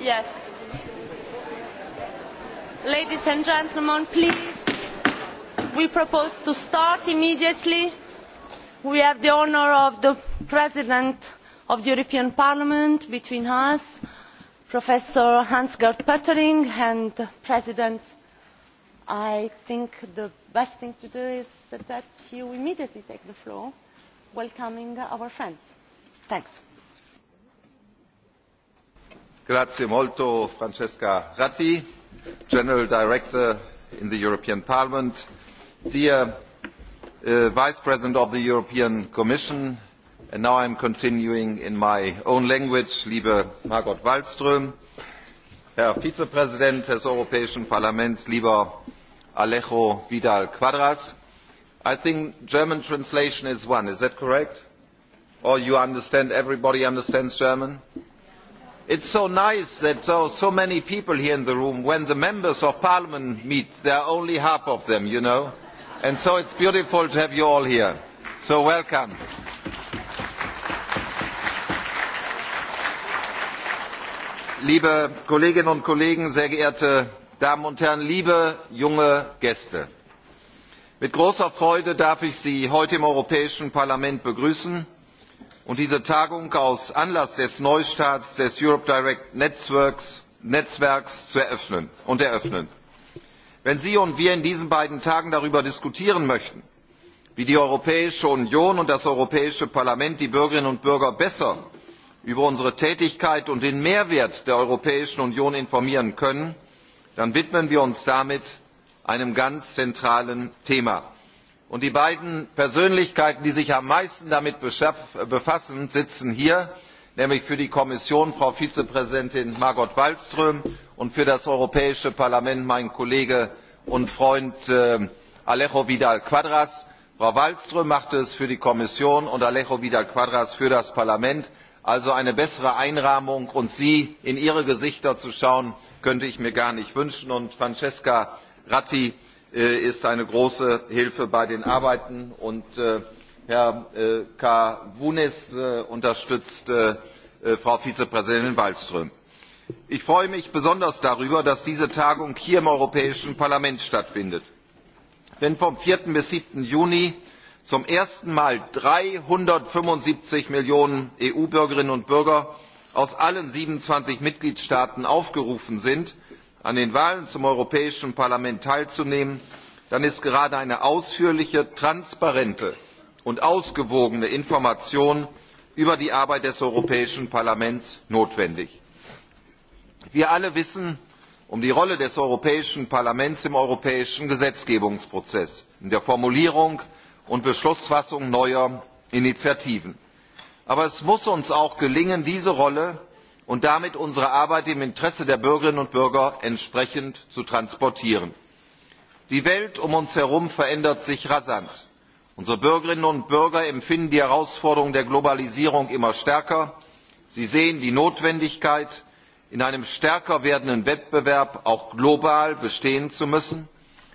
Yes. Ladies and gentlemen, please, we propose to start immediately. We have the honour of the President of the European Parliament between us, Professor Hans-Gerd Pöttering, and President I think the best thing to do is that you immediately take the floor, welcoming our friends thanks. grazie molto francesca ratti general director in the european parliament dear uh, vice president of the european commission and now i am continuing in my own language liebe margot wallström herr vizepräsident des europäischen parlaments lieber alejo vidal quadras i think german translation is one is that correct? or oh, you understand everybody understands german? it is so nice that there oh, are so many people here in the room when the members of parliament meet there are only half of them you know and so it is beautiful to have you all here so welcome. liebe kolleginnen und kollegen sehr geehrte damen und herren liebe junge gäste! mit großer freude darf ich sie heute im europäischen parlament begrüßen und diese tagung aus anlass des neustarts des europe direct netzwerks, netzwerks eröffnen und eröffnen. wenn sie und wir in diesen beiden tagen darüber diskutieren möchten wie die europäische union und das europäische parlament die bürgerinnen und bürger besser über unsere tätigkeit und den mehrwert der europäischen union informieren können dann widmen wir uns damit einem ganz zentralen thema und die beiden persönlichkeiten die sich am meisten damit befassen sitzen hier nämlich für die kommission frau vizepräsidentin margot wallström und für das europäische parlament mein kollege und freund äh, alejo vidal quadras. frau wallström machte es für die kommission und alejo vidal quadras für das parlament also eine bessere einrahmung und sie in ihre gesichter zu schauen könnte ich mir gar nicht wünschen und francesca ratti Äh, ist eine große hilfe bei den arbeiten und äh, herr äh, karunis unterstützt frau vizepräsidentin wallström. ich freue mich besonders darüber dass diese tagung hier im europäischen parlament stattfindet. wenn vom. vier bis. sieben juni zum ersten mal dreihundertfünfundsiebzig millionen eu bürgerinnen und bürger aus allen siebenundzwanzig mitgliedstaaten aufgerufen sind an den wahlen zum europäischen parlament teilzunehmen dann ist gerade eine ausführliche transparente und ausgewogene information über die arbeit des europäischen parlaments notwendig. wir alle wissen um die rolle des europäischen parlaments im europäischen gesetzgebungsprozess in der formulierung und beschlussfassung neuer initiativen. aber es muss uns auch gelingen diese rolle und damit unsere arbeit im interesse der bürgerinnen und bürger entsprechend zu transportieren. die welt um uns herum verändert sich rasant. unsere bürgerinnen und bürger empfinden die herausforderungen der globalisierung immer stärker. sie sehen die notwendigkeit in einem stärker werdenden wettbewerb auch global bestehen zu müssen.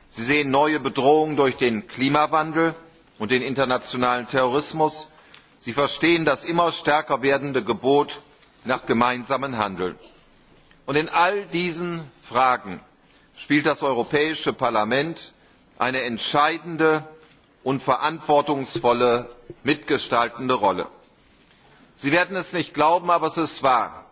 sie sehen neue bedrohungen durch den klimawandel und den internationalen terrorismus. sie verstehen das immer stärker werdende gebot nach gemeinsamem handeln. und in all diesen fragen spielt das europäische parlament eine entscheidende und verantwortungsvolle mitgestaltende rolle. sie werden es nicht glauben aber es ist wahr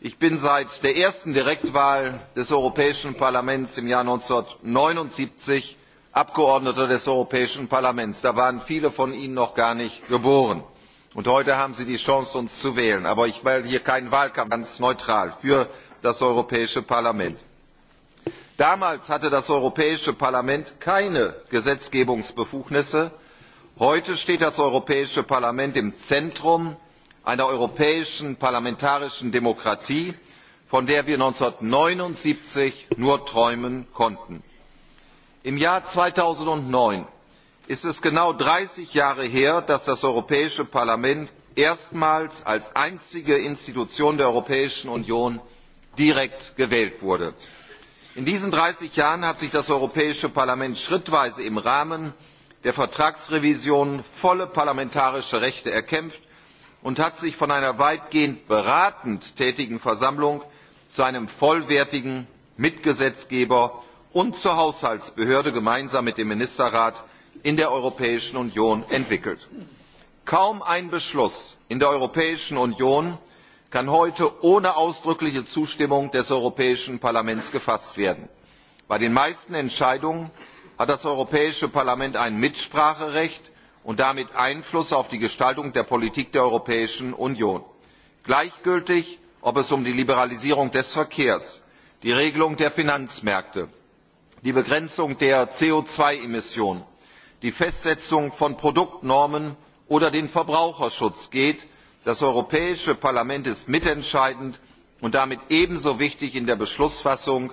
ich bin seit der ersten direktwahl des europäischen parlaments im jahr eintausendneunhundertneunundsiebzig abgeordneter des europäischen parlaments da waren viele von ihnen noch gar nicht geboren und heute haben sie die chance uns zu wählen. aber ich will hier keinen wahlkampf ganz neutral für das europäische parlament. damals hatte das europäische parlament keine gesetzgebungsbefugnisse heute steht das europäische parlament im zentrum einer europäischen parlamentarischen demokratie von der wir eintausendneunhundertneunundsiebzig nur träumen konnten. im jahr zweitausendneun ist es genau dreißig jahre her dass das europäische parlament erstmals als einzige institution der europäischen union direkt gewählt wurde. in diesen dreißig jahren hat sich das europäische parlament schrittweise im rahmen der vertragsrevision volle parlamentarische rechte erkämpft und hat sich von einer weitgehend beratend tätigen versammlung zu einem vollwertigen mitgesetzgeber und zur haushaltsbehörde gemeinsam mit dem ministerrat in der europäischen union entwickelt. kaum ein beschluss in der europäischen union kann heute ohne ausdrückliche zustimmung des europäischen parlaments gefasst werden. bei den meisten entscheidungen hat das europäische parlament ein mitspracherecht und damit einfluss auf die gestaltung der politik der europäischen union gleichgültig ob es um die liberalisierung des verkehrs die regelung der finanzmärkte die begrenzung der co zwei emissionen die festsetzung von produktnormen oder den verbraucherschutz geht. das europäische parlament ist mitentscheidend und damit ebenso wichtig in der beschlussfassung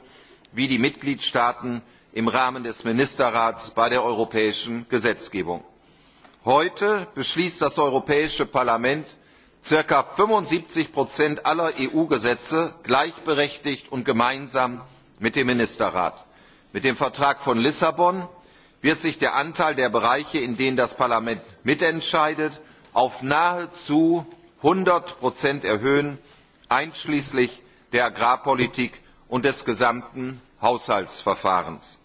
wie die mitgliedstaaten im rahmen des ministerrats bei der europäischen gesetzgebung. heute beschließt das europäische parlament circa fünfundsiebzig aller eu gesetze gleichberechtigt und gemeinsam mit dem ministerrat. mit dem vertrag von lissabon wird sich der anteil der bereiche in denen das parlament mitentscheidet auf nahezu einhundert erhöhen einschließlich der agrarpolitik und des gesamten haushaltsverfahrens.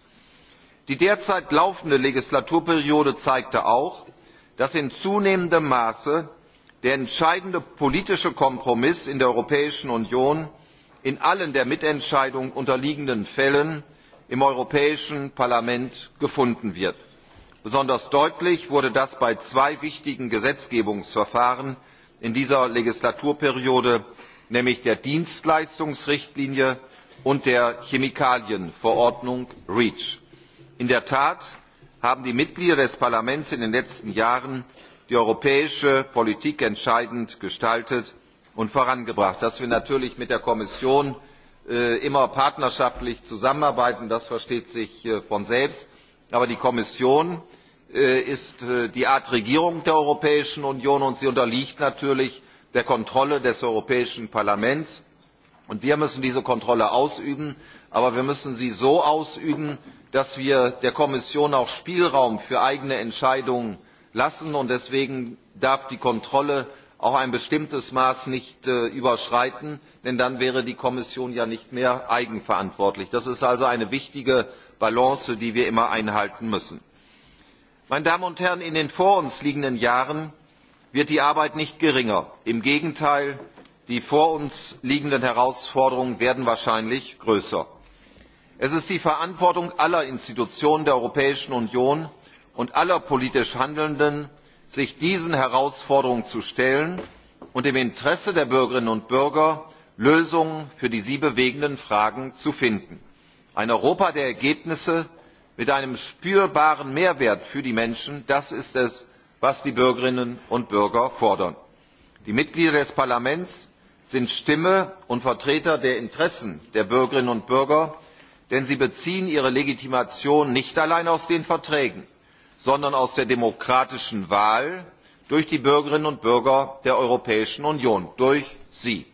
die derzeit laufende legislaturperiode zeigte auch dass in zunehmendem maße der entscheidende politische kompromiss in der europäischen union in allen der mitentscheidung unterliegenden fällen im europäischen parlament gefunden wird. besonders deutlich wurde das bei zwei wichtigen gesetzgebungsverfahren in dieser legislaturperiode nämlich der dienstleistungsrichtlinie und der chemikalienverordnung reach. in der tat haben die mitglieder des parlaments in den letzten jahren die europäische politik entscheidend gestaltet und vorangebracht. dass wir natürlich mit der kommission Äh, immer partnerschaftlich zusammenarbeiten das versteht sich äh, von selbst aber die kommission äh, ist die art regierung der europäischen union und sie unterliegt natürlich der kontrolle des europäischen parlaments. wir müssen diese kontrolle ausüben aber wir müssen sie so ausüben dass wir der kommission auch spielraum für eigene entscheidungen lassen und deswegen darf die kontrolle auch ein bestimmtes maß nicht äh, überschreiten denn dann wäre die kommission ja nicht mehr eigenverantwortlich. das ist also eine wichtige balance die wir immer einhalten müssen. in den vor uns liegenden jahren wird die arbeit nicht geringer im gegenteil die vor uns liegenden herausforderungen werden wahrscheinlich größer. es ist die verantwortung aller institutionen der europäischen union und aller politisch handelnden sich diesen herausforderungen zu stellen und im interesse der bürgerinnen und bürger lösungen für die sie bewegenden fragen zu finden. ein europa der ergebnisse mit einem spürbaren mehrwert für die menschen das ist es was die bürgerinnen und bürger fordern. die mitglieder des parlaments sind stimme und vertreter der interessen der bürgerinnen und bürger denn sie beziehen ihre legitimation nicht allein aus den verträgen sondern aus der demokratischen wahl durch die bürgerinnen und bürger der europäischen union durch sie.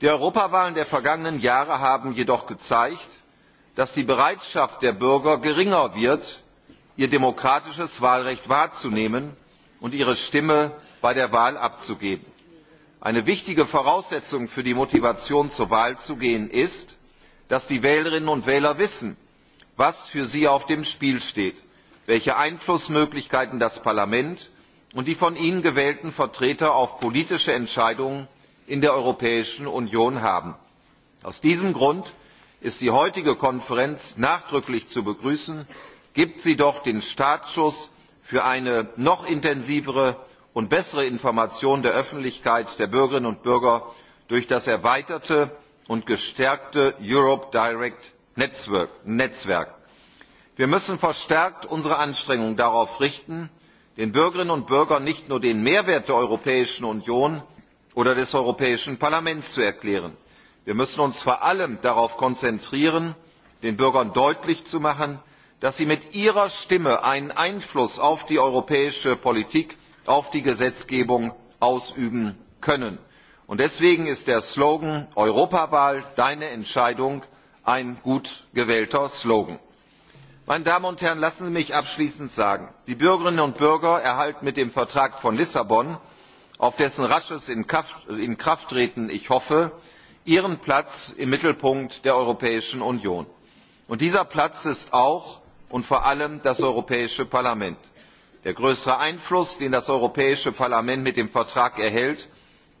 die europawahlen der vergangenen jahre haben jedoch gezeigt dass die bereitschaft der bürger geringer wird ihr demokratisches wahlrecht wahrzunehmen und ihre stimme bei der wahl abzugeben. eine wichtige voraussetzung für die motivation zur wahl zu gehen ist dass die wählerinnen und wähler wissen was für sie auf dem spiel steht welche einflussmöglichkeiten das parlament und die von ihnen gewählten vertreter auf politische entscheidungen in der europäischen union haben. aus diesem grund ist die heutige konferenz nachdrücklich zu begrüßen gibt sie doch den startschuss für eine noch intensivere und bessere information der öffentlichkeit der bürgerinnen und bürger durch das erweiterte und gestärkte europe direct netzwerk wir müssen verstärkt unsere anstrengungen darauf richten den bürgerinnen und bürgern nicht nur den mehrwert der europäischen union oder des europäischen parlaments zu erklären wir müssen uns vor allem darauf konzentrieren den bürgern deutlich zu machen dass sie mit ihrer stimme einen einfluss auf die europäische politik auf die gesetzgebung ausüben können. deswegen ist der slogan europawahl deine entscheidung ein gut gewählter slogan meine damen und herren lassen sie mich abschließend sagen die bürgerinnen und bürger erhalten mit dem vertrag von lissabon auf dessen rasches inkrafttreten ich hoffe ihren platz im mittelpunkt der europäischen union. und dieser platz ist auch und vor allem das europäische parlament. der größere einfluss den das europäische parlament mit dem vertrag erhält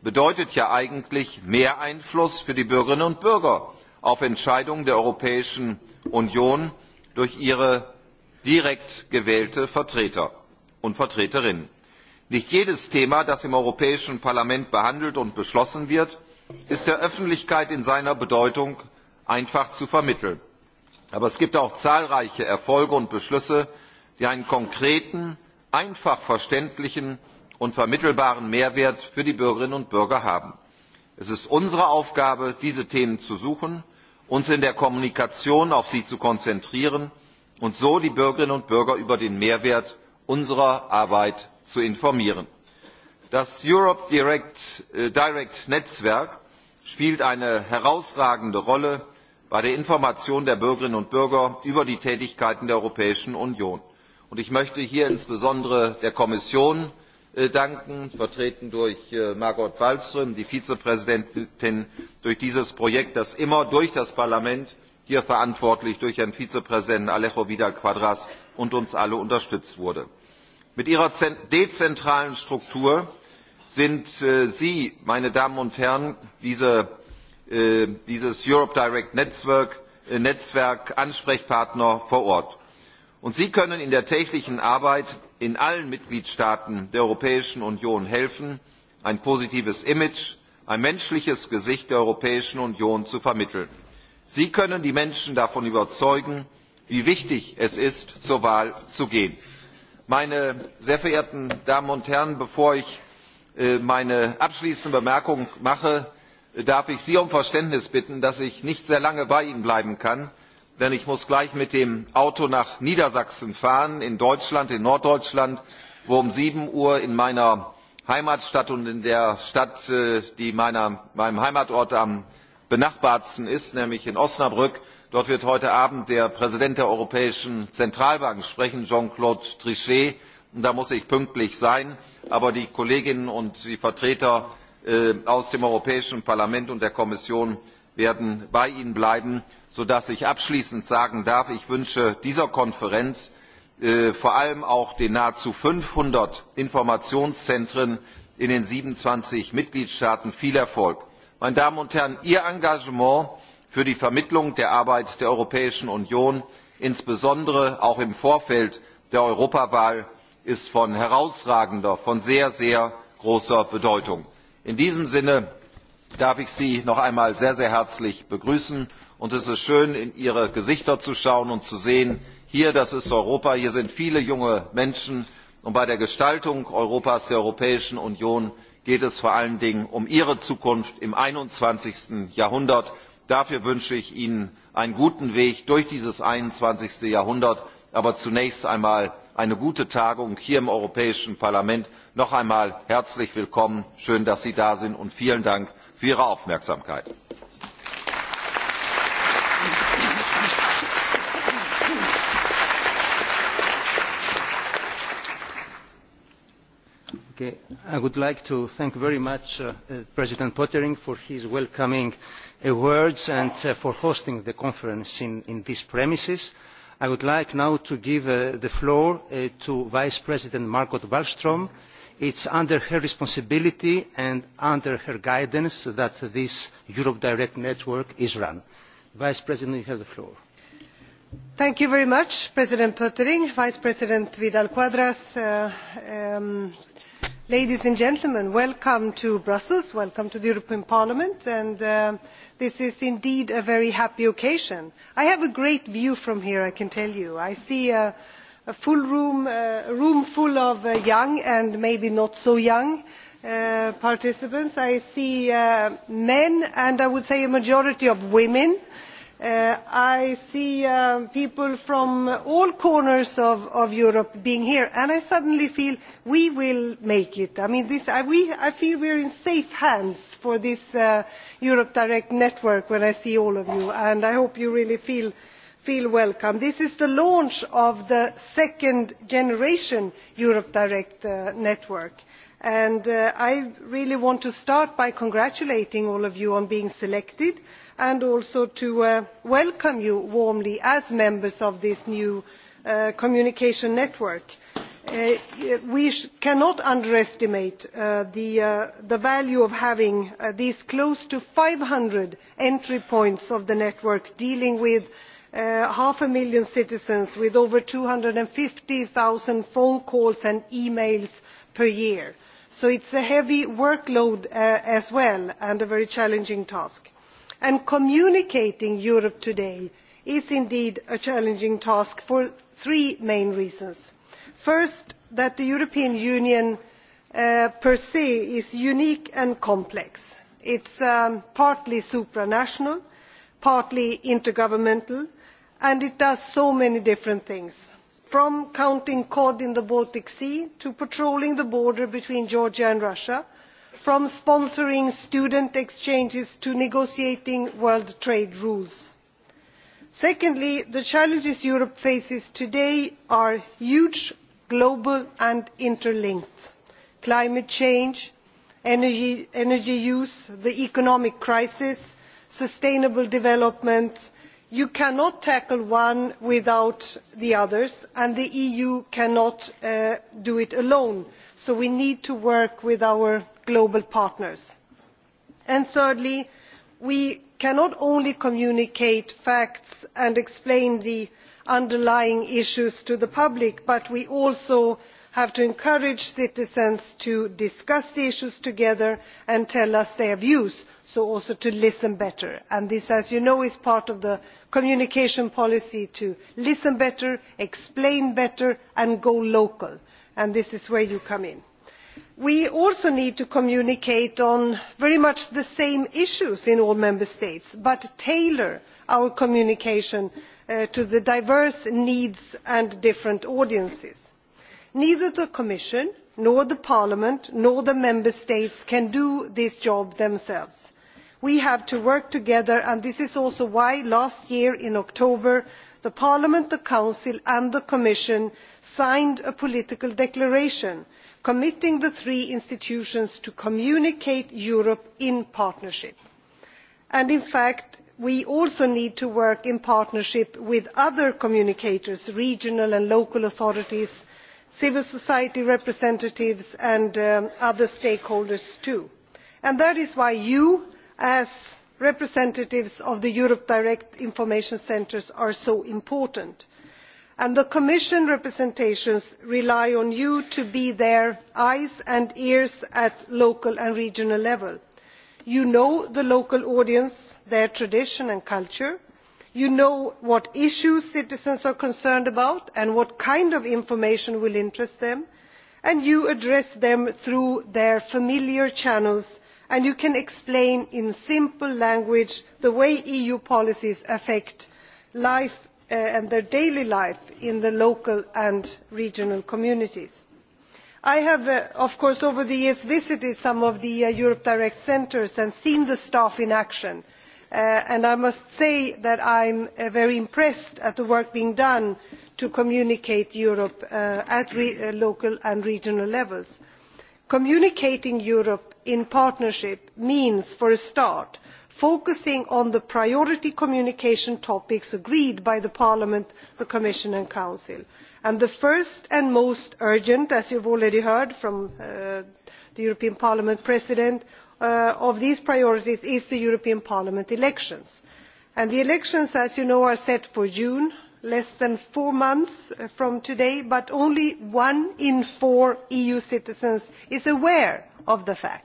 bedeutet ja eigentlich mehr einfluss für die bürgerinnen und bürger auf entscheidungen der europäischen union durch ihre direkt gewählte vertreter und vertreterinnen. nicht jedes thema das im europäischen parlament behandelt und beschlossen wird ist der öffentlichkeit in seiner bedeutung einfach zu vermitteln. aber es gibt auch zahlreiche erfolge und beschlüsse die einen konkreten einfach verständlichen und vermittelbaren mehrwert für die bürgerinnen und bürger haben. es ist unsere aufgabe diese themen zu suchen uns in der kommunikation auf sie zu konzentrieren und so die bürgerinnen und bürger über den mehrwert unserer arbeit zu informieren. das europe äh, direct netzwerk spielt eine herausragende rolle bei der information der bürgerinnen und bürger über die tätigkeiten der europäischen union und ich möchte hier insbesondere der kommission Äh, danken vertreten durch äh, margot wallström die vizepräsidentin durch dieses projekt das immer durch das parlament hier verantwortlich durch herrn vizepräsidenten alejo vidal quadras und uns alle unterstützt wurde. mit ihrer dezentralen struktur sind äh, sie meine damen und herren dieses europe direct netzwerk ansprechpartner vor ort und sie können in der täglichen arbeit in allen mitgliedstaaten der europäischen union helfen ein positives image ein menschliches gesicht der europäischen union zu vermitteln. sie können die menschen davon überzeugen wie wichtig es ist zur wahl zu gehen. meine sehr verehrten damen und herren bevor ich äh, meine abschließende bemerkung mache darf ich sie um verständnis bitten dass ich nicht sehr lange bei ihnen bleiben kann denn ich muss gleich mit dem auto nach niedersachsen fahren in deutschland in norddeutschland wo um sieben uhr in meiner heimatstadt und in der stadt äh, die meinem heimatort am benachbartsten ist nämlich in osnabrück dort wird heute abend der präsident der europäischen zentralbank sprechen jean claude trichet und da muss ich pünktlich sein aber die kolleginnen und die vertreter äh, aus dem europäischen parlament und der kommission werden bei ihnen bleiben sodass ich abschließend sagen darf ich wünsche dieser konferenz äh, vor allem auch den nahezu fünfhundert informationszentren in den siebenundzwanzig mitgliedstaaten viel erfolg. meine damen und herren ihr engagement für die vermittlung der arbeit der europäischen union insbesondere auch im vorfeld der europawahl ist von herausragender von sehr sehr großer bedeutung. in diesem sinne darf ich sie noch einmal sehr sehr herzlich begrüßen und es ist schön in ihre gesichter zu schauen und zu sehen hier das ist europa hier sind viele junge menschen und bei der gestaltung europas der europäischen union geht es vor allen dingen um ihre zukunft im. einundzwanzig jahrhundert. dafür wünsche ich ihnen einen guten weg durch dieses einundzwanzig jahrhundert aber zunächst einmal eine gute tagung hier im europäischen parlament. noch einmal herzlich willkommen schön dass sie da sind und vielen dank für ihre aufmerksamkeit! Okay. i would like to thank very much uh, uh, president pttering for his welcoming uh, words and uh, for hosting the conference in, in these premises. i would like now to give uh, the floor uh, to vice president margot wallstrm. it is under her responsibility and under her guidance that this europe direct network is run. vice president you have the floor. thank you very much president pttering vice president vidal quadras um, ladies and gentlemen welcome to brussels welcome to the european parliament and uh, this is indeed a very happy occasion. i have a great view from here i can tell you. i see a, a full room a room full of uh, young and maybe not so young uh, participants. i see uh, men and i would say a majority of women. Uh, i see um, people from all corners of, of europe being here and i suddenly feel we will make it. i, mean, this, I, we, I feel we are in safe hands for this uh, europe direct network when i see all of you and i hope you really feel, feel welcome. this is the launch of the second generation europe direct uh, network and uh, i really want to start by congratulating all of you on being selected and and also to uh, welcome you warmly as members of this new uh, communication network. Uh, we cannot underestimate the value of having these close to five hundred entry points of the network dealing with half a million citizens with over two hundred and fifty zero phone calls and e mails per year so it is a heavy workload as well and a very challenging task and communicating europe today is indeed a challenging task for three main reasons first that the european union uh, per se is unique and complex it is um, partly supranational partly intergovernmental and it does so many different things from counting cod in the baltic sea to patrolling the border between georgia and russia from sponsoring student exchanges to negotiating world trade rules. secondly the challenges europe faces today are huge global and interlinked climate change energy, energy use the economic crisis sustainable development you cannot tackle one without the others and the eu cannot uh, do it alone so we need to work with our global partners. And thirdly we cannot only communicate facts and explain the underlying issues to the public but we also have to encourage citizens to discuss the issues together and tell us their views so also to listen better and this as you know is part of the communication policy to listen better explain better and go local and this is where you come in we also need to communicate on very much the same issues in all member states but tailor our communication uh, to the diverse needs and different audiences. neither the commission nor parliament nor the member states can do this job themselves. we have to work together and this is also why last year in october parliament the council and the commission signed a political declaration committing the three institutions to communicate europe in partnership. in fact we also need to work in partnership with other communicators regional and local authorities civil society representatives and um, other stakeholders too. that is why you as representatives of the europe direct information centres are so important and the commission representations rely on you to be their eyes and ears at local and regional level. you know the local audience their tradition and culture you know what issues citizens are concerned about and what kind of information will interest them and you address them through their familiar channels and you can explain in simple language the way eu policies affect life Uh, and their daily life in the local and regional communities. i have uh, of course over the years visited some of the uh, europe direct centres and seen the staff in action and i must say that i am very impressed at the work being done to communicate europe at local and regional levels. communicating europe in partnership means for a start focusing on the priority communication topics agreed by parliament the commission and council. the first and most urgent as you have already heard from uh, the european parliament president uh, of these priorities is the european parliament elections. the elections as you know are set for june less than four months uh, from today but only one in four eu citizens is aware of the fact.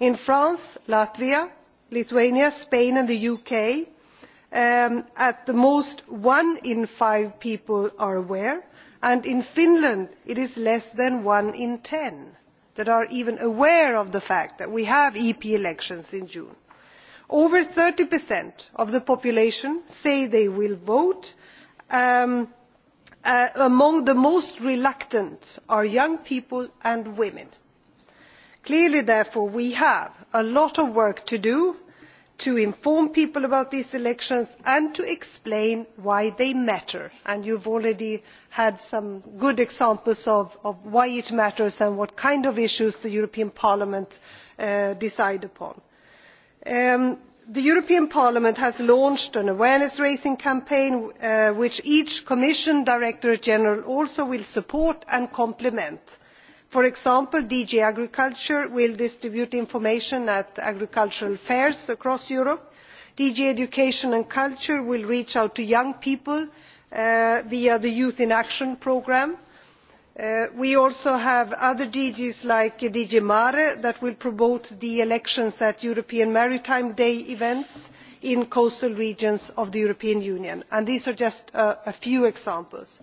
in france latvia lithuania spain and the uk um, at the most one in five people are aware and in finland it is less than one in ten that are even aware of the fact that we have ep elections in june. over thirty of the population say they will vote. Um, uh, among the most reluctant are young people and women. clearly therefore we have a lot of work to do to inform people about these elections and to explain why they matter and you have already had some good examples of why it matters and what kind of issues the european parliament uh, decides upon. Um, the european parliament has launched an awareness raising campaign uh, which each commission directorate general also will support and complement for example dg agriculture will distribute information at agricultural fairs across europe dg education and culture will reach out to young people uh, via the youth in action programme. Uh, we also have other dgs like dg mare that will promote the elections at european maritime day events in coastal regions of the european union and these are just uh, a few examples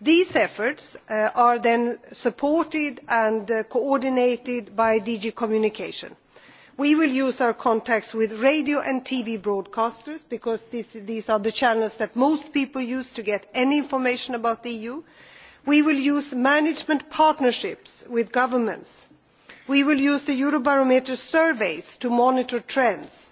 these efforts uh, are then supported and uh, coordinated by dg communication. we will use our contacts with radio and tv broadcasters because these are the channels that most people use to get any information about the eu. we will use management partnerships with governments. we will use the eurobarometer surveys to monitor trends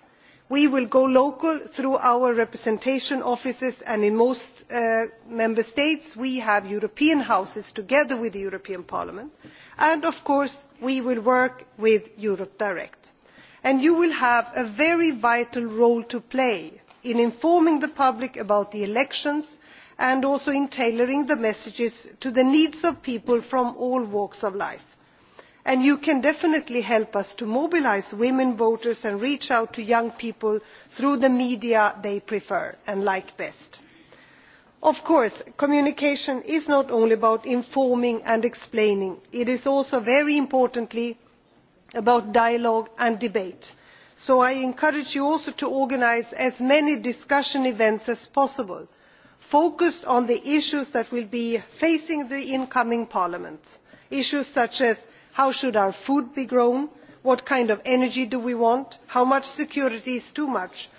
we will go local through our representation offices and in most uh, member states we have european houses together with the european parliament and of course we will work with europe direct. you will have a very vital role to play in informing the public about the elections and also in tailoring the messages to the needs of people from all walks of life and you can definitely help us to mobilise women voters and reach out to young people through the media they prefer and like best. of course communication is not only about informing and explaining it is also very importantly about dialogue and debate so i encourage you also to organise as many discussion events as possible focused on the issues that will be facing the incoming parliament issues such how should our food be grown what kind of energy do we want how much security is too much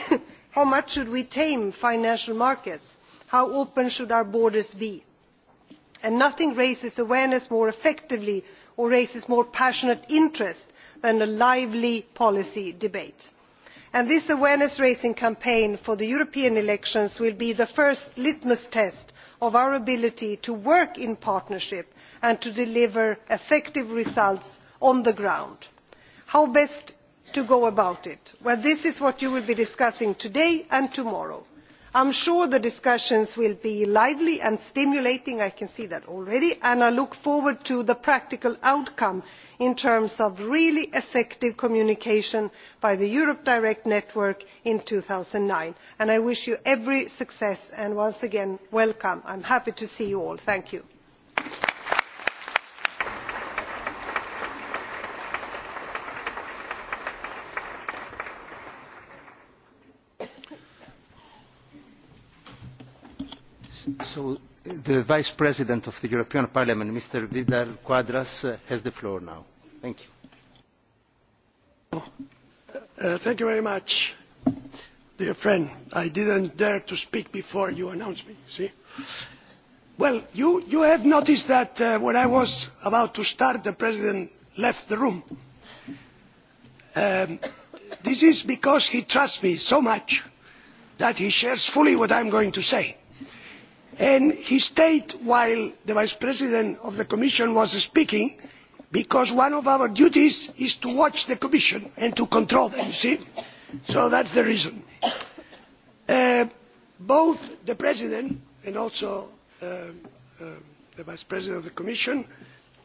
how much should we tame financial markets how open should our borders be? nothing raises awareness more effectively or raises more passionate interest than a lively policy debate and this awareness raising campaign for the european elections will be the first litmus test of our ability to work in partnership and to deliver effective results on the ground. how best to go about it? well this is what you will be discussing today and tomorrow. i am sure the discussions will be lively and stimulating i can see that already and i look forward to the practical outcome in terms of really effective communication by the europe direct network in two thousand and nine and i wish you every success and once again welcome. i am happy to see you all. thank you. So the Vice President of the European Parliament, Mr. Vidal Quadras, uh, has the floor now. Thank you. Uh, thank you very much, dear friend. I didn't dare to speak before you announced me. See? Well, you, you have noticed that uh, when I was about to start, the President left the room. Um, this is because he trusts me so much that he shares fully what i am going to say and he stayed while the vice president of the commission was speaking because one of our duties is to watch the commission and to control them so that is the reason. Uh, both the president and also uh, uh, the vice president of the commission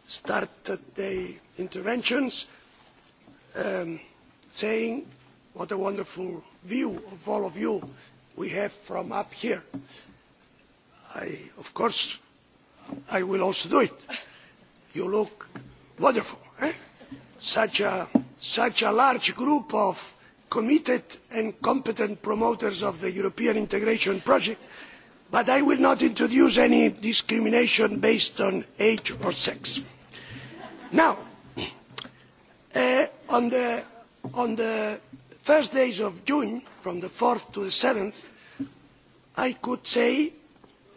started their interventions um, saying what a wonderful view of all of you we have from up here. I, of course, I will also do it. You look wonderful. Eh? Such, a, such a large group of committed and competent promoters of the European integration project, but I will not introduce any discrimination based on age or sex. Now, uh, on, the, on the first days of June, from the 4th to the 7th, I could say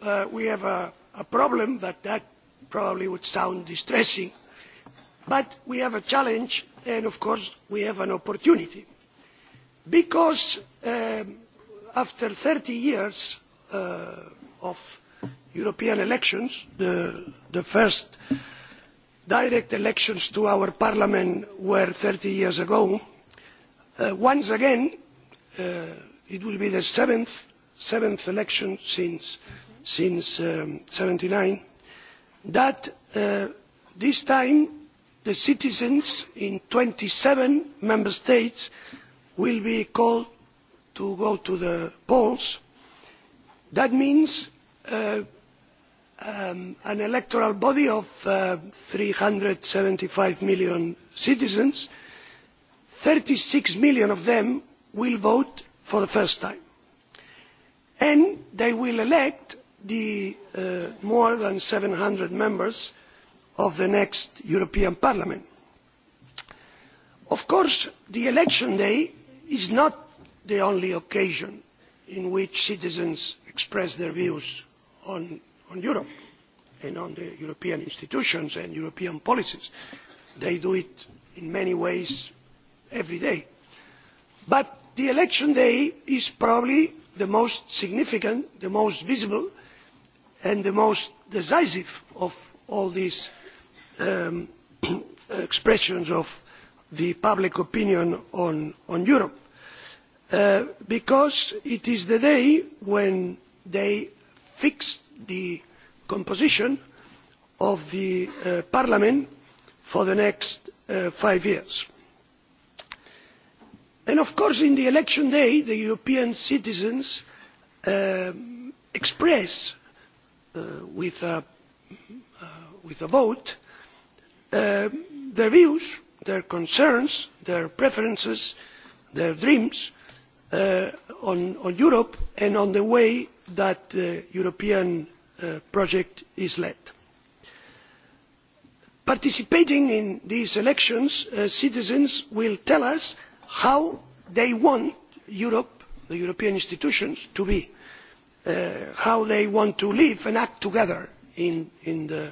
uh, we have a, a problem but that probably would sound distressing but we have a challenge and of course we have an opportunity because um, after thirty years uh, of european elections the, the first direct elections to our parliament were thirty years ago uh, once again uh, it will be the seventh, seventh election since since um, 79, that uh, this time the citizens in 27 member states will be called to go to the polls. That means uh, um, an electoral body of uh, 375 million citizens, 36 million of them will vote for the first time. And they will elect the uh, more than seven hundred members of the next european parliament. of course election day is not the only occasion on which citizens express their views on, on europe and on the european institutions and european policies. they do it in many ways every day. but election day is probably the most significant the most visible and the most decisive of all these um, expressions of public opinion on, on europe uh, because it is the day when they fixed the composition of the uh, parliament for the next uh, five years. And of course on election day the european citizens um, express Uh, with a, uh, with a vote uh, their views their concerns their preferences their dreams on, on europe and on the way that the european project is led participating in these elections uh, citizens will tell us how they want europe the european institutions to be uh, how they want to live and act together in, in the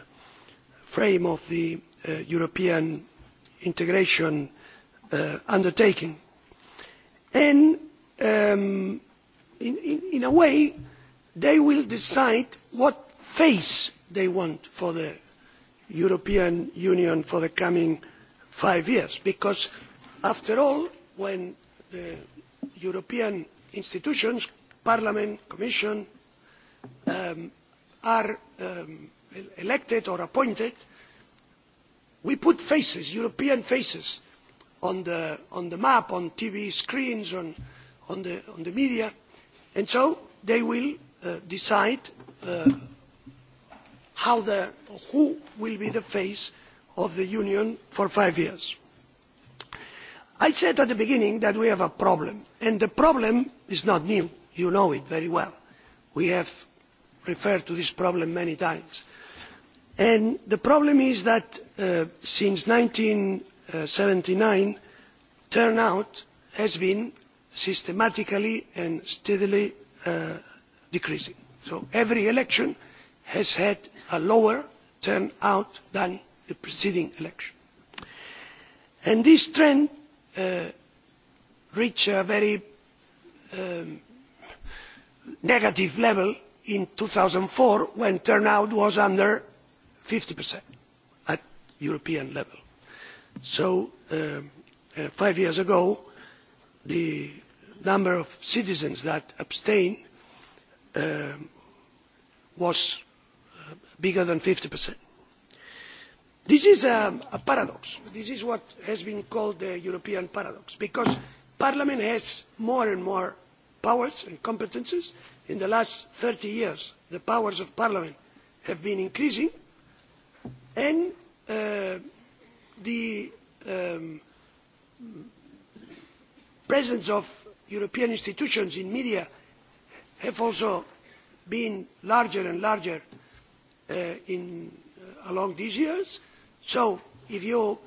frame of the uh, European integration uh, undertaking. And um, in, in, in a way, they will decide what face they want for the European Union for the coming five years, because after all, when the European institutions parliament commission um, are um, elected or appointed we put faces european faces on the, on the map on tv screens on, on, the, on the media and so they will uh, decide uh, how the, who will be the face of the union for five years. i said at the beginning that we have a problem and the problem is not new you know it very well we have referred to this problem many times. And the problem is that uh, since one thousand nine hundred and seventy nine turnout has been systematically and steadily uh, decreasing so every election has had a lower turnout than the preceding election. And this trend uh, reached a very um, negative level in two thousand and four when turnout was under fifty at european level. so um, uh, five years ago the number of citizens who abstained um, was uh, bigger than. fifty this is a paradox. this is what has been called the european paradox because parliament has more and more powers and competences in the last thirty years the powers of parliament have been increasing and uh, the um, presence of european institutions in media has also been larger and larger uh, uh, along these years so if you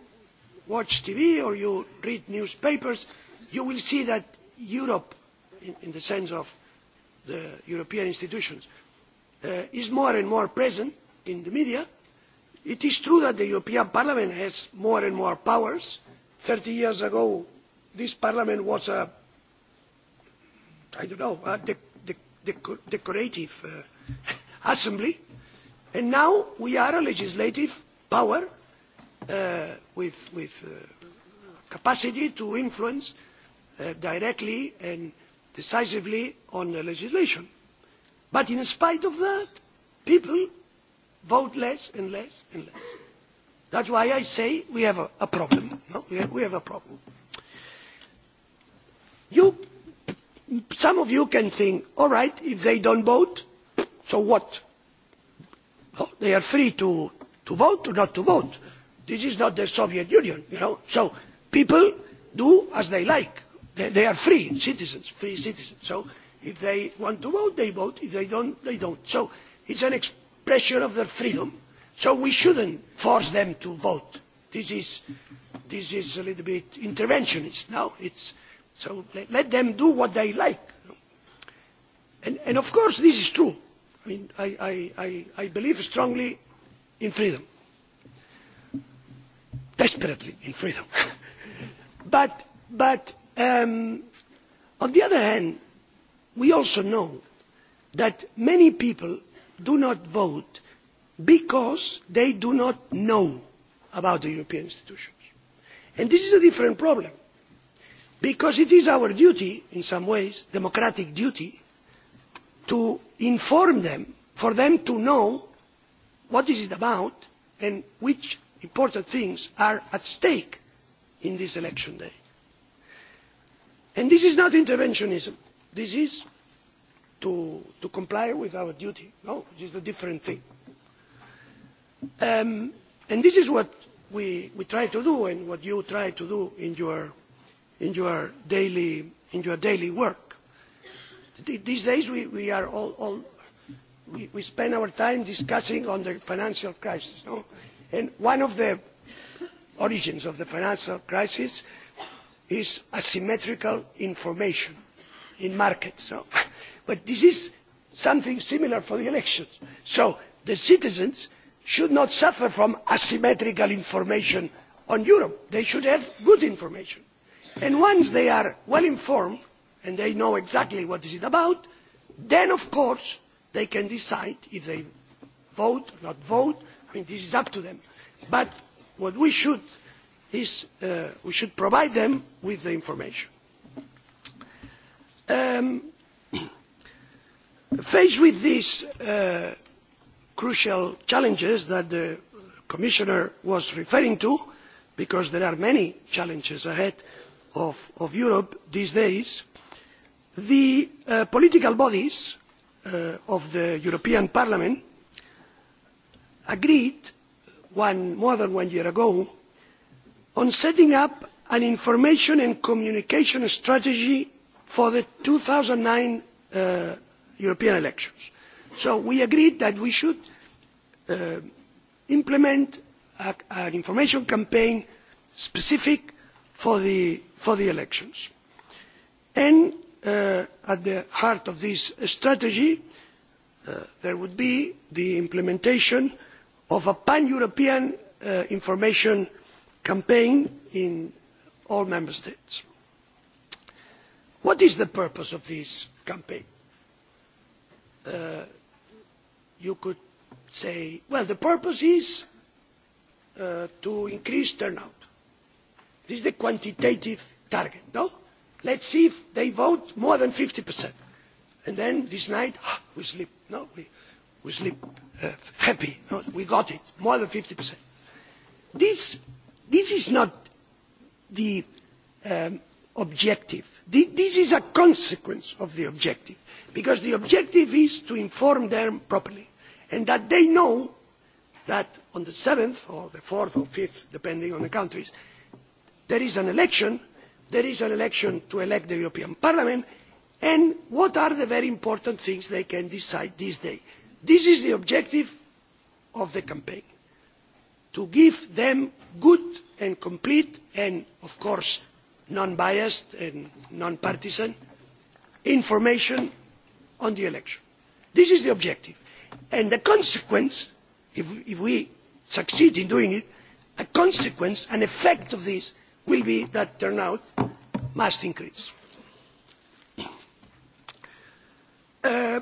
watch tv or you read newspapers you will see that europe in, in the sense of the European institutions, uh, is more and more present in the media, it is true that the European Parliament has more and more powers. Thirty years ago, this Parliament was a, I don't know, a de de de decorative uh, assembly, and now we are a legislative power uh, with, with uh, capacity to influence uh, directly and decisively on legislation but in spite of that people vote less and less and less. that is why i say we have a, a problem. No? We, have, we have a problem. You, some of you can think all right if they do not vote so what? No, they are free to, to vote or not to vote. this is not the soviet union you know so people do as they like they, they are free citizens, free citizens. So if they want to vote, they vote. If they don't, they don't. So it's an expression of their freedom. So we shouldn't force them to vote. This is, this is a little bit interventionist now. It's, so let, let them do what they like. And, and of course this is true. I, mean, I, I, I, I believe strongly in freedom. Desperately in freedom. but, but Um, on the other hand we also know that many people do not vote because they do not know about the european institutions and this is a different problem because it is our duty in some ways a democratic duty to inform them for them to know what it is about and which important things are at stake on this election day and this is not interventionism this is to, to comply with our duty. no it is a different thing. Um, and this is what we, we try to do and what you try to do in your, in your, daily, in your daily work. These days we, we are all, all we, we spend our time discussing on the financial crisis. No? And one of the origins of the financial crisis is asymmetrical information in markets. No? But this is something similar for the elections. So the citizens should not suffer from asymmetrical information on Europe. They should have good information. And once they are well informed and they know exactly what is it about, then of course they can decide if they vote or not vote. I mean, this is up to them. But what we should is uh, we should provide them with the information. Um, faced with these uh, crucial challenges that the commissioner was referring to because there are many challenges ahead of, of europe these days the uh, political bodies uh, of the european parliament agreed one, more than one year ago on setting up an information and communication strategy for the two thousand and nine uh, european elections so we agreed that we should uh, implement an information campaign specific for the elections and uh, at the heart of this strategy there would be the implementation of a pan european information campaign in all member states. what is the purpose of this campaign? Uh, you could say well the purpose is uh, to increase turnout. this is the quantitative target. no? let's see if they vote more than 50%. and then this night ah, we sleep. no? we, we sleep uh, happy. No? we got it. more than 50%. this this is not the um, objective. This is a consequence of the objective, because the objective is to inform them properly and that they know that on the 7th or the 4th or 5th, depending on the countries, there is an election, there is an election to elect the European Parliament, and what are the very important things they can decide this day. This is the objective of the campaign to give them good and complete and of course non biased and non partisan information on the election. this is the objective and the consequence if we succeed in doing it a consequence an effect of this will be that turnout must increase. Uh,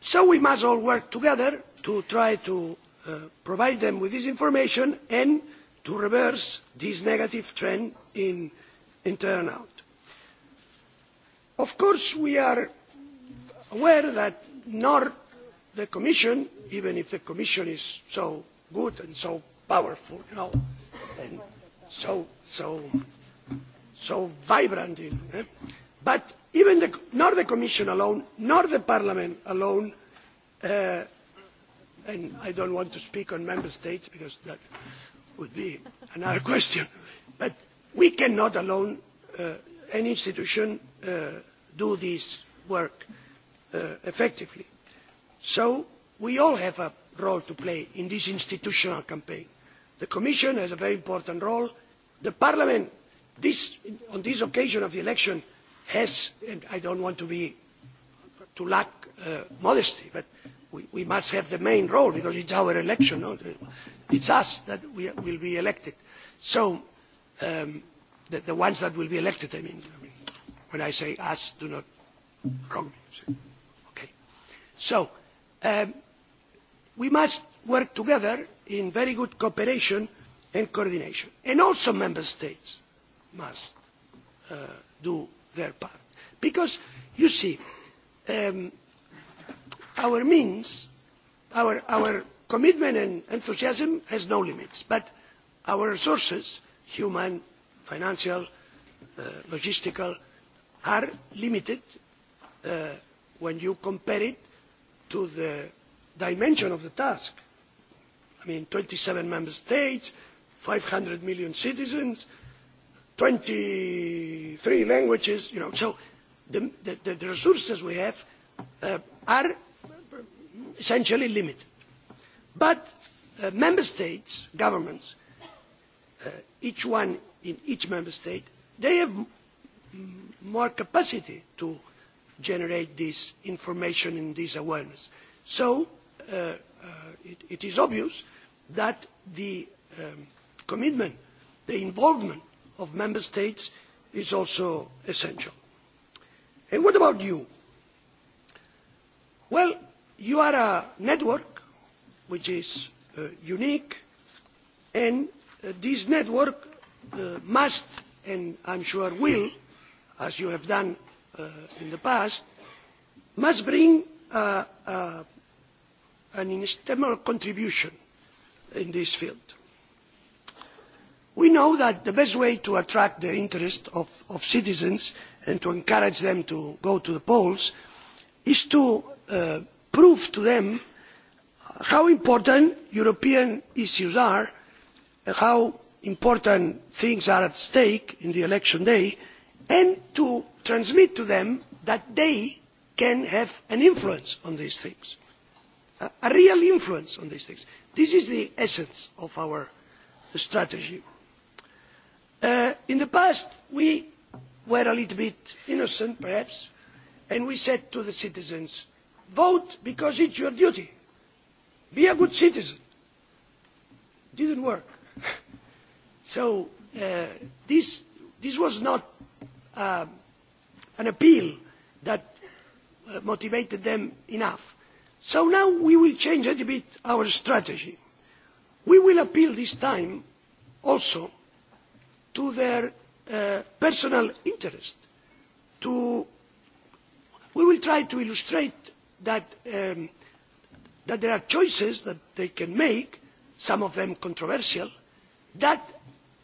so we must all work together to try Uh, provide them with this information and to reverse this negative trend in turnout. of course we are aware that nor the commission even if the commission is so good and so powerful and so vibrant eh, but nor the commission alone nor parliament alone uh, and I don't want to speak on member states because that would be another question. But we cannot alone, uh, any institution, uh, do this work uh, effectively. So we all have a role to play in this institutional campaign. The Commission has a very important role. The Parliament, this, on this occasion of the election, has, and I don't want to be to lack uh, modesty, but we, we must have the main role because it's our election. No? It's us that we, will be elected. So um, the, the ones that will be elected, I mean, I mean, when I say us, do not wrong me. Okay. So um, we must work together in very good cooperation and coordination. And also member states must uh, do their part. Because, you see, um, our means our commitment and enthusiasm have no limits but our resources human financial uh, logistical are limited uh, when you compare it to the dimension of the task twenty seven member states five hundred million citizens twenty three languages so the resources we have uh, are essentially limited. but uh, member states governments uh, each one in each member state have more capacity to generate this information and this awareness. so uh, uh, it, it is obvious that the um, commitment the involvement of member states is also essential. And what about you? well you are a network which is uh, unique and uh, this network uh, must and i am sure will as you have done in the past bring an inestimable contribution in this field. we know that the best way to attract the interest of citizens and to encourage them to go to the polls is to prove to them how important european issues are and how important things are at stake on election day and to transmit to them that they can have an influence on these things a real influence on these things. this is the essence of our strategy. Uh, in the past we were a little bit innocent perhaps and we said to the citizens vote because it is your duty be a good citizen. it did not work. so uh, this, this was not uh, an appeal that uh, motivated them enough. so now we will change a little bit our strategy. we will appeal this time also to their uh, personal interest. To, we will try to illustrate that, um, that there are choices that they can make some of them controversial that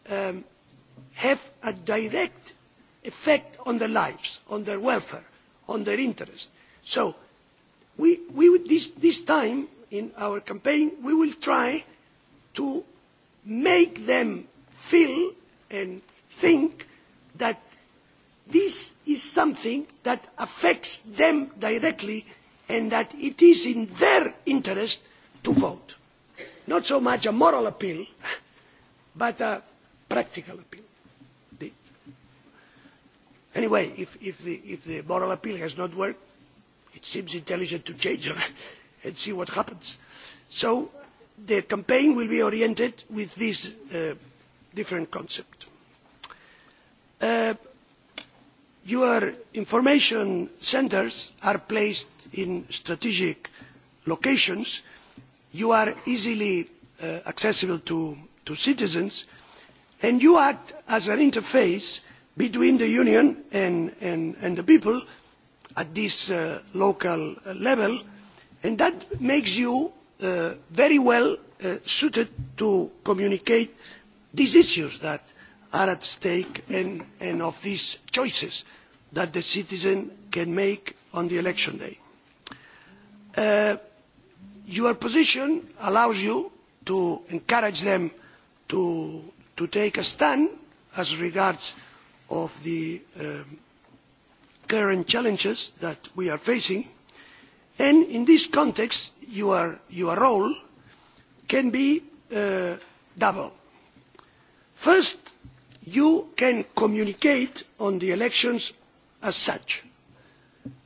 um, have a direct effect on their lives on their welfare on their interests. so we, we, this, this time in our campaign we will try to make them feel and think that this is something that affects them directly and that it is in their interest to vote not so much a moral appeal but a practical appeal. anyway if, if, the, if the moral appeal has not worked it seems intelligent to change and see what happens. so the campaign will be oriented with these uh, different concepts your information centres are placed in strategic locations you are easily uh, accessible to, to citizens and you act as an interface between the union and, and, and the people at this uh, local uh, level and that makes you uh, very well uh, suited to communicate these issues that are at stake and, and of these choices that the citizen can make on election day. Uh, your position allows you to encourage them to, to take a stand as regards the um, current challenges that we are facing and in this context your, your role can be uh, double. first you can communicate on the elections as such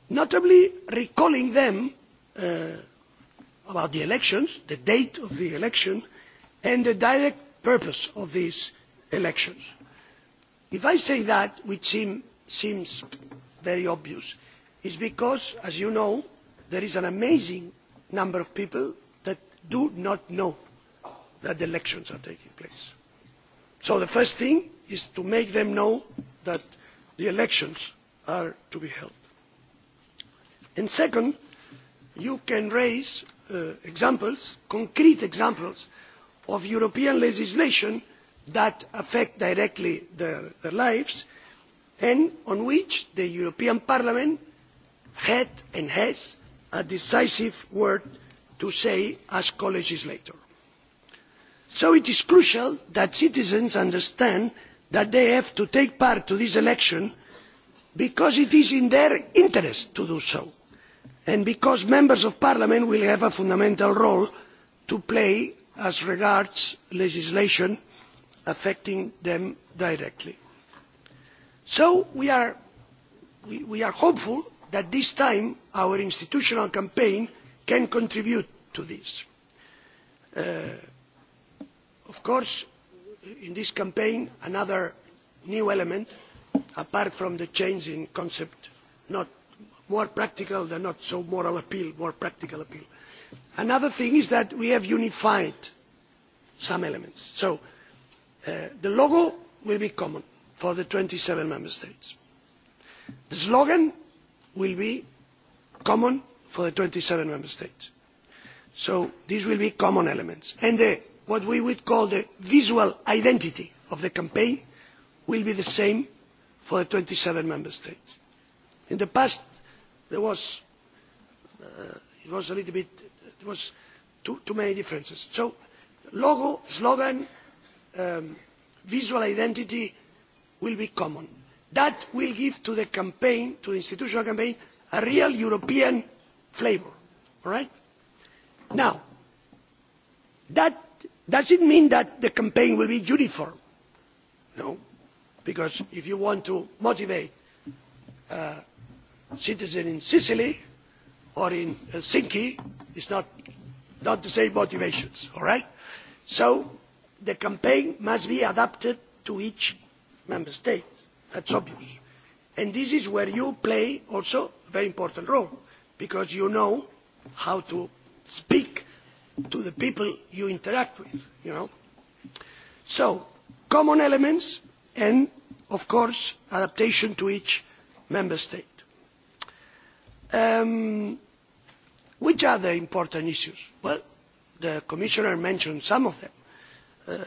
notably recalling them uh, about the elections the date of the election and the direct purpose of these elections. if i say that which seems very obvious it is because as you know there is an amazing number of people who do not know that elections are taking place so the first thing is to make them know that the elections are to be held. And second you can raise uh, examples concrete examples of european legislation that affects directly their, their lives and on which the european parliament had and has a decisive word to say as co legislator so it is crucial that citizens understand that they have to take part in this election because it is in their interest to do so and because members of parliament will have a fundamental role to play as regards legislation affecting them directly. so we are hopeful that this time our institutional campaign can contribute to this. Uh, of course in this campaign another new element apart from the change in concept not more practical the not so moral appeal more practical appeal another thing is that we have unified some elements so uh, the logo will be common for the twenty seven member states the slogan will be common for the twenty seven member states so these will be common elements and the what we would call the visual identity of the campaign will be the same for the twenty seven member states. in the past there were uh, too, too many differences so logo slogan um, visual identity will be common. that will give to the campaign to the institutional campaign a real european flavour. Right? now that does it mean that the campaign will be uniform? no because if you want to motivate uh, citizens in sicily or in helsinki it is not the same motivation. so the campaign must be adapted to each member state that is obvious and this is where you play also a very important role because you know how to speak to the people you interact with. You know? So, common elements and, of course, adaptation to each member state. Um, which are the important issues? Well, the Commissioner mentioned some of them. Uh,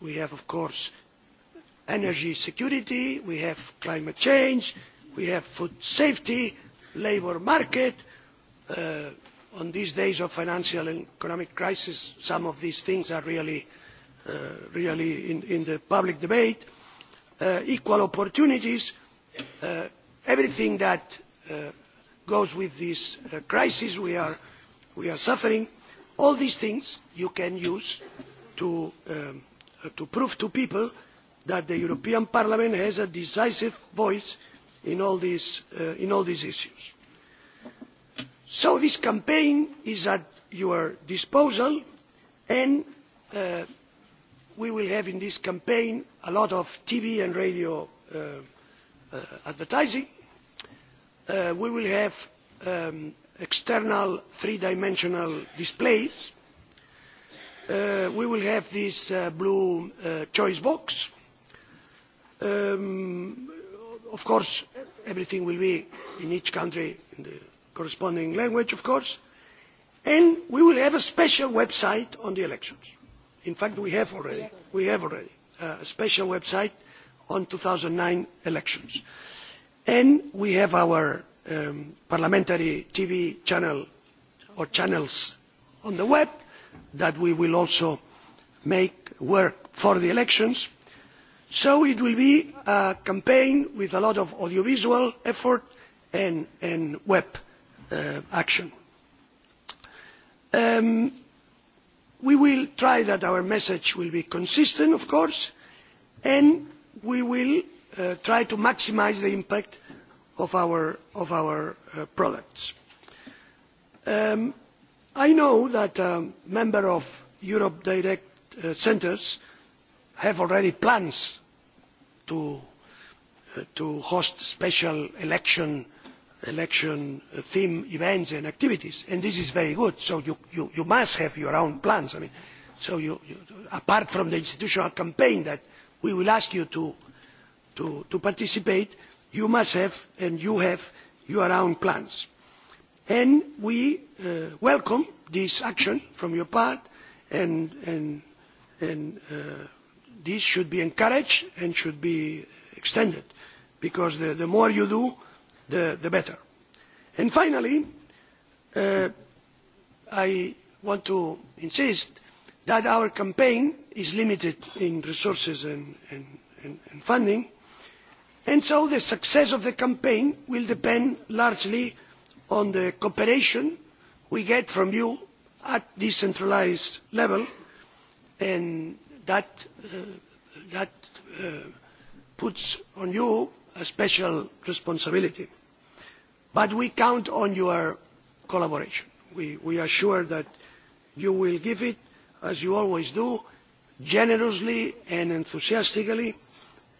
we have, of course, energy security, we have climate change, we have food safety, labour market, uh, on these days of financial and economic crisis some of these things are really, uh, really in, in the public debate uh, equal opportunities uh, everything that uh, goes with this uh, crisis we are, we are suffering all these things you can use to, um, uh, to prove to people that the european parliament has a decisive voice in all these, in all these issues so this campaign is at your disposal and uh, we will have in this campaign a lot of tv and radio uh, uh, advertising. Uh, we will have um, external three dimensional displays. Uh, we will have this uh, blue choice box. Um, of course everything will be in each country in the corresponding language of course and we will have a special website on the elections. in fact we have already, we have already uh, a special website on the two thousand and nine elections and we have our um, parliamentary tv channel or channels on the web that we will also make work for the elections so it will be a campaign with a lot of audiovisual effort and, and web uh, action. Um, we will try that our message will be consistent of course and we will uh, try to maximise the impact of our, of our uh, products. Um, i know that um, uh, members of europe direct uh, centres have already plans to, uh, to host special elections election theme events and activities and this is very good so you, you, you must have your own plans. I mean, so you, you, apart from the institutional campaign that we will ask you to, to, to participate you must have and you have your own plans. And we uh, welcome this action from your part and, and, and uh, this should be encouraged and should be extended because the, the more you do the, the better. And finally uh, i want to insist that our campaign is limited in resources and, and, and funding and so the success of the campaign will depend largely on the cooperation we get from you at decentralised level and that, uh, that uh, puts on you a special responsibility but we count on your collaboration. We, we are sure that you will give it as you always do generously and enthusiastically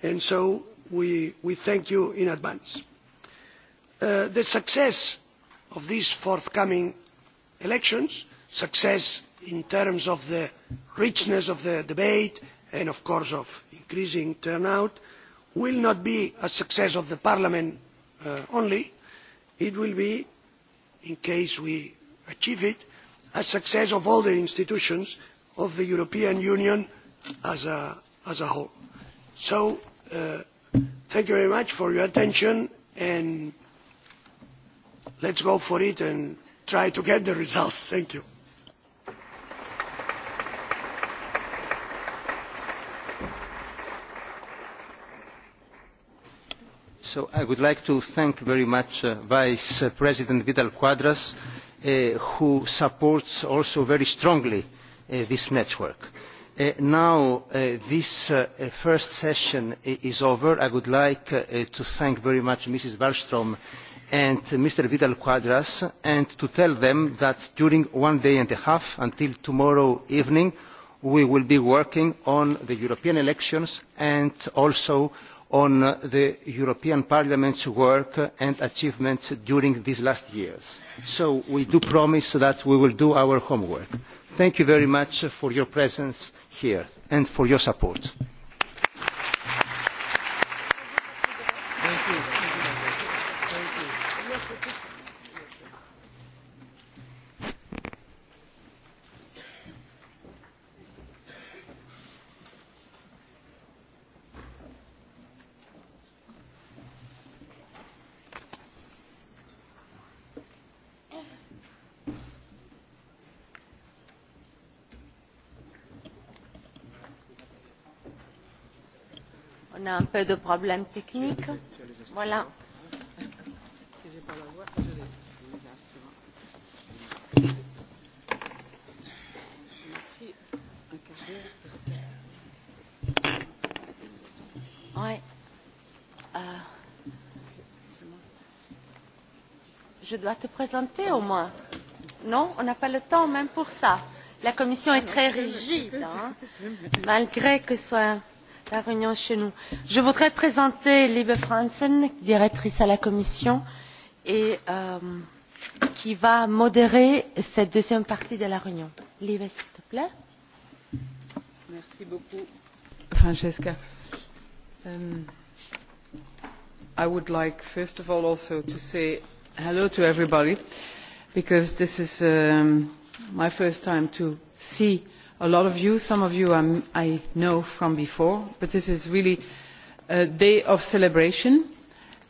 and so we, we thank you in advance. Uh, the success of these forthcoming elections success in terms of the richness of the debate and of course of increasing turnout will not be a success of the parliament uh, only it will be in case we achieve it a success of all the institutions of the european union as a, as a whole. so uh, thank you very much for your attention and let us go for it and try to get the results. thank you. So I would like to thank very much uh, Vice President Vidal Quadras, uh, who supports also very strongly uh, this network. Uh, now uh, this uh, first session is over. I would like uh, to thank very much Mrs. Wallström and Mr. Vidal Quadras and to tell them that during one day and a half until tomorrow evening we will be working on the European elections and also on the european parliament's work and achievements during these last years so we do promise that we will do our homework. thank you very much for your presence here and for your support. on a un peu de problèmes techniques. Voilà. Ouais. Euh, je dois te présenter au moins. Non, on n'a pas le temps même pour ça. La Commission est très rigide, hein, malgré que ce soit la réunion chez nous. je voudrais présenter liebe franzen directrice à la commission et euh, qui va modérer cette deuxième partie de la réunion. liebe s'il te plaît. merci beaucoup francesca. Um, i would like first of all also to say hello to everybody because this is um, my first time to see uh, a lot of you some of you I'm, i know from before but this is really a day of celebration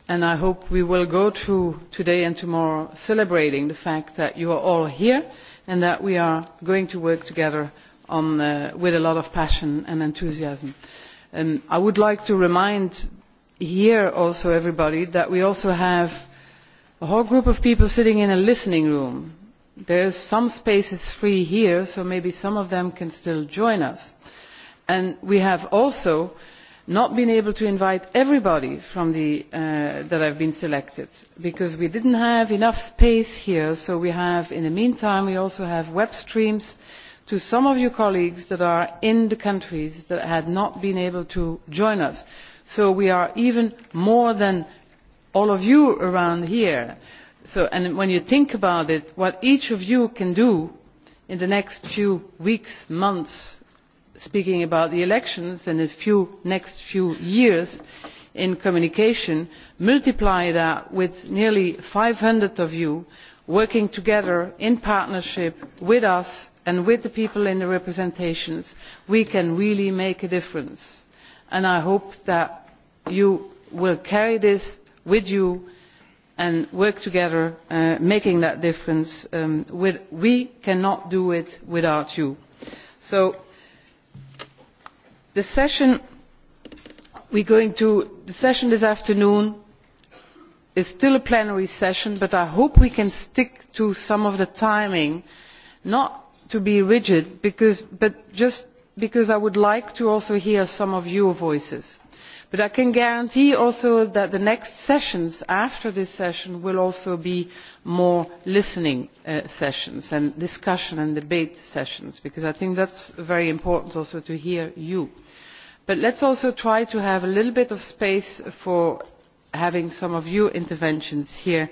and i hope we will go through today and tomorrow celebrating the fact that you are all here and that we are going to work together on, uh, with a lot of passion and enthusiasm. Um, i would like to remind here also everybody that we also have a whole group of people sitting in a listening room there is some spaces free here so maybe some of them can still join us and we have also not been able to invite everybody the, uh, that has been selected because we did not have enough space here so we have in the meantime we also have web streams to some of your colleagues that are in the countries that had not been able to join us so we are even more than all of you around here so and when you think about it what each of you can do in the next few weeks and months speaking about the elections and the next few years in communication multiply that with nearly five hundred of you working together in partnership with us and with the people in the representations we can really make a difference and i hope that you will carry this with you and work together uh, making that difference. Um, with, we cannot do it without you. so the session we are going to the session this afternoon is still a plenary session but i hope we can stick to some of the timing not to be rigid because, but just because i would like to also hear some of your voices but i can guarantee also that the next sessions after this session will also be more listening uh, sessions and discussion and debate sessions because i think that is very important also to hear you. but let us also try to have a little bit of space for having some of your interventions here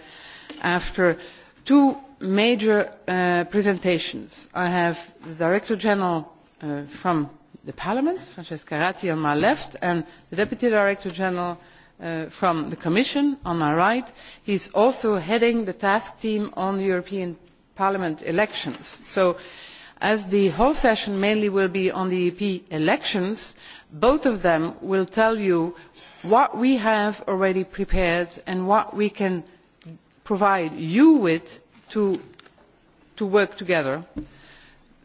after two major uh, presentations. i have the director general uh, from the parliament francesca ratti on my left and the deputy director general uh, from the commission on my right. he is also heading the task team on the european parliament elections. so as the whole session mainly will be on the ep elections both of them will tell you what we have already prepared and what we can provide you with to, to work together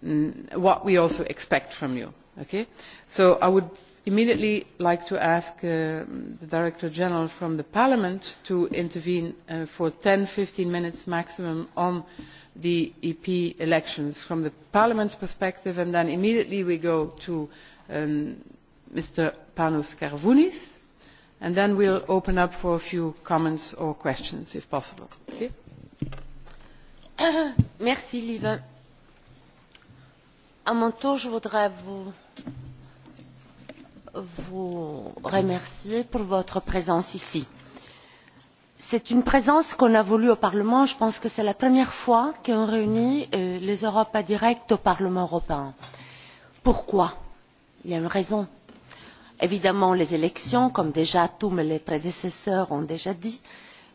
mm, what we also expect from you Okay? So I would immediately like to ask uh, the Director General from the Parliament to intervene uh, for 10-15 minutes maximum on the EP elections from the Parliament's perspective and then immediately we go to um, Mr. Panos Karvounis and then we'll open up for a few comments or questions if possible. Okay? Merci, Liva. À mon tour, je voudrais vous vous remercier pour votre présence ici. c'est une présence qu'on a voulue au parlement je pense que c'est la première fois qu'on réunit euh, les europas directs au parlement européen. pourquoi? il y a une raison. évidemment les élections comme déjà tous mes prédécesseurs ont déjà dit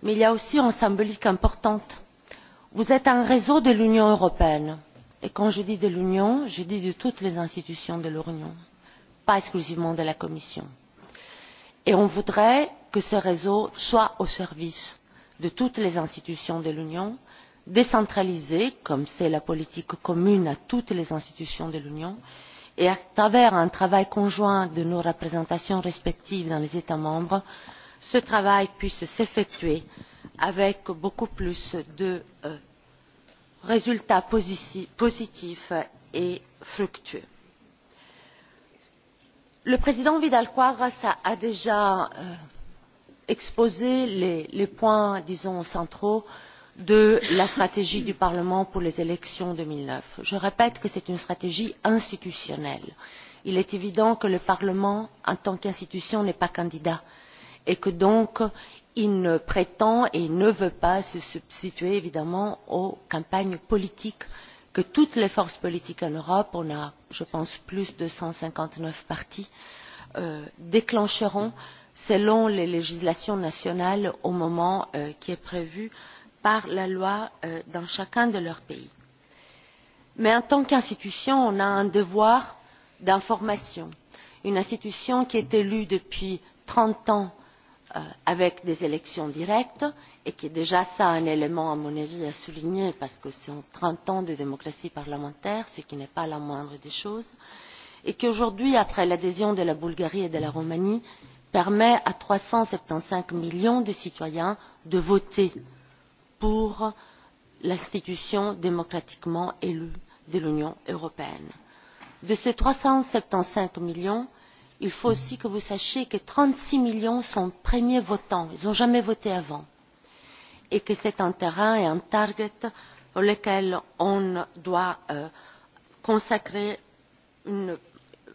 mais il y a aussi une symbolique importante. vous êtes un réseau de l'union européenne et quand je dis de l'union je dis de toutes les institutions de l'union pas exclusivement de la commission et on voudrait que ce réseau soit au service de toutes les institutions de l'union décentralisé comme c'est la politique commune à toutes les institutions de l'union et à travers un travail conjoint de nos représentations respectives dans les états membres ce travail puisse s'effectuer avec beaucoup plus de euh, résultats positifs et fructueux. le président vidal quadras a déjà euh, exposé les, les points disons centraux de la stratégie du parlement pour les élections. deux mille neuf je répète que c'est une stratégie institutionnelle. il est évident que le parlement en tant qu'institution n'est pas candidat et que donc il ne prétend et ne veut pas se substituer évidemment aux campagnes politiques que toutes les forces politiques en europe on a je pense plus de cent cinquante neuf partis euh, déclencheront selon les législations nationales au moment euh, qui est prévu par la loi euh, dans chacun de leurs pays. mais en tant qu'institution on a un devoir d'information une institution qui est élue depuis trente ans Euh, avec des élections directes et que déjà ça un élément à mon avis à souligner parce que c'est trente ans de démocratie parlementaire ce qui n'est pas la moindre des choses et qu'aujourd'hui après l'adhésion de la bulgarie et de la roumanie permet à trois cent soixante quinze millions de citoyens de voter pour l'institution démocratiquement élue de l'union européenne. de ces trois cent soixante quinze millions il faut aussi que vous sachiez que trente six millions sont les premiers votants ils n'ont jamais voté avant et que c'est un terrain et un target auquel on doit euh, consacrer une,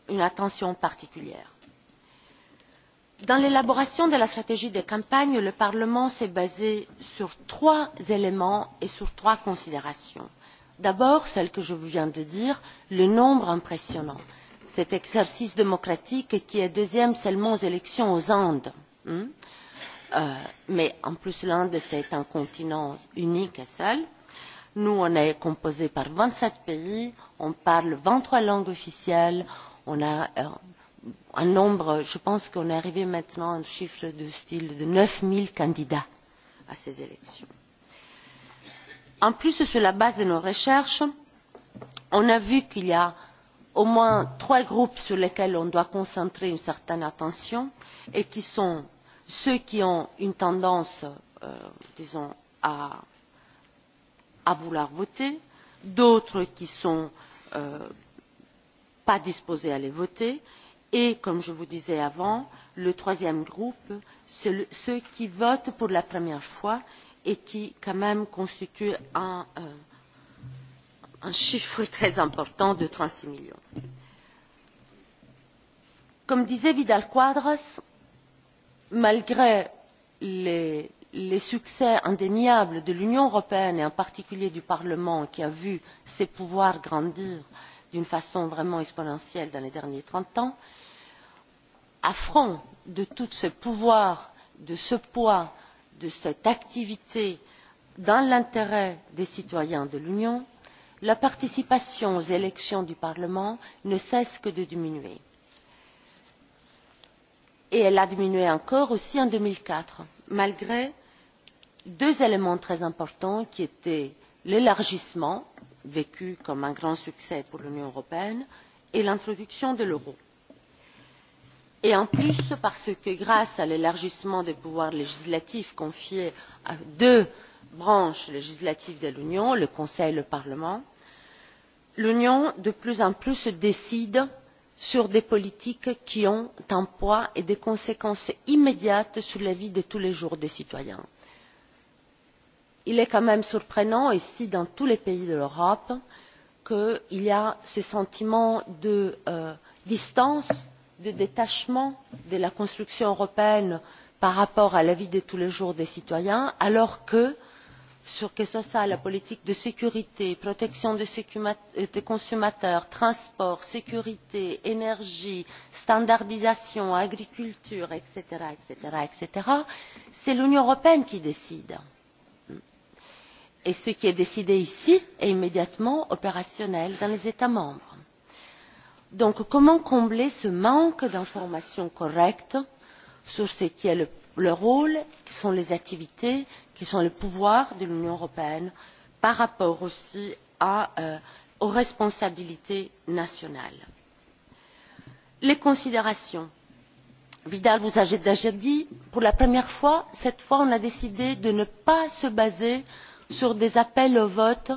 une attention particulière. Dans l'élaboration de la stratégie de campagne, le Parlement s'est basé sur trois éléments et sur trois considérations. D'abord, celle que je viens de dire, le nombre impressionnant. Euh, cet exercice démocratique qui est deuxième seulement aux élections aux Andes. Hein euh, mais en plus l'Inde c'est un continent unique et seul. Nous on est composé par 27 pays, on parle 23 langues officielles, on a euh, un nombre, je pense qu'on est arrivé maintenant à un chiffre de style de 9000 candidats à ces élections. En plus, sur la base de nos recherches, on a vu qu'il y a au moins trois groupes sur lesquels on doit concentrer une certaine attention et qui sont ceux qui ont une tendance euh, disons à, à vouloir voter d'autres qui ne sont euh, pas disposés à les voter et comme je vous disais avant le troisième groupe le, ceux qui votent pour la première fois et qui quand même constituent un euh, un chiffre très important de trente six millions. comme disait vidal quadras malgré les, les succès indéniables de l'union européenne et en particulier du parlement qui a vu ses pouvoirs grandir d'une façon vraiment exponentielle dans les derniers trente ans à front de tout ce pouvoir de ce poids de cette activité dans l'intérêt des citoyens de l'union la participation aux élections du parlement ne cesse que de diminuer et elle a diminué encore aussi en deux mille quatre malgré deux éléments très importants qui étaient l'élargissement vécu comme un grand succès pour l'union européenne et l'introduction de l'euro. et en plus parce que grâce à l'élargissement des pouvoirs législatifs confiés à deux branches législatives de l'union le conseil et le parlement l'union de plus en plus décide sur des politiques qui ont un poids et des conséquences immédiates sur la vie de tous les jours des citoyens. il est quand même surprenant ici dans tous les pays d'europe qu'il y ait ce sentiment de euh, distance de détachement de la construction européenne par rapport à la vie de tous les jours des citoyens alors que euh, que ce soit la politique de sécurité protection des euh, consommateurs transports sécurité énergie normalisation agriculture etc. c'est l'union européenne qui décide et ce qui est décidé ici est immédiatement opérationnel dans les états membres. donc comment combler ce manque d'informations correctes sur ce qui est le rôle les activités qui sont les pouvoirs de l'union européenne par rapport aussi à, euh, aux responsabilités nationales. les considérations vidal vous a déjà dit pour la première fois cette fois on a décidé de ne pas se baser sur des appels au vote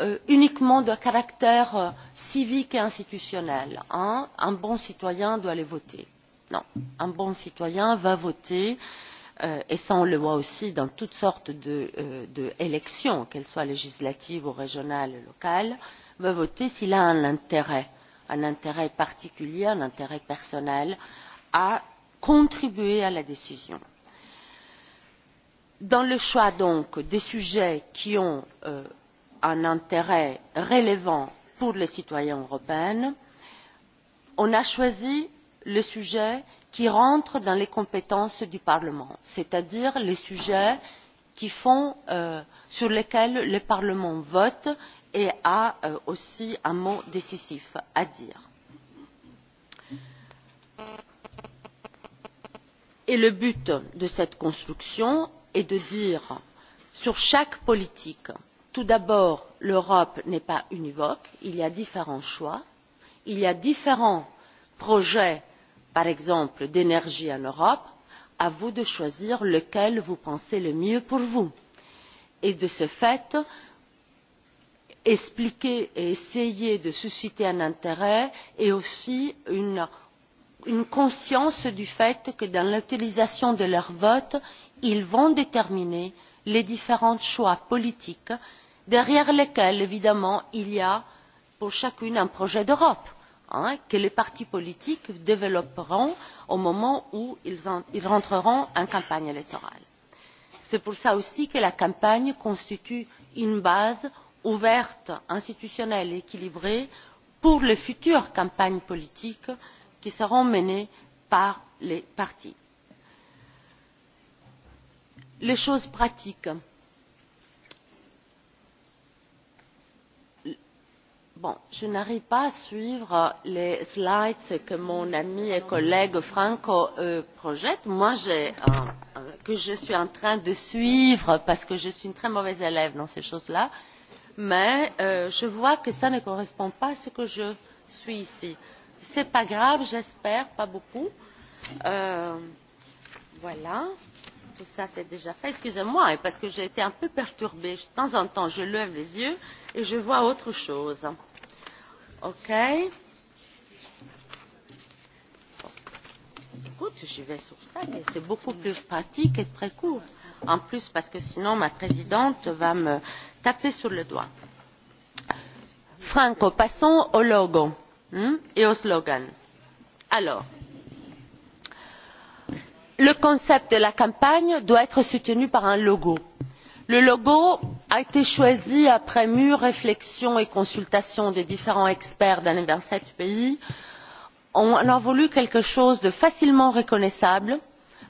euh, uniquement de caractère euh, civique et institutionnel hein un bon citoyen doit aller voter. non un bon citoyen va voter euh, Euh, et cela on le voit aussi dans toutes sortes d'élections euh, qu'elles soient législatives ou régionales ou locales veut voter s'il a un intérêt un intérêt particulier un intérêt personnel à contribuer à la décision. dans le choix donc des sujets qui ont euh, un intérêt relevant pour les citoyens européens on a choisi les sujets qui entrent dans les compétences du parlement c'est à dire les sujets euh, sur lesquels le parlement vote et a euh, aussi un mot décisif à dire. Et le but de cette construction est de dire sur chaque politique tout d'abord l'europe n'est pas univoque il y a différents choix il y a différents projets par exemple d'énergie en europe à vous de choisir lequel vous pensez le mieux pour vous et de ce fait expliquer et essayer de susciter un intérêt et aussi une, une conscience du fait que dans l'utilisation de leur vote ils vont déterminer les différents choix politiques derrière lesquels évidemment il y a pour chacune un projet d'europe hein, que les partis politiques développeront au moment où ils, en, ils entreront en campagne électorale. c'est pour cela aussi que la campagne constitue une base ouverte institutionnelle et équilibrée pour les futures campagnes politiques qui seront menées par les partis. les choses pratiques Bon, je n'arrive pas à suivre les slides que mon ami et collègue Franco euh, projette. Moi, j'ai, euh, que je suis en train de suivre parce que je suis une très mauvaise élève dans ces choses-là. Mais euh, je vois que ça ne correspond pas à ce que je suis ici. C'est pas grave, j'espère, pas beaucoup. Euh, voilà. Tout ça, c'est déjà fait. Excusez-moi, parce que j'ai été un peu perturbée. De temps en temps, je lève les yeux et je vois autre chose. Euh, OK. Écoute, je vais sur ça, mais c'est beaucoup plus pratique et très court. En plus, parce que sinon, ma présidente va me taper sur le doigt. Franco, passons au logo hein, et au slogan. Alors, le concept de la campagne doit être soutenu par un logo. Le logo a été choisi après mûre réflexion et consultation des différents experts dans vingt sept pays. on a voulu quelque chose de facilement reconnaissable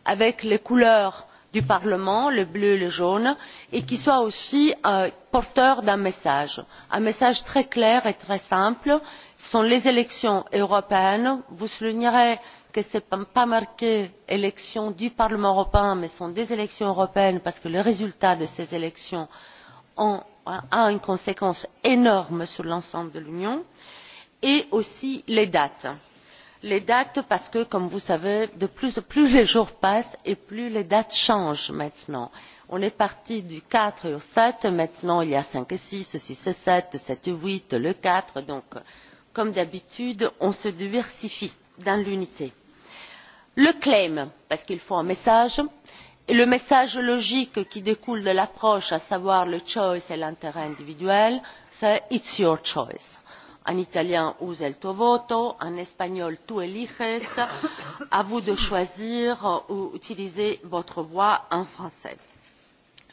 avec les couleurs du parlement le bleu et le jaune et qui soit aussi euh, porteur d'un message un message très clair et très simple ce sont les élections européennes vous soulignerez que ce n'est pas marqué élections du parlement européen mais ce sont des élections européennes parce que le résultat de ces élections ont, a une conséquence énorme sur l'ensemble de l'union et aussi les dates les dates parce que comme vous le savez plus, plus les jours passent et plus les dates changent maintenant. on est passé du quatre au sept maintenant il y a cinq et six six et sept sept et huit le quatre donc comme d'habitude on se diversifie dans l'unité. le claim parce qu'il faut un message le message logique qui découle de l'approche à savoir le choice et l'intérêt individuel c'est it's your choice en italien usa il tuo voto en espagnol tú eliges à vous de choisir ou utilisez votre voix en français.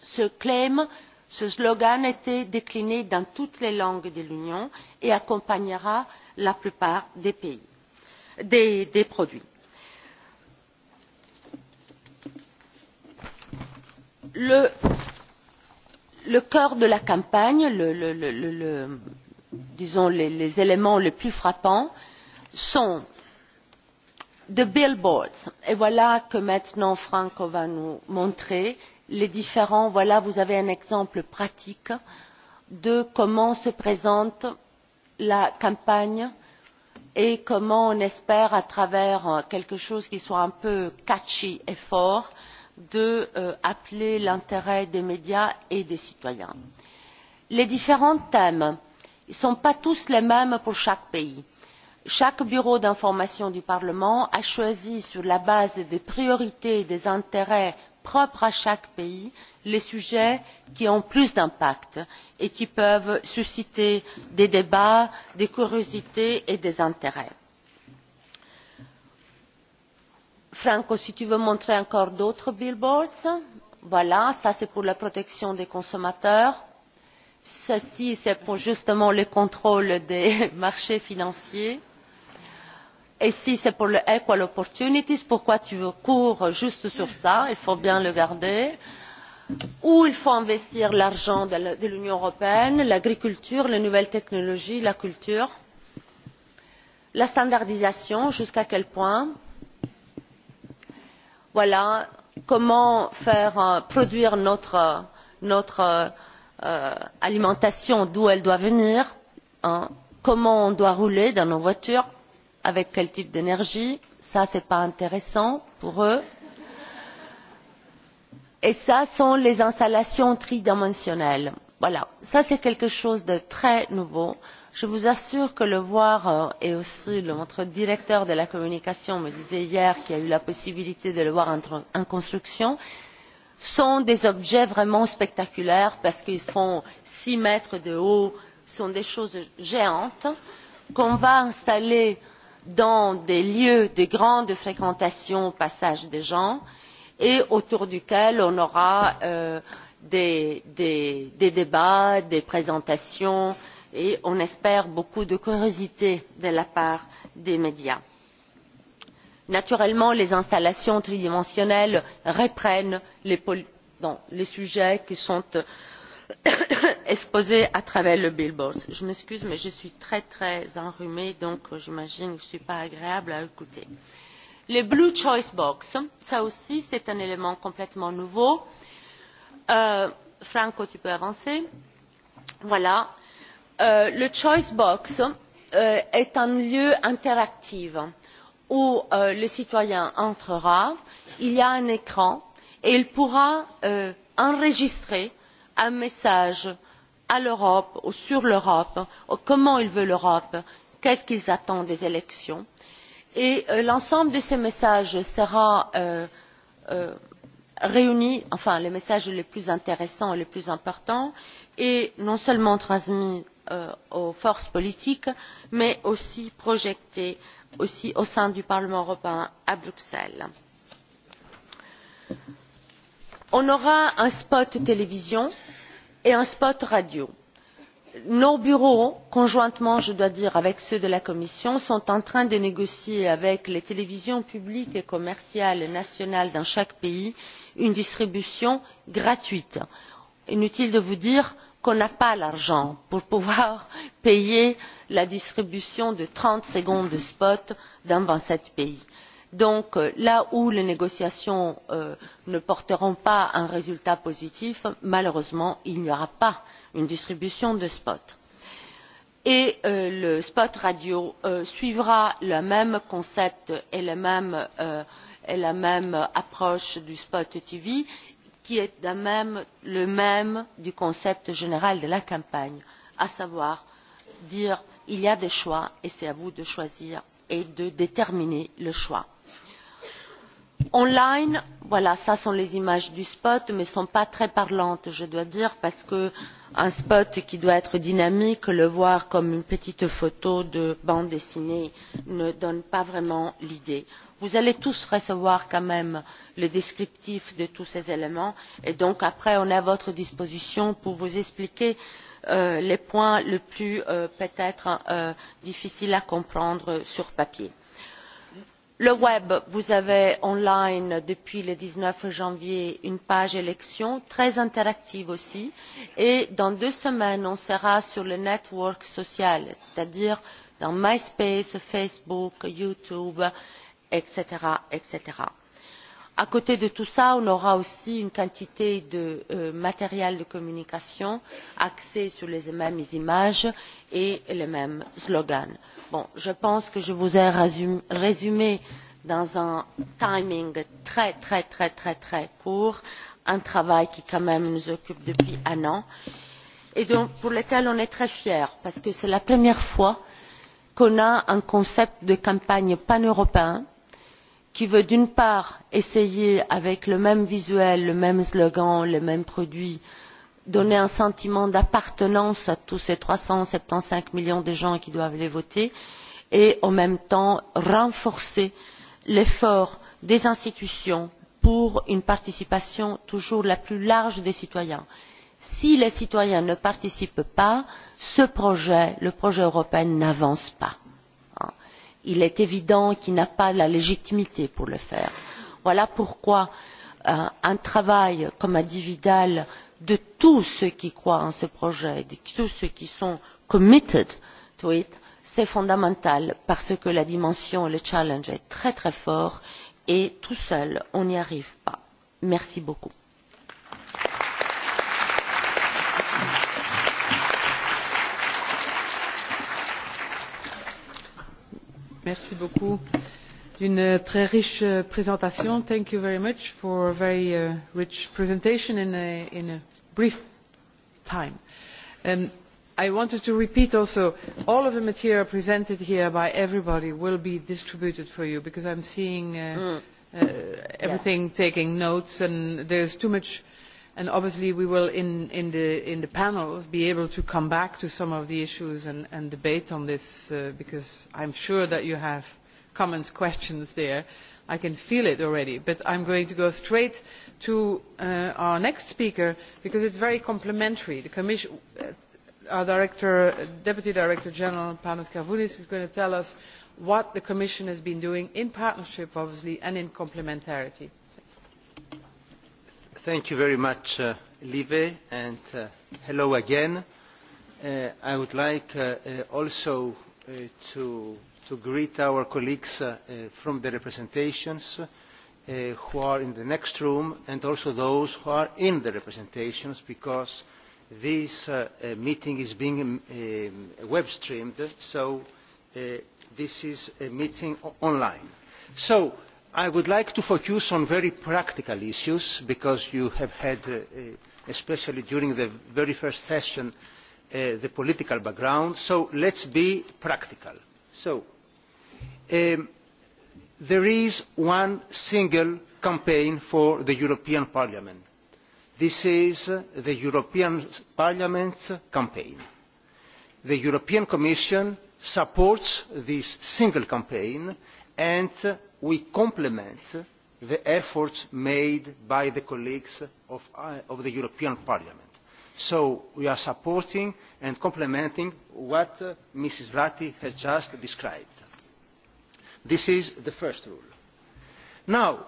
ce claim ce slogan a été décliné dans toutes les langues de l'union et accompagnera la plupart des pays des, des produits le, le cœur de la campagne le, le, le, le, disons les, les éléments les plus frappants sont the billboards et voilà que maintenant franco va nous montrer les différents voilà vous avez un exemple pratique de comment se présente la campagne et comment on espère à travers quelque chose qui soit un peu catchy et fort d'appeler de, euh, l'intérêt des médias et des citoyens. les différents thèmes ne sont pas tous les mêmes pour chaque pays. chaque bureau d'information du parlement a choisi sur la base des priorités et des intérêts propres à chaque pays les sujets qui ont le plus d'impact et qui peuvent susciter des débats des curiosités et des intérêts franco si tu veux montrer encore d'autres billboards voilà ça c'est pour la protection des consommateurs ceci c'est pour justement le contrôle des marchés financiers et si c'est pour le equal opportunities pourquoi tu cours juste sur ça il faut bien le garder où il faut investir l'argent de l'union européenne l'agriculture les nouvelles technologies la culture la standardisation jusqu'à quel point? voilà comment faire euh, produire notre, notre euh, alimentation d'où elle doit venir hein, comment on doit rouler dans nos voitures avec quel type d'énergie ça ce n'est pas intéressant pour eux et ça sont les installations tridimensionnelles. voilà ça c'est quelque chose de très nouveau je vous assure que le voir euh, et aussi notre directeur de la communication me disait hier qu'il y a eu la possibilité de le voir en construction sont des objets vraiment spectaculaires parce qu'ils font six mètres de haut ce sont des choses géantes qu'on va installer dans des lieux de grande fréquentation au passage des gens et autour duquel on aura euh, des, des, des débats des présentations etc et on espère beaucoup de curiosité de la part des médias. naturellement les installations tridimensionnelles reprennent les, non, les sujets qui sont euh, exposés à travers le billboard. je m'excuse mais je suis très très enrhumée donc j'imagine que je ne suis pas agréable à écouter. les blue choice box ça aussi c'est un élément complètement nouveau. Euh, franco tu peux avancer. voilà Euh, le choice box euh, est un lieu interactif où euh, le citoyen entrera il y a un écran et il pourra enregistrer un message à l'europe ou sur l'europe comment il veut l'europe qu'est ce qu'il attend des élections et l'ensemble de ces messages sera réuni enfin les messages les plus intéressants et les plus importants et non seulement transmis Euh, aux forces politiques mais aussi projeté aussi au sein du parlement européen à bruxelles. on aura un spot télévision et un spot radio. nos bureaux conjointement je dois dire avec ceux de la commission sont en train de négocier avec les télévisions publiques et commerciales nationales dans chaque pays une distribution gratuite. inutile de vous dire que qu'on n'a pas l'argent pour pouvoir payer la distribution de trente secondes de spot dans vingt sept pays. donc euh, là où les négociations euh, ne porteront pas un résultat positif malheureusement il n'y aura pas de distribution de spot. et euh, le spot radio euh, suivra le même concept et, le même, euh, et la même approche du spot tv qui est même le même du concept général de la campagne à savoir dire il y a des choix et c'est à vous de choisir et de déterminer le choix. en ligne voilà ce sont les images du spot mais elles ne sont pas très parlantes je dois dire parce que euh, un spot qui doit être dynamique le voir comme une petite photo de bande dessinée ne donne pas vraiment l'idée. vous allez tous recevoir quand même le descriptif de tous ces éléments et donc après on est à votre disposition pour vous expliquer euh, les points les plus euh, peut être euh, difficiles à comprendre sur papier le web vous avez en ligne depuis le dix neuf janvier une page élections très interactive aussi et dans deux semaines on sera sur le network social c'est à dire dans myspace facebook youtube etc à côté de tout cela on aura aussi une quantité de euh, matériel de communication axé sur les mêmes images et les mêmes slogans. je pense que je vous ai résumé dans un timing très très très très très court un travail qui quand même nous occupe depuis un an et pour lequel on est très fiers parce que c'est la première fois qu'on a un concept de campagne paneuropéen qui veut d'une part essayer avec le même visuel le même slogan les mêmes produits de donner un sentiment d'appartenance à tous ces trois cent soixante quinze millions de gens qui doivent aller voter et en même temps renforcer l'effort des institutions pour une participation toujours la plus large des citoyens. si les citoyens ne participent pas ce projet le projet européen n'avance pas il est évident qu'il n'a pas la légitimité pour le faire. voilà pourquoi euh, un travail comme l'a dit vidal de tous ceux qui croient en ce projet de tous ceux qui sont committed to it c'est fondamental parce que la dimension le challenge est très très fort et tout seul on n'y arrive pas. merci beaucoup. Merci beaucoup d'une euh, très riche euh, présentation. Thank you very much for a very uh, rich presentation in a, in a brief time. Um, I wanted to repeat also, all of the material presented here by everybody will be distributed for you because I'm seeing uh, mm. uh, everything yeah. taking notes and there's too much and obviously we will in, in, the, in the panels be able to come back to some of the issues and, and debate on this uh, because i am sure that you have comments and questions there i can feel it already but i am going to go straight to uh, our next speaker because it is very complementary. Uh, our director, deputy director general panos karvounis is going to tell us what the commission has been doing in partnership obviously and in complementarity. Thank you very much, uh, Live, and uh, hello again. Uh, I would like uh, uh, also uh, to, to greet our colleagues uh, uh, from the representations uh, who are in the next room and also those who are in the representations because this uh, uh meeting is being um, uh, web streamed, so uh, this is a meeting online. So, i would like to focus on very practical issues because you have had uh, uh, especially during the very first session uh, the political background so let us be practical. Um, there is one single campaign for the european parliament. this is the european parliament's campaign. the european commission supports this single campaign and we complement the efforts made by the colleagues of, uh, of the European Parliament. So we are supporting and complementing what uh, Mrs. Ratti has just described. This is the first rule. Now,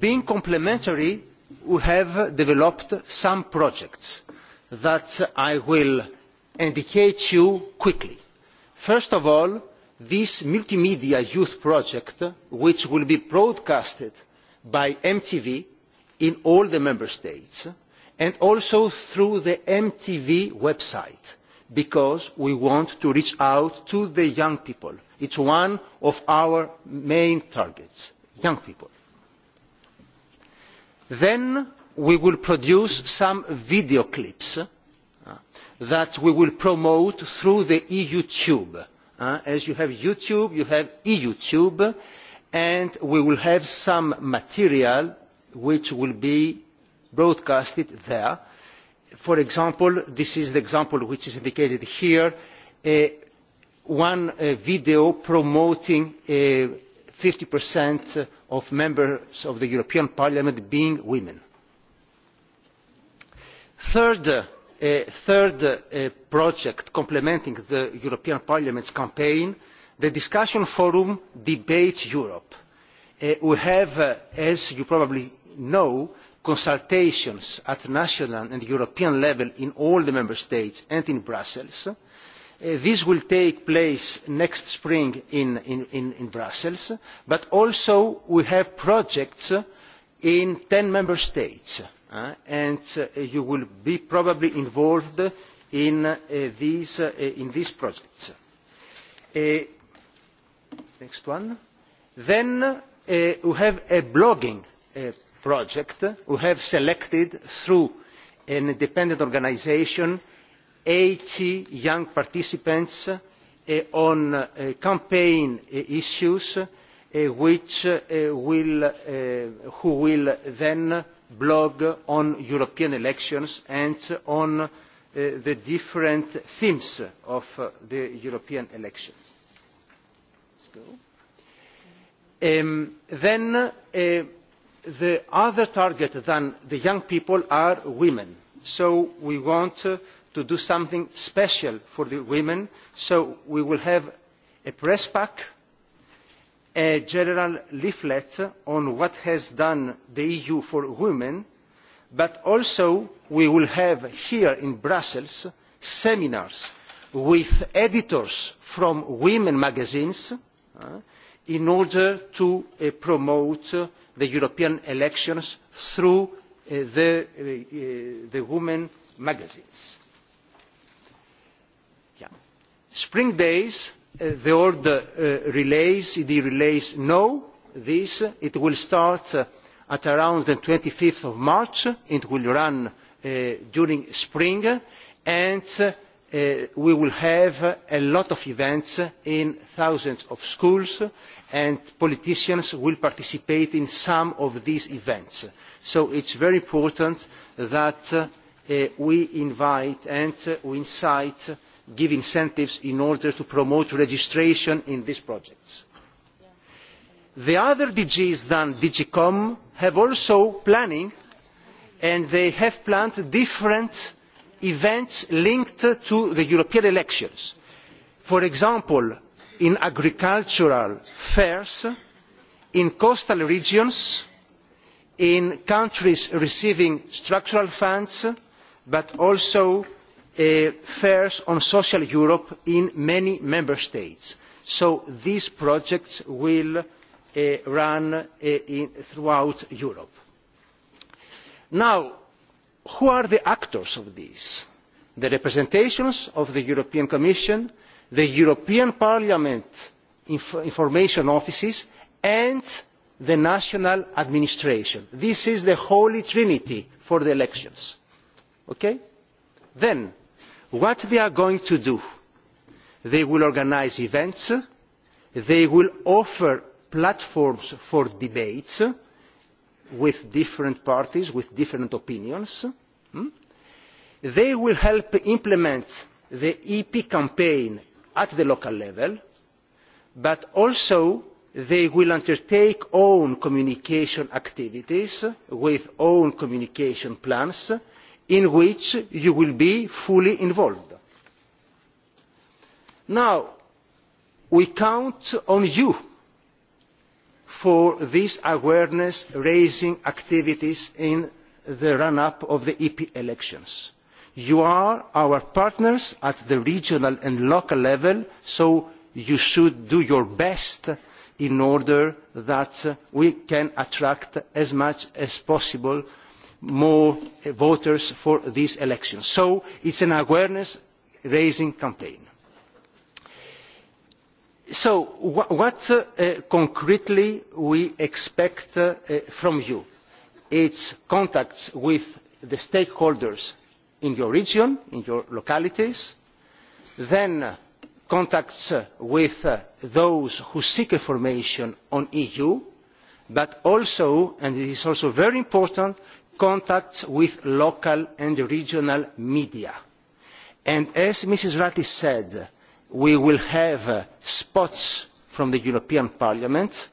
being complementary, we have developed some projects that I will indicate to you quickly. First of all, this multimedia youth project which will be broadcast by mtv in all the member states and also through the mtv website because we want to reach out to the young people. it is one of our main targets young people. then we will produce some video clips uh, that we will promote through the eu tube Uh, as you have youtube you have eutube and we will have some material which will be broadcast there. for example this is the example which is indicated here uh, one uh, video promoting fifty of members of the european parliament being women. third a third uh, project complementing the european parliament's campaign the discussion forum debate europe. Uh, we have uh, as you probably know consultations at national and european level in all the member states and in brussels. this will take place next spring in, in, in brussels but also we have projects in ten member states uh, and uh, you will be probably involved in, uh, these, uh, in these projects. Uh, next one. Then uh, we have a blogging uh, project we have selected through an independent organisation eighty young participants uh, on uh, campaign uh, issues which will, who will then blog on european elections and on uh, the different themes of uh, the european elections. Um, then uh, the other target than the young people are women so we want uh, to do something special for women so we will have a press pack a general leaflet on what has done the eu for women but also we will have here in brussels seminars with editors from women's magazines uh, in order to uh, promote uh, the european elections through uh, the, uh, uh, the women's magazines. Yeah. spring days Uh, the old uh, relays id relays know this it will start uh, at around twenty five march it will run during spring and we will have a lot of events in thousands of schools and politicians will participate in some of these events. so it is very important that we invite and we incite give incentives in order to promote registration in these projects. The other DGs than DG COM have also planning and they have planned different events linked to the European elections. For example, in agricultural fairs, in coastal regions, in countries receiving structural funds, but also uh, fares on social Europe in many member states. So these projects will uh, run uh, in, throughout Europe. Now, who are the actors of this? The representations of the European Commission, the European Parliament inf information offices, and the national administration. This is the holy trinity for the elections. Okay? Then, what they are going to do they will organise events they will offer platforms for debates with different parties with different opinions hmm? they will help implement the ep campaign at the local level but also they will undertake own communication activities with own communication plans in which you will be fully involved. Now, we count on you for these awareness raising activities in the run up to the ep elections. you are our partners at the regional and local level so you should do your best in order that we can attract as much as possible more voters for these elections. so it is an awareness raising campaign. so wh what uh, uh concretely do we expect uh, uh from you? it is contacts with the stakeholders in your region in your localities then contacts uh, with those who seek information on the eu but also and this is also very important contacts with local and regional media. And as Mrs. Ratti said, we will have uh, spots from the European Parliament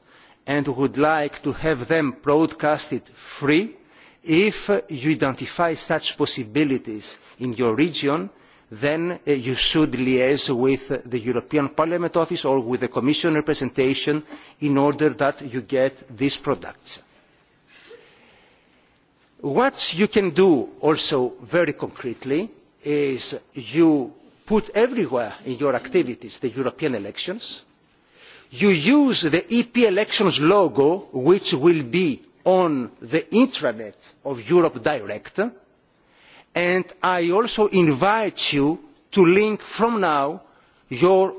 and would like to have them broadcasted free. If uh, you identify such possibilities in your region, then uh, you should liaise with uh, the European Parliament office or with the Commission representation in order that you get these products what you can do also very concretely is you put everywhere in your activities the european elections you use the ep elections logo which will be on the intranet of europe direct and i also invite you to link from now your,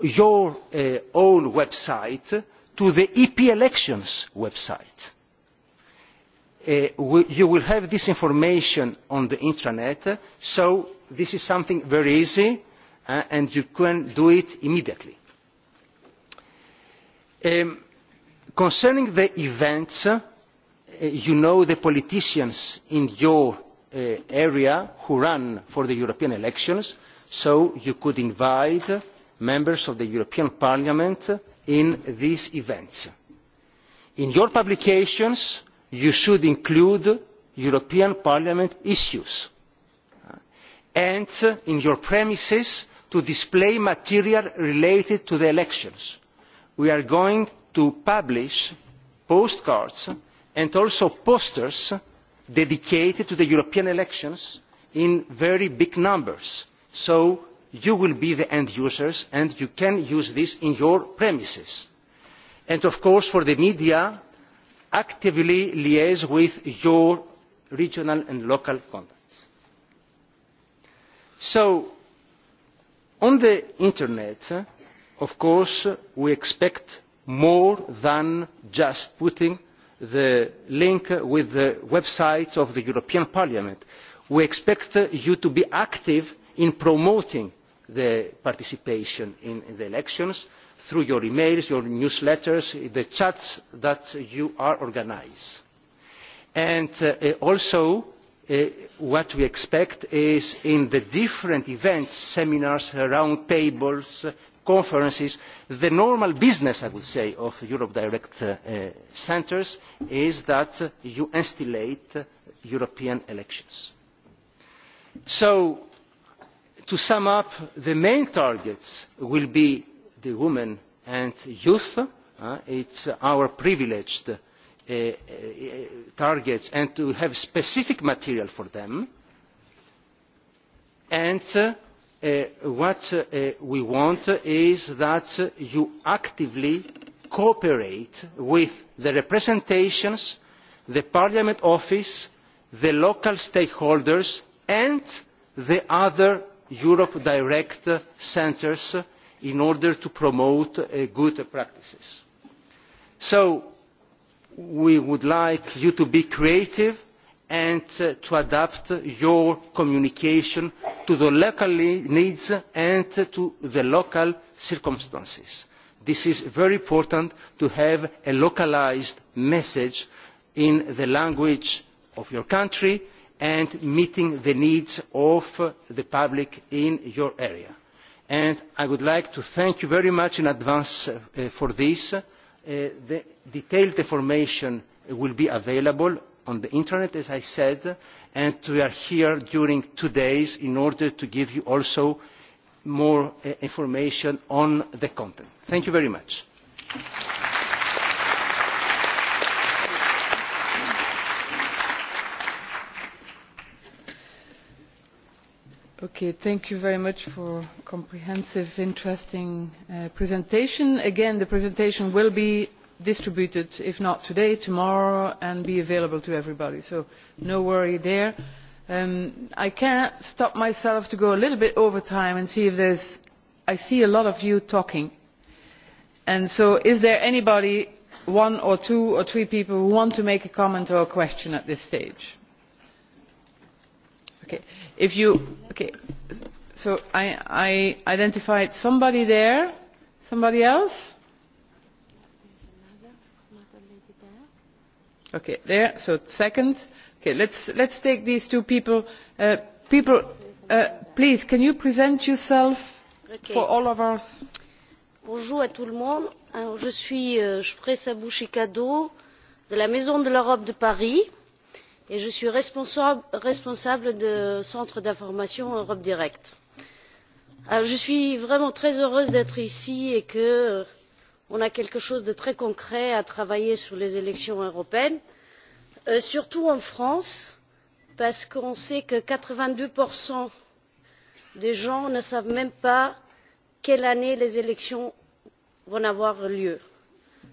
your uh, own website to the ep elections website Uh, we, you will have this information on the intranet so this is something very easy uh, and you can do it immediately. Um, concerning the events uh, you know the politicians in your uh, area who run for the european elections so you could invite members of the european parliament in these events. in your publications you should include european parliament issues and uh, in your premises to display material related to the elections. we are going to publish postcards and also posters dedicated to the european elections in very big numbers so you will be the end users and you can use this on your premises. and of course for the media actively liaise with your regional and local contacts. So, on the internet, of course, we expect more than just putting the link with the website of the European Parliament. We expect you to be active in promoting the participation in the elections through your emails, your newsletters, the chats that you are organize. And uh, uh, also, uh, what we expect is in the different events, seminars, round tables, conferences, the normal business, I would say, of Europe Direct uh, uh, centers is that you instillate European elections. So, to sum up, the main targets will be the women and youth uh, it's our privileged uh, uh, targets and to have specific material for them and uh, uh, what uh, uh we want is that you actively cooperate with the representations the parliament office the local stakeholders and the other europe direct centres in order to promote uh, good practices. So we would like you to be creative and uh, to adapt your communication to the local needs and to the local circumstances. This is very important to have a localized message in the language of your country and meeting the needs of uh, the public in your area and i would like to thank you very much in advance uh, for this. Uh, the detailed information will be available on the internet as i said and we are here during two days in order to give you also more uh, information on the content. thank you very much. Okay, thank you very much for a comprehensive, interesting uh, presentation. Again, the presentation will be distributed, if not today, tomorrow, and be available to everybody, so no worry there. Um, I can't stop myself to go a little bit over time and see if there's... I see a lot of you talking. And so is there anybody, one or two or three people, who want to make a comment or a question at this stage? Okay. If you, okay. So I, I identified somebody there. Somebody else? Okay, there. So second. Okay, let's let's take these two people. Uh, people, uh, please, can you present yourself okay. for all of us? Bonjour à tout le monde. Alors, je suis euh, Shpresa Bouchikado de la Maison de l'Europe de Paris. Euh, et je suis responsable, responsable du centre d'information europe direct. Alors, euh, je suis vraiment très heureuse d'être ici et que euh, nous ayons quelque chose de très concret à travailler sur les élections européennes euh, surtout en france parce qu'on sait que quatre vingt deux des gens ne savent même pas quelle année les élections vont avoir lieu.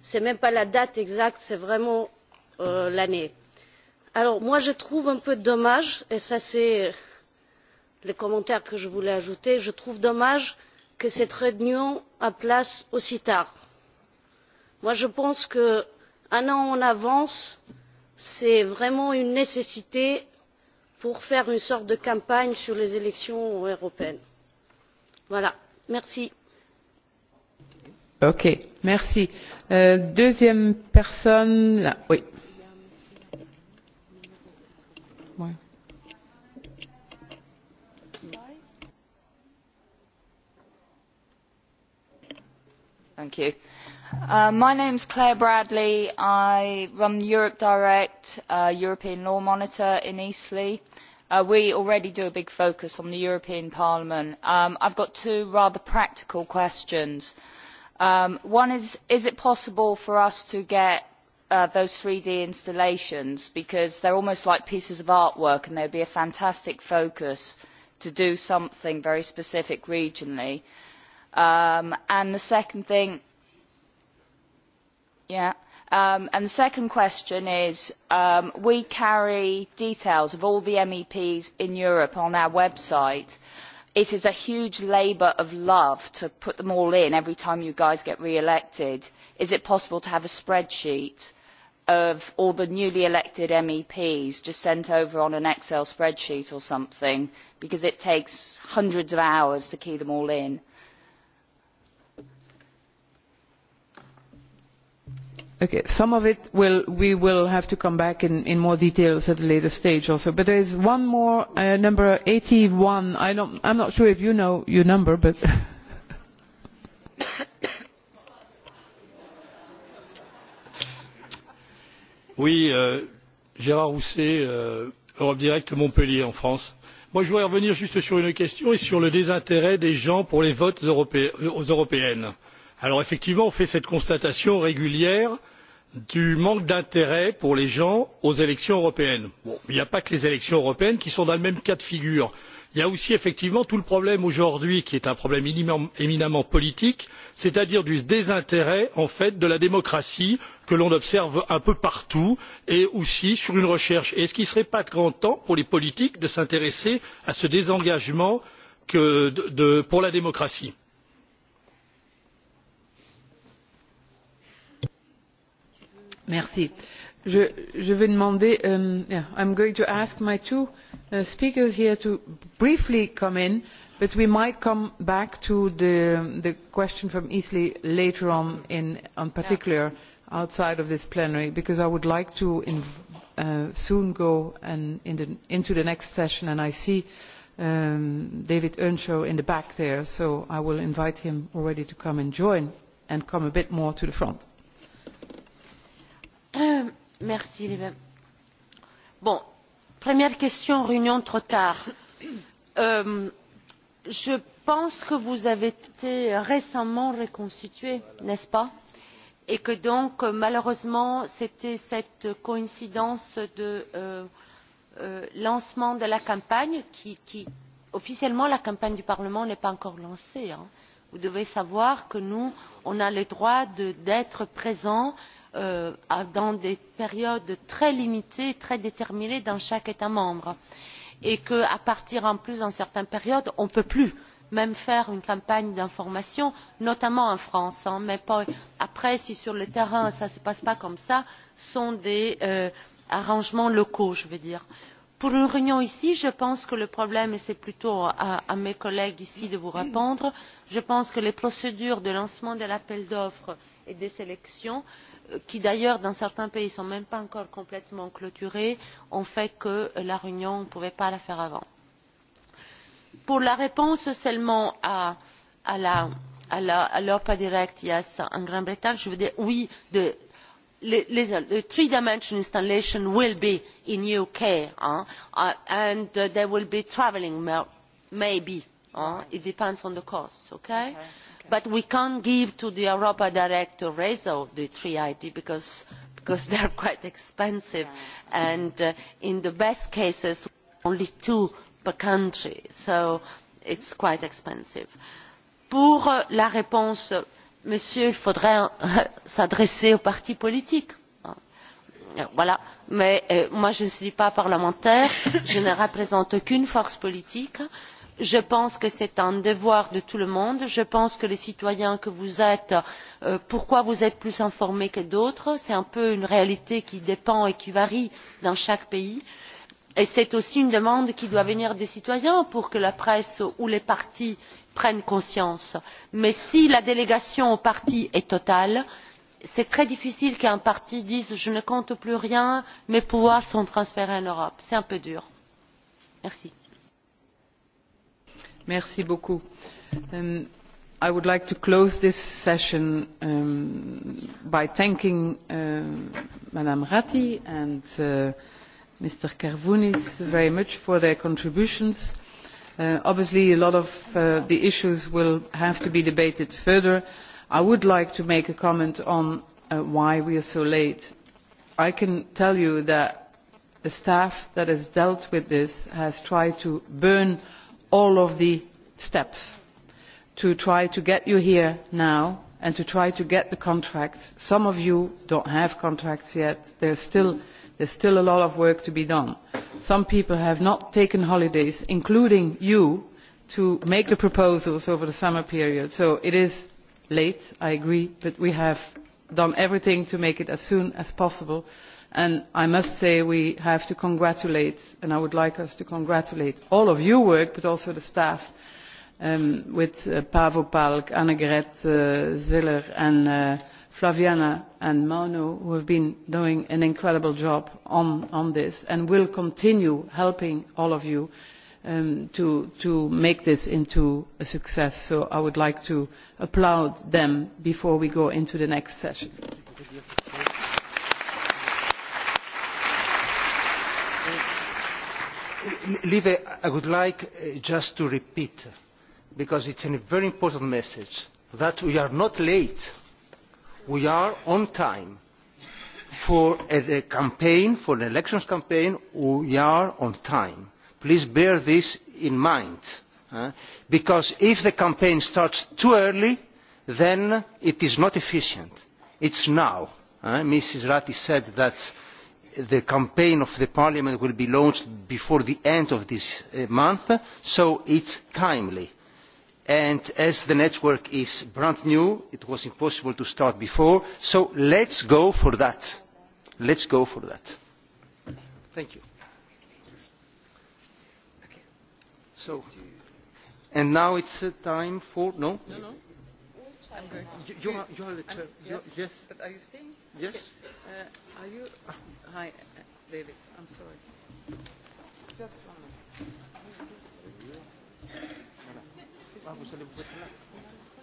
ce n'est même pas la date exacte c'est vraiment euh, l'année alors moi je trouve un peu dommage et ça c'est le commentaire que je voulais ajouter je trouve dommage que cette réunion ait lieu aussi tard. moi je pense qu'un an en avance c'est vraiment une nécessité pour faire une sorte de campagne sur les élections européennes. voilà merci. ok merci. Euh, deuxième personne là. oui Uh, my name is clare bradley i run europe direct a uh, european law monitor in eastleigh. Uh, we already do a big focus on the european parliament. Um, i have got two rather practical questions. Um, one is is it possible for us to get uh, those three d installations because they are almost like pieces of artwork and they would be a fantastic focus to do something very specific regionally? and Um, and the second thing, yeah. Um, and the second question is, um, we carry details of all the MEPs in Europe on our website. It is a huge labour of love to put them all in every time you guys get re-elected. Is it possible to have a spreadsheet of all the newly elected meps just sent over on an excel spreadsheet or something because it takes hundreds of hours to key them all in. Okay, some of it will, we will have to come back in, in more details at a later stage also. But there is one more, uh, number 81. I don't, I'm not sure if you know your number, but... Oui, euh, Gérard Rousset, euh, Europe Direct Montpellier en France. Moi, je voudrais revenir juste sur une question et sur le désintérêt des gens pour les votes europé euh, aux européennes. Alors effectivement, on fait cette constatation régulière euh, du manque d'intérêt pour les gens aux élections européennes. il n'y a pas que les élections européennes qui sont dans le même cas de figure il y a aussi effectivement tout le problème aujourd'hui qui est un problème éminemment politique c'est à dire du désintérêt en fait de la démocratie que l'on observe un peu partout et aussi sur une recherche. ne serait il pas grand temps pour les politiques de s'intéresser à ce désengagement pour la démocratie? Merci. Je, je vais demander, um, yeah, I'm going to ask my two uh, speakers here to briefly come in, but we might come back to the, the question from Easley later on, in on particular yeah. outside of this plenary, because I would like to inv uh, soon go and in the, into the next session, and I see um, David Earnshaw in the back there, so I will invite him already to come and join and come a bit more to the front. Euh, merci, Liebe. Bon, première question, réunion trop tard. Euh, je pense que vous avez été récemment reconstitué, n'est-ce pas Et que donc, malheureusement, c'était cette coïncidence de euh, euh, lancement de la campagne qui, qui, officiellement, la campagne du Parlement n'est pas encore lancée. Hein. Vous devez savoir que nous, on a le droit d'être présents euh, euh, dans des périodes très limitées très déterminées dans chaque état membre et qu'à partir en plus dans certaines périodes on ne peut plus même faire une campagne d'information notamment en france hein, mais pas, après si sur le terrain ça ne se passe pas comme ça ce sont des euh, arrangements locaux je veux dire. pour une réunion ici je pense que le problème et c'est plutôt à, à mes collègues ici de vous répondre je pense que les procédures de lancement de l'appel d'offres et des sélections qui d'ailleurs dans certains pays ne sont même pas encore complètement clôturées ont fait que la réunion on ne pouvait pas la faire avant. pour la réponse seulement à, à la à l'europa direct yes en grande bretagne je veux dire oui the, the three dimensional installation will be in the uk hein, and they will be travelling maybe hein, it depends on the cost okay? okay but we cannot give to the europa directorate the three id because, because they are quite expensive and uh, in the best cases only two per country so it is quite expensive. pour uh, la réponse monsieur il faudrait euh, s'adresser aux partis politiques euh, voilà mais euh, moi je ne suis pas parlementaire je ne représente aucune force politique et je pense que c'est un devoir de tout le monde je pense que les citoyens que vous êtes euh, pourquoi vous êtes plus informés que d'autres c'est un peu une réalité qui dépend et qui varie dans chaque pays et c'est aussi une demande qui doit venir des citoyens pour que la presse ou les partis prennent conscience mais si la délégation aux partis est totale c'est très difficile qu'un parti dise je ne compte plus rien mes pouvoirs sont transférés en europe c'est un peu dur. merci. Merci beaucoup. Um, I would like to close this session um, by thanking um, Madame Ratti and uh, Mr. Kervounis very much for their contributions. Uh, obviously, a lot of uh, the issues will have to be debated further. I would like to make a comment on uh, why we are so late. I can tell you that the staff that has dealt with this has tried to burn uh, all of the steps to try to get you here now and to try to get the contracts. Some of you don't have contracts yet. There's still, there's still a lot of work to be done. Some people have not taken holidays, including you, to make the proposals over the summer period. So it is late, I agree, but we have done everything to make it as soon as possible. Uh, and i must say we have to congratulate and i would like us to congratulate all of your work but also the staff um, with uh, paavo palk annegret uh, ziller and uh, flaviana and manu who have been doing an incredible job on, on this and will continue helping all of you um, to, to make this into a success so i would like to applaud them before we go into the next session. lieve i would like uh, just to repeat because it is a very important message that we are not late we are on time for a campaign for an elections campaign we are on time. please bear this in mind because if the campaign starts too early then it is not efficient. it is now. mrs ratti said the campaign of the parliament will be launched before the end of this uh, month so it is timely and as the network is brand new it was impossible to start before so let us go for that. let us go for that. thank you. so and now it's uh, time for no? no, no I'm going to you, you, are, you are the chair. Yes, yes. But are you staying? Yes. Okay. Uh, are you? Ah. Hi, David. Uh, I'm sorry. Just one minute. Ah, vous allez vous mettre là.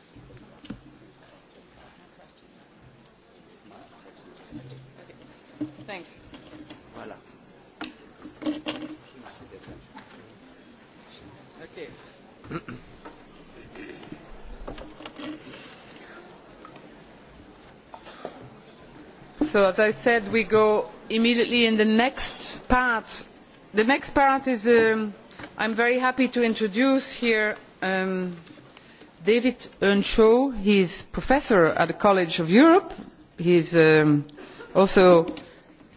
Thanks. Voilà. Okay. so as i said we go immediately into the next part. the next part is um, i am very happy to introduce here um, david earnshaw he is professor at the college of europe. he is um, also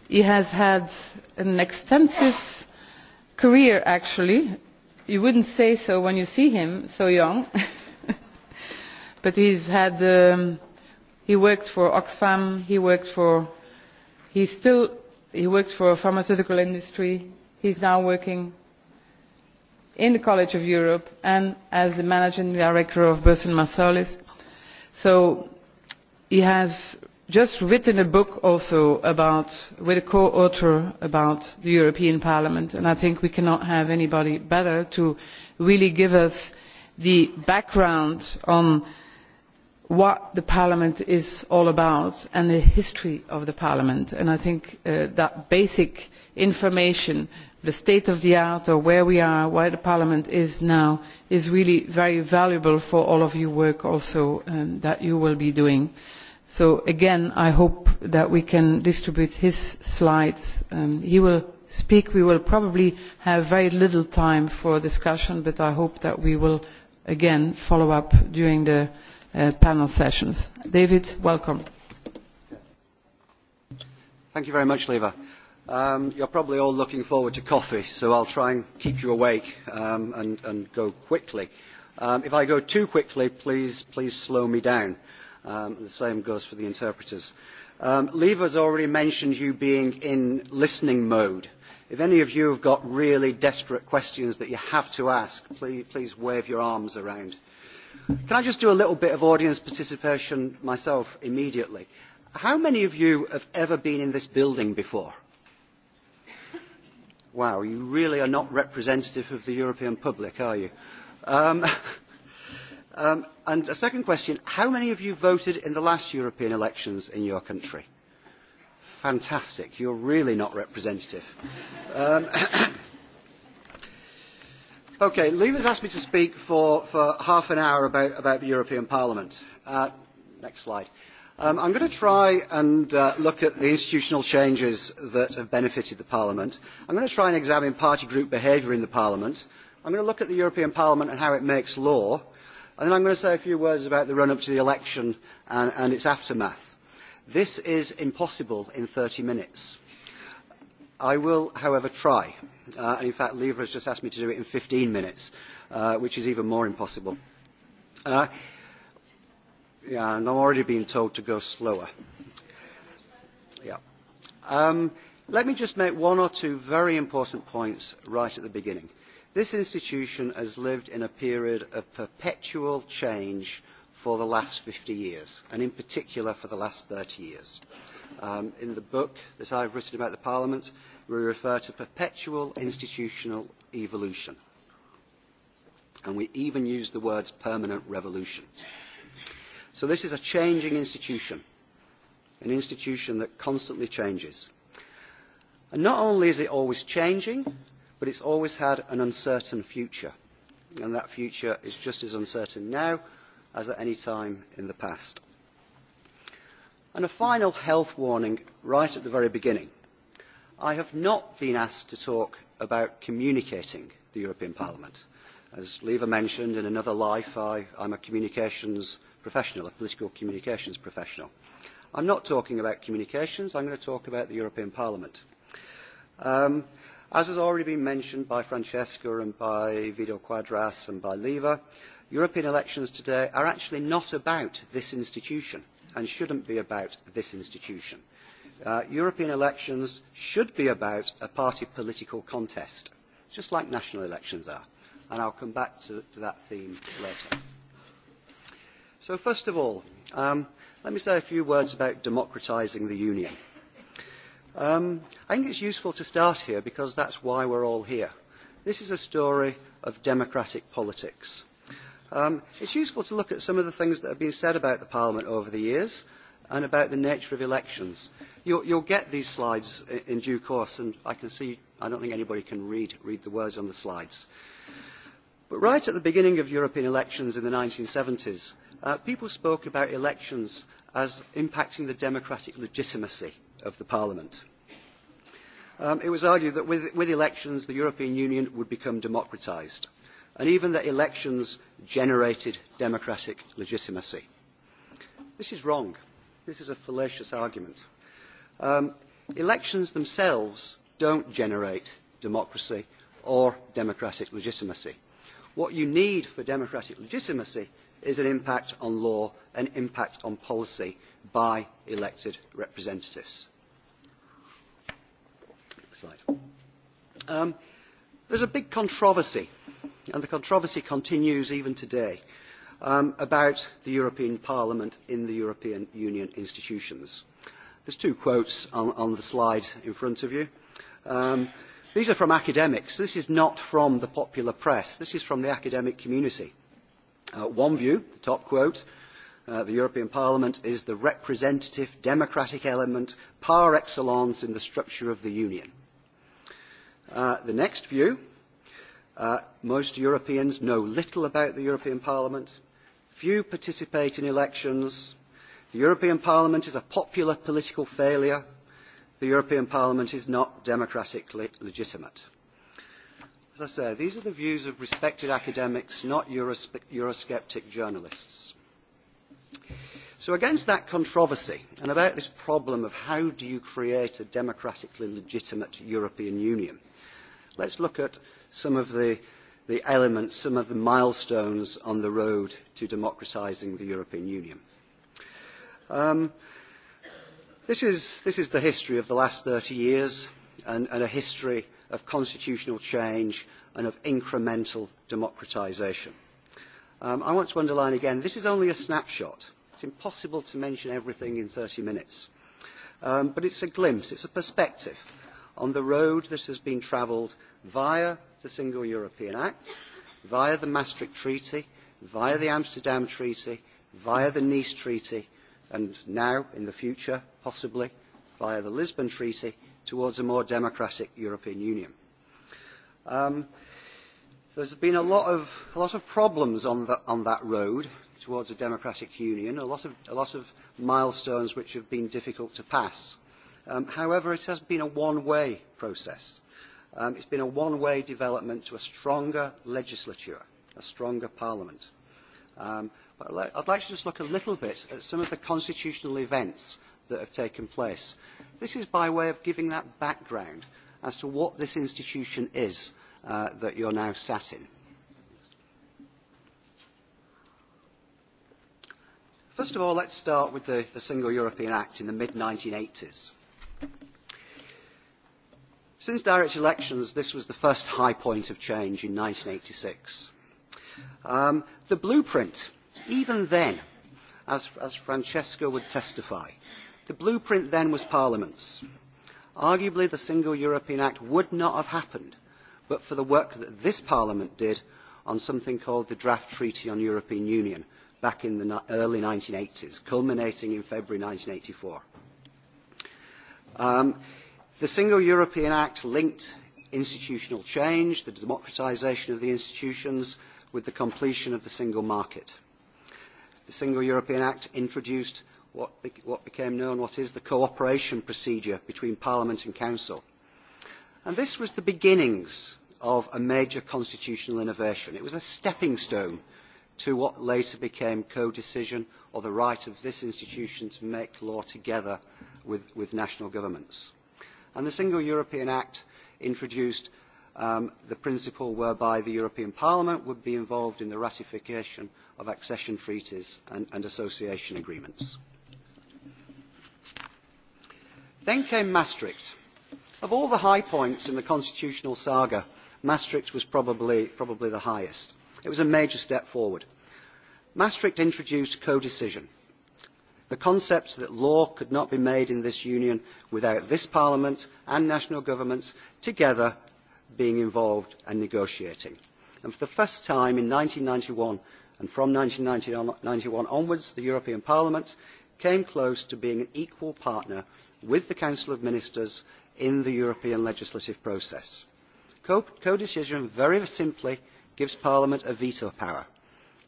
he has had an extensive career actually you would not say so when you see him so young but he has had um, he worked for oxfam he worked for he still he worked for a pharmaceutical industry he is now working in the college of europe and as the managing director of burson marsalis so he has just written a book also about with a co author about the european parliament and i think we cannot have anybody better to really give us the background on what the parliament is all about and the history of the parliament and i think uh, that basic information the state of the art or where we are where the parliament is now is really very valuable for all of your work also um, that you will be doing so again i hope that we can distribute his slides um, he will speak we will probably have very little time for discussion but i hope that we will again follow up during the uh, panel sessions. David, welcome. Thank you very much, Leva. Um, you're probably all looking forward to coffee, so I'll try and keep you awake um, and, and go quickly. Um, if I go too quickly, please, please slow me down. Um, the same goes for the interpreters. Um, Lever's already mentioned you being in listening mode. If any of you have got really desperate questions that you have to ask, please, please wave your arms around Can I just do a little bit of audience participation myself immediately? How many of you have ever been in this building before? Wow, you really are not representative of the European public, are you? Um, um, and a second question, how many of you voted in the last European elections in your country? Fantastic, you're really not representative. Um, Okay, Lee has asked me to speak for, for half an hour about, about the European Parliament. Uh, next slide. Um, I'm going to try and uh, look at the institutional changes that have benefited the Parliament. I'm going to try and examine party group behaviour in the Parliament. I'm going to look at the European Parliament and how it makes law. And then I'm going to say a few words about the run-up to the election and, and its aftermath. This is impossible in 30 minutes I will, however, try. Uh, and in fact, Lever has just asked me to do it in 15 minutes, uh, which is even more impossible. Uh, yeah, and I'm already being told to go slower. Yeah. Um, let me just make one or two very important points right at the beginning. This institution has lived in a period of perpetual change for the last 50 years, and in particular for the last 30 years. Uh, Um, in the book that I've written about the Parliament, we refer to perpetual institutional evolution. And we even use the words permanent revolution. So this is a changing institution, an institution that constantly changes. And not only is it always changing, but it's always had an uncertain future. And that future is just as uncertain now as at any time in the past. And a final health warning right at the very beginning. I have not been asked to talk about communicating the European Parliament. As Leva mentioned, in another life I, I'm a communications professional, a political communications professional. I'm not talking about communications, I'm going to talk about the European Parliament. Um, as has already been mentioned by Francesca and by Vido Quadras and by Leva, European elections today are actually not about this institution and should not be about this institution. Uh, European elections should be about a party political contest, just like national elections are. And I'll come back to, to that theme later. So first of all, um, let me say a few words about democratising the Union. Um, I think it's useful to start here because that's why we're all here. This is a story of democratic politics. Uh, Um, it's useful to look at some of the things that have been said about the Parliament over the years and about the nature of elections. You'll, you'll get these slides in due course, and I can see, I don't think anybody can read, read the words on the slides. But right at the beginning of European elections in the 1970s, uh, people spoke about elections as impacting the democratic legitimacy of the Parliament. Um, it was argued that with, with elections, the European Union would become democratised and even that elections generated democratic legitimacy. This is wrong. This is a fallacious argument. Um, elections themselves don't generate democracy or democratic legitimacy. What you need for democratic legitimacy is an impact on law, an impact on policy by elected representatives. Next slide. Um, there's a big controversy and the controversy continues even today um, about the European Parliament in the European Union institutions. There's two quotes on, on the slide in front of you. Um, these are from academics. This is not from the popular press. This is from the academic community. Uh, one view, the top quote, uh, the European Parliament is the representative democratic element par excellence in the structure of the Union. Uh, the next view, Uh, most Europeans know little about the European Parliament. Few participate in elections. The European Parliament is a popular political failure. The European Parliament is not democratically legitimate. As I say, these are the views of respected academics, not Euros Eurosceptic journalists. So against that controversy and about this problem of how do you create a democratically legitimate European Union, let's look at some of the, the elements, some of the milestones on the road to democratising the European Union. Um, this, is, this is the history of the last 30 years and, and a history of constitutional change and of incremental democratisation. Um, I want to underline again, this is only a snapshot. It's impossible to mention everything in 30 minutes. Um, but it's a glimpse, it's a perspective on the road that has been travelled via the Single European Act, via the Maastricht Treaty, via the Amsterdam Treaty, via the Nice Treaty, and now, in the future, possibly, via the Lisbon Treaty, towards a more democratic European Union. Um, there's been a lot of, a lot of problems on, the, on that road towards a democratic union, a lot, of, a lot of milestones which have been difficult to pass. Um, however, it has been a one-way process. Um, it's been a one-way development to a stronger legislature, a stronger parliament. Um, but I'd like to just look a little bit at some of the constitutional events that have taken place. This is by way of giving that background as to what this institution is uh, that you're now sat in. First of all, let's start with the, the Single European Act in the mid-1980s. Since direct elections, this was the first high point of change in 1986. Um, the blueprint, even then, as, as Francesca would testify, the blueprint then was Parliament's. Arguably, the Single European Act would not have happened but for the work that this Parliament did on something called the Draft Treaty on European Union back in the early 1980s, culminating in February 1984. Um, The Single European Act linked institutional change, the democratisation of the institutions, with the completion of the single market. The Single European Act introduced what, be what became known what is the cooperation procedure between Parliament and Council. And this was the beginnings of a major constitutional innovation. It was a stepping stone to what later became co-decision or the right of this institution to make law together with, with national governments and the single european act introduced um, the principle whereby the european parliament would be involved in the ratification of accession treaties and, and association agreements. then came maastricht. of all the high points in the constitutional saga maastricht was probably, probably the highest. it was a major step forward. maastricht introduced codecision the concept that law could not be made in this union without this parliament and national governments together being involved and negotiating. And for the first time in one thousand nine hundred and ninety one and from one thousand nine hundred and ninety one onwards the european parliament came close to being an equal partner with the council of ministers in the european legislative process. codecision very simply gives parliament a veto power.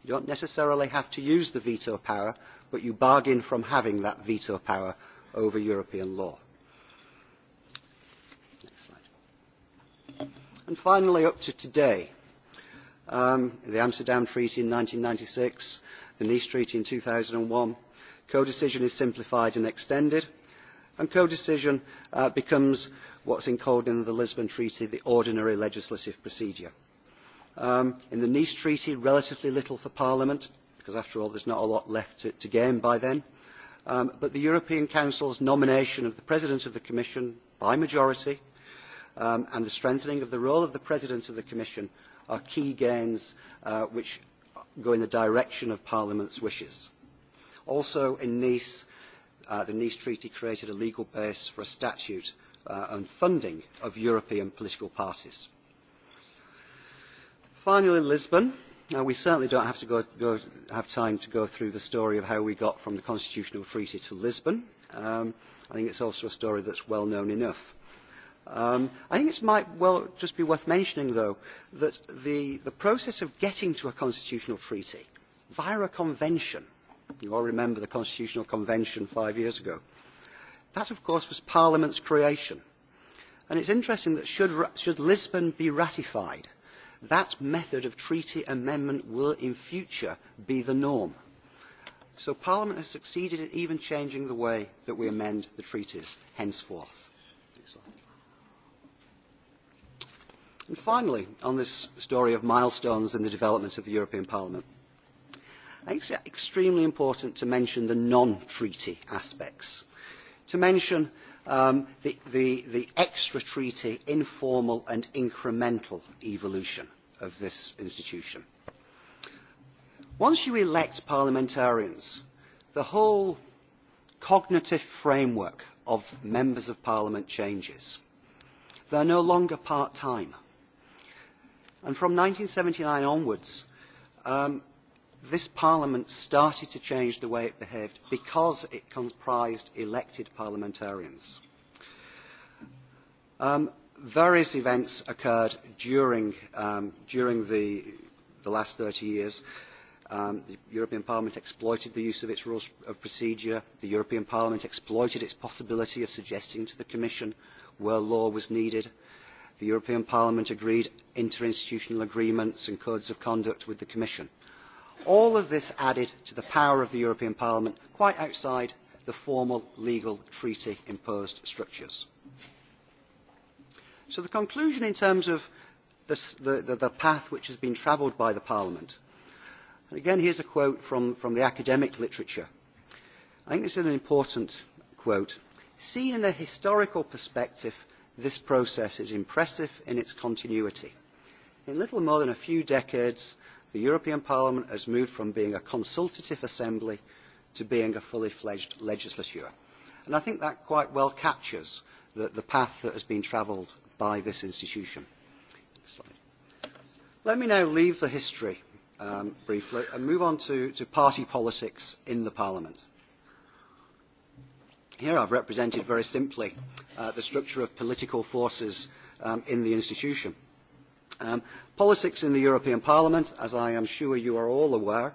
You don't necessarily have to use the veto power, but you bargain from having that veto power over European law. Next slide. And finally, up to today, um, the Amsterdam Treaty in 1996, the Nice Treaty in 2001, codecision is simplified and extended, and codecision uh, becomes what's encoded in the Lisbon Treaty, the ordinary legislative procedure. Um, in the Nice Treaty, relatively little for Parliament, because after all there's not a lot left to, to gain by then. Um, but the European Council's nomination of the President of the Commission by majority um, and the strengthening of the role of the President of the Commission are key gains uh, which go in the direction of Parliament's wishes. Also in Nice, uh, the Nice Treaty created a legal base for a statute uh, and funding of European political parties Finally, Lisbon. Now, we certainly don't have, to go, go, have time to go through the story of how we got from the constitutional treaty to Lisbon. Um, I think it's also a story that's well known enough. Um, I think it might well just be worth mentioning, though, that the, the process of getting to a constitutional treaty via a convention, you all remember the Constitutional Convention five years ago, that, of course, was Parliament's creation. And it's interesting that should, should Lisbon be ratified, that method of treaty amendment will in future be the norm. So Parliament has succeeded in even changing the way that we amend the treaties henceforth. And finally, on this story of milestones in the development of the European Parliament, I think it's extremely important to mention the non-treaty aspects. To mention um, the, the, the extra treaty, informal and incremental evolution of this institution. Once you elect parliamentarians, the whole cognitive framework of members of parliament changes. They're no longer part-time. And from 1979 onwards, um, this parliament started to change the way it behaved because it comprised elected parliamentarians. Um, various events occurred during, um, during the, the last 30 years. Um, the European Parliament exploited the use of its rules of procedure. The European Parliament exploited its possibility of suggesting to the Commission where law was needed. The European Parliament agreed interinstitutional agreements and codes of conduct with the Commission all of this added to the power of the european parliament quite outside the formal legal treaty imposed structures. so the conclusion in terms of this, the, the, the path which has been travelled by the parliament and again here is a quote from, from the academic literature i think this is an important quote seen in a historical perspective this process is impressive in its continuity. in little more than a few decades the european parliament has moved from being a consultative assembly to being a fully fledged legislature. And I think that quite well captures the, the path that has been travelled by this institution. Slide. Let me now leave the history um, briefly and move on to, to party politics in the Parliament. Here I've represented very simply uh, the structure of political forces um, in the institution. Um, politics in the European Parliament, as I am sure you are all aware,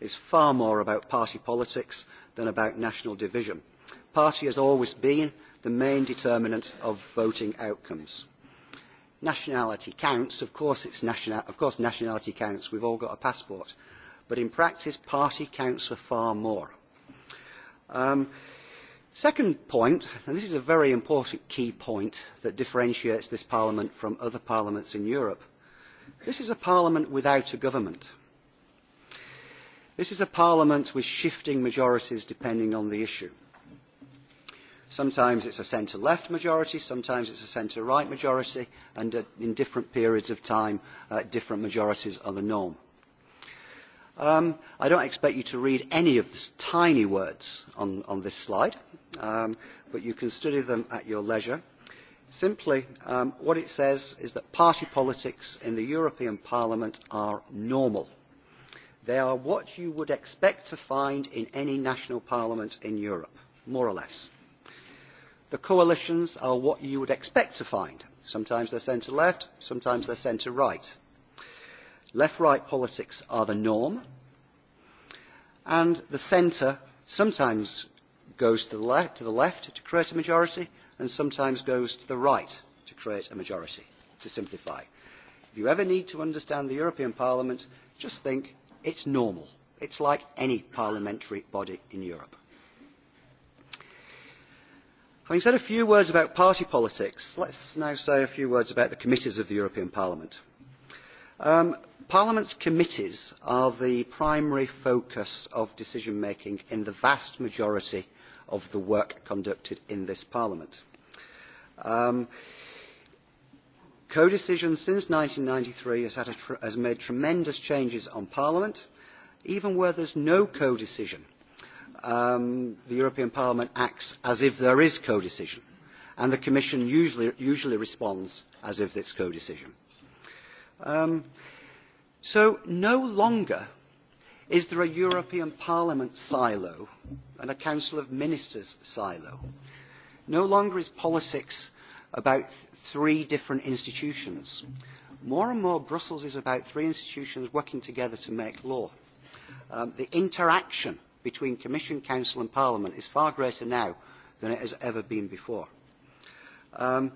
is far more about party politics than about national division. Party has always been the main determinant of voting outcomes. Nationality counts, of course, it's national, of course nationality counts, we've all got a passport, but in practice party counts for far more. Um, uh, second point and this is a very important key point that differentiates this parliament from other parliaments in europe this is a parliament without a government. this is a parliament with shifting majorities depending on the issue. sometimes it is a centre left majority sometimes it is a centre right majority and uh, in different periods of time uh, different majorities are the norm. Um, I don't expect you to read any of the tiny words on, on this slide, um, but you can study them at your leisure. Simply, um, what it says is that party politics in the European Parliament are normal. They are what you would expect to find in any national parliament in Europe, more or less. The coalitions are what you would expect to find. Sometimes they're centre-left, sometimes they're centre-right Left right politics are the norm, and the centre sometimes goes to the, left, to the left to create a majority, and sometimes goes to the right to create a majority, to simplify. If you ever need to understand the European Parliament, just think it's normal. It's like any parliamentary body in Europe. Having said a few words about party politics, let's now say a few words about the committees of the European Parliament. Um, Parliament's committees are the primary focus of decision making in the vast majority of the work conducted in this Parliament. Um, Codecision since 1993 has, had a tr has made tremendous changes on Parliament, even where there's no codecision. Um, the European Parliament acts as if there is codecision, and the Commission usually, usually responds as if it's codecision. Um, So no longer is there a European Parliament silo and a Council of Ministers silo. No longer is politics about three different institutions. More and more, Brussels is about three institutions working together to make law. Um, the interaction between Commission, Council and Parliament is far greater now than it has ever been before. Um,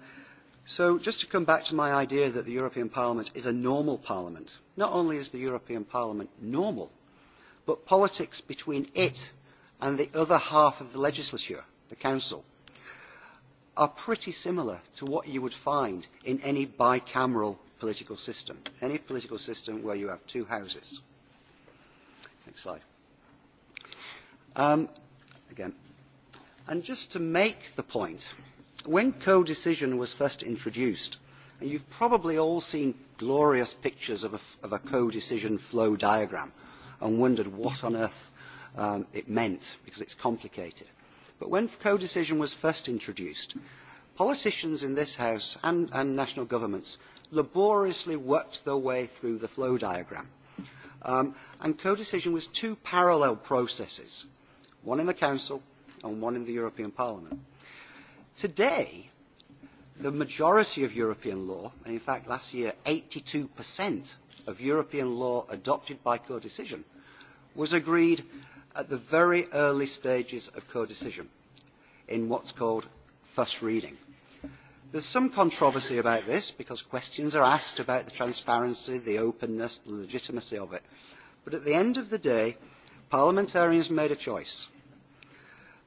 So just to come back to my idea that the European Parliament is a normal parliament, not only is the European Parliament normal, but politics between it and the other half of the legislature, the Council, are pretty similar to what you would find in any bicameral political system, any political system where you have two houses. Next slide. Um, again. And just to make the point, when codecision was first introduced, and you've probably all seen glorious pictures of a, of a codecision flow diagram and wondered what on earth um, it meant, because it's complicated. But when codecision was first introduced, politicians in this House and, and national governments laboriously worked their way through the flow diagram. Um, and codecision was two parallel processes, one in the Council and one in the European Parliament. Today, the majority of European law, and in fact last year 82% of European law adopted by codecision, was agreed at the very early stages of codecision in what's called first reading. There's some controversy about this because questions are asked about the transparency, the openness, the legitimacy of it. But at the end of the day, parliamentarians made a choice.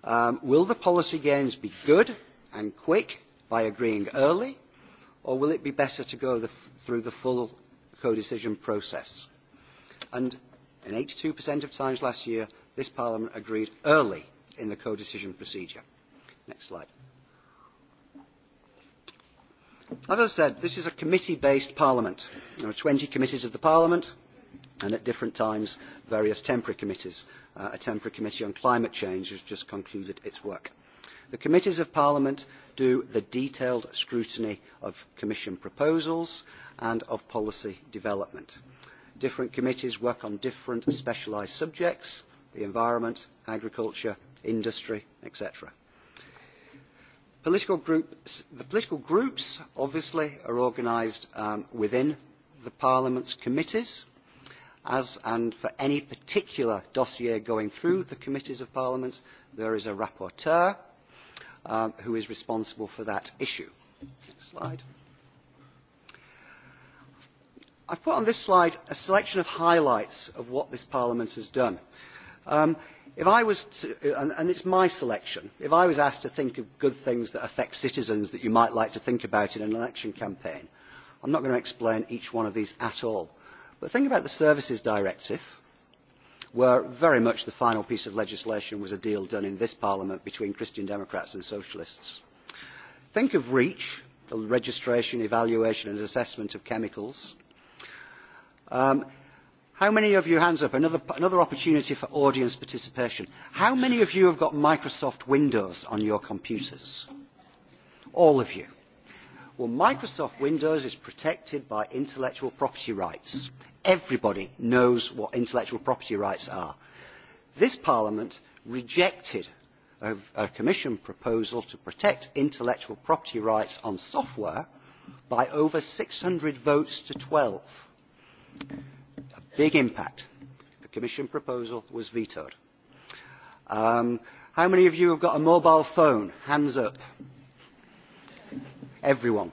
Um, will the policy gains be good and quick by agreeing early, or will it be better to go the, through the full codecision process? And in 82% of times last year, this Parliament agreed early in the codecision procedure. Next slide. As I said, this is a committee-based Parliament. There are 20 committees of the Parliament, and at different times, various temporary committees. Uh, a temporary committee on climate change has just concluded its work the committees of parliament do the detailed scrutiny of commission proposals and of policy development. different committees work on different specialised subjects the environment agriculture industry etc. Political groups, the political groups obviously are organised um, within the Parliament's committees as and for any particular dossier going through the committees of Parliament there is a rapporteur um, who is responsible for that issue. Next slide. I've put on this slide a selection of highlights of what this Parliament has done. Um, if I was to, and, and it's my selection, if I was asked to think of good things that affect citizens that you might like to think about in an election campaign, I'm not going to explain each one of these at all. But think about the Services Directive, where very much the final piece of legislation was a deal done in this parliament between Christian Democrats and Socialists. Think of REACH, the registration, evaluation and assessment of chemicals. Um, how many of you, hands up, another, another opportunity for audience participation. How many of you have got Microsoft Windows on your computers? All of you. Well, Microsoft Windows is protected by intellectual property rights. Mm everybody knows what intellectual property rights are. This Parliament rejected a, a Commission proposal to protect intellectual property rights on software by over 600 votes to 12. A big impact. The Commission proposal was vetoed. Um, how many of you have got a mobile phone? Hands up. Everyone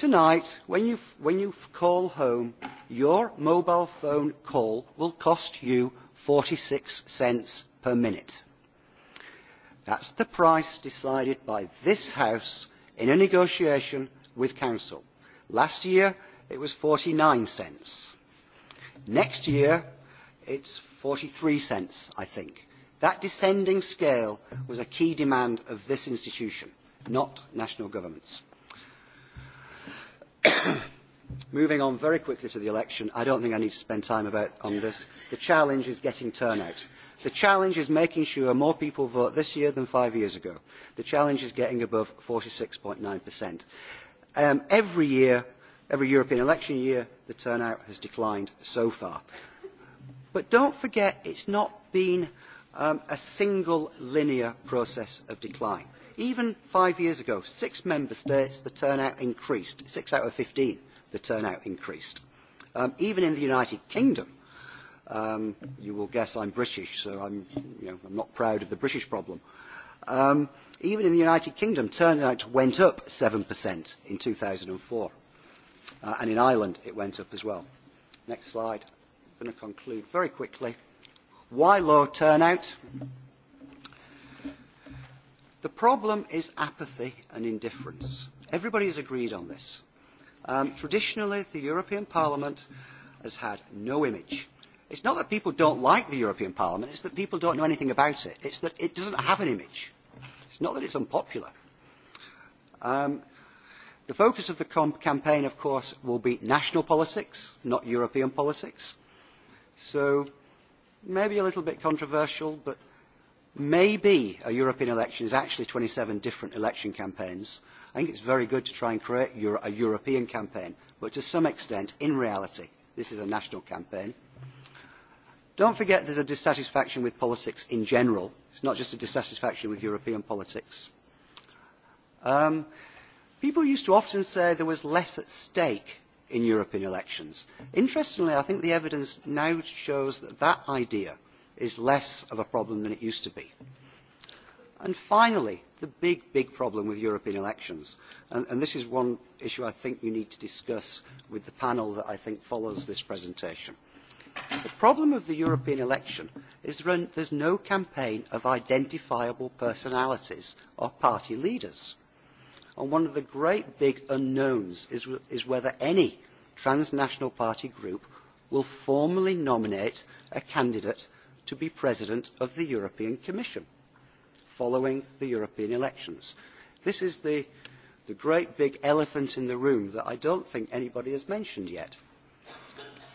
tonight when you, when you call home your mobile phone call will cost you 46 cents per minute. That's the price decided by this House in a negotiation with Council. Last year it was 49 cents. Next year it's 43 cents, I think. That descending scale was a key demand of this institution, not national governments Moving on very quickly to the election, I don't think I need to spend time about, on this. The challenge is getting turnout. The challenge is making sure more people vote this year than five years ago. The challenge is getting above 46.9%. Um, every year, every European election year, the turnout has declined so far. But don't forget, it's not been um, a single linear process of decline even five years ago, six member states, the turnout increased. Six out of 15, the turnout increased. Um, even in the United Kingdom, um, you will guess I'm British, so I'm, you know, I'm not proud of the British problem. Um, even in the United Kingdom, turnout went up 7% in 2004. Uh, and in Ireland, it went up as well. Next slide. I'm going to conclude very quickly. Why low turnout? The problem is apathy and indifference. Everybody has agreed on this. Um, traditionally, the European Parliament has had no image. It's not that people don't like the European Parliament, it's that people don't know anything about it. It's that it doesn't have an image. It's not that it's unpopular. Um, the focus of the comp- campaign, of course, will be national politics, not European politics. So maybe a little bit controversial, but maybe a European election is actually 27 different election campaigns. I think it's very good to try and create Euro- a European campaign, but to some extent, in reality, this is a national campaign. Don't forget there's a dissatisfaction with politics in general. It's not just a dissatisfaction with European politics. Um, people used to often say there was less at stake in European elections. Interestingly, I think the evidence now shows that that idea – is less of a problem than it used to be. And finally, the big, big problem with European elections, and, and this is one issue I think you need to discuss with the panel that I think follows this presentation. The problem of the European election is there is no campaign of identifiable personalities or party leaders. And one of the great big unknowns is, is whether any transnational party group will formally nominate a candidate to be president of the European Commission following the European elections. This is the, the great big elephant in the room that I don't think anybody has mentioned yet.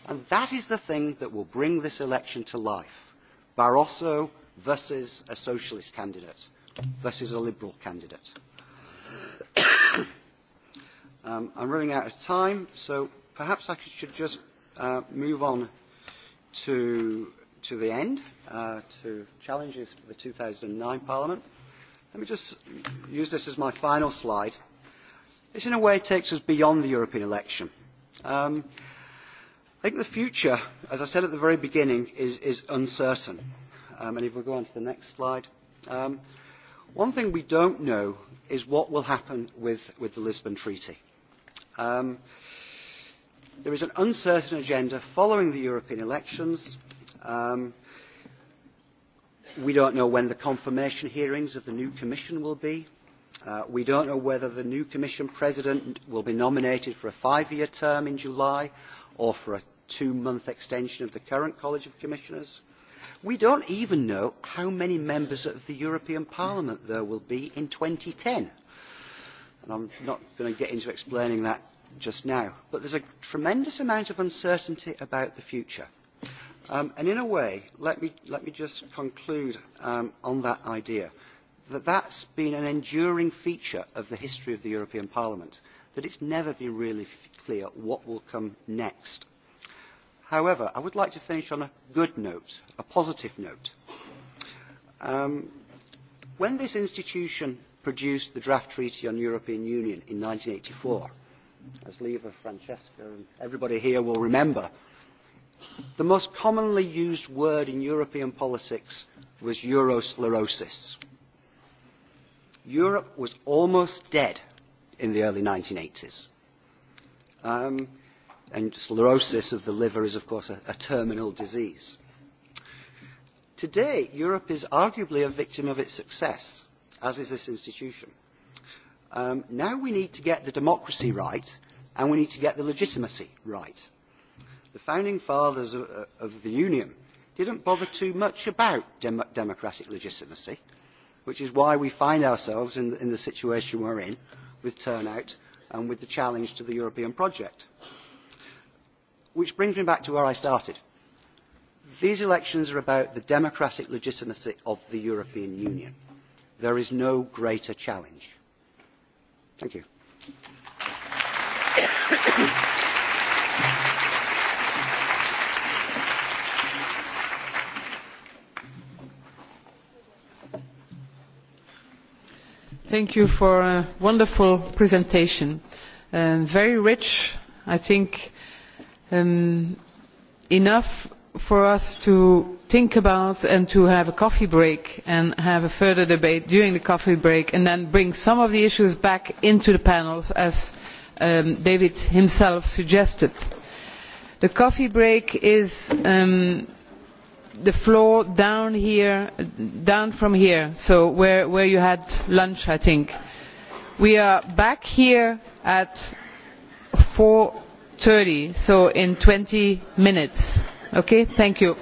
And that is the thing that will bring this election to life. Barroso versus a socialist candidate versus a liberal candidate. um, I'm running out of time, so perhaps I should just uh, move on to to the end uh, to challenges for the 2009 Parliament. Let me just use this as my final slide. This, in a way, takes us beyond the European election. Um, I think the future, as I said at the very beginning, is, is uncertain. Um, and if we go on to the next slide. Um, one thing we don't know is what will happen with, with the Lisbon Treaty. Um, there is an uncertain agenda following the European elections, Um, we don't know when the confirmation hearings of the new Commission will be. Uh, we don't know whether the new Commission President will be nominated for a five-year term in July or for a two-month extension of the current College of Commissioners. We don't even know how many members of the European Parliament there will be in 2010. And I'm not going to get into explaining that just now. But there's a tremendous amount of uncertainty about the future. Um, and in a way, let me, let me just conclude um, on that idea, that that's been an enduring feature of the history of the European Parliament, that it's never been really clear what will come next. However, I would like to finish on a good note, a positive note. Um, when this institution produced the draft treaty on European Union in 1984, as Leva, Francesca and everybody here will remember, the most commonly used word in european politics was eurosclerosis. europe was almost dead in the early 1980s. Um, and sclerosis of the liver is, of course, a, a terminal disease. Today, Europe is arguably a victim of its success, as is this institution. Um, now we need to get the democracy right, and we need to get the legitimacy right the founding fathers of, of the Union didn't bother too much about dem- democratic legitimacy, which is why we find ourselves in, in the situation we're in with turnout and with the challenge to the European project. Which brings me back to where I started. These elections are about the democratic legitimacy of the European Union. There is no greater challenge. Thank you. thank you for a wonderful presentation. Um, very rich, I think um, enough for us to think about and to have a coffee break and have a further debate during the coffee break and then bring some of the issues back into the panels as um, David himself suggested. The coffee break is um, the floor down here down from here so where, where you had lunch i think we are back here at four thirty so in twenty minutes okay thank you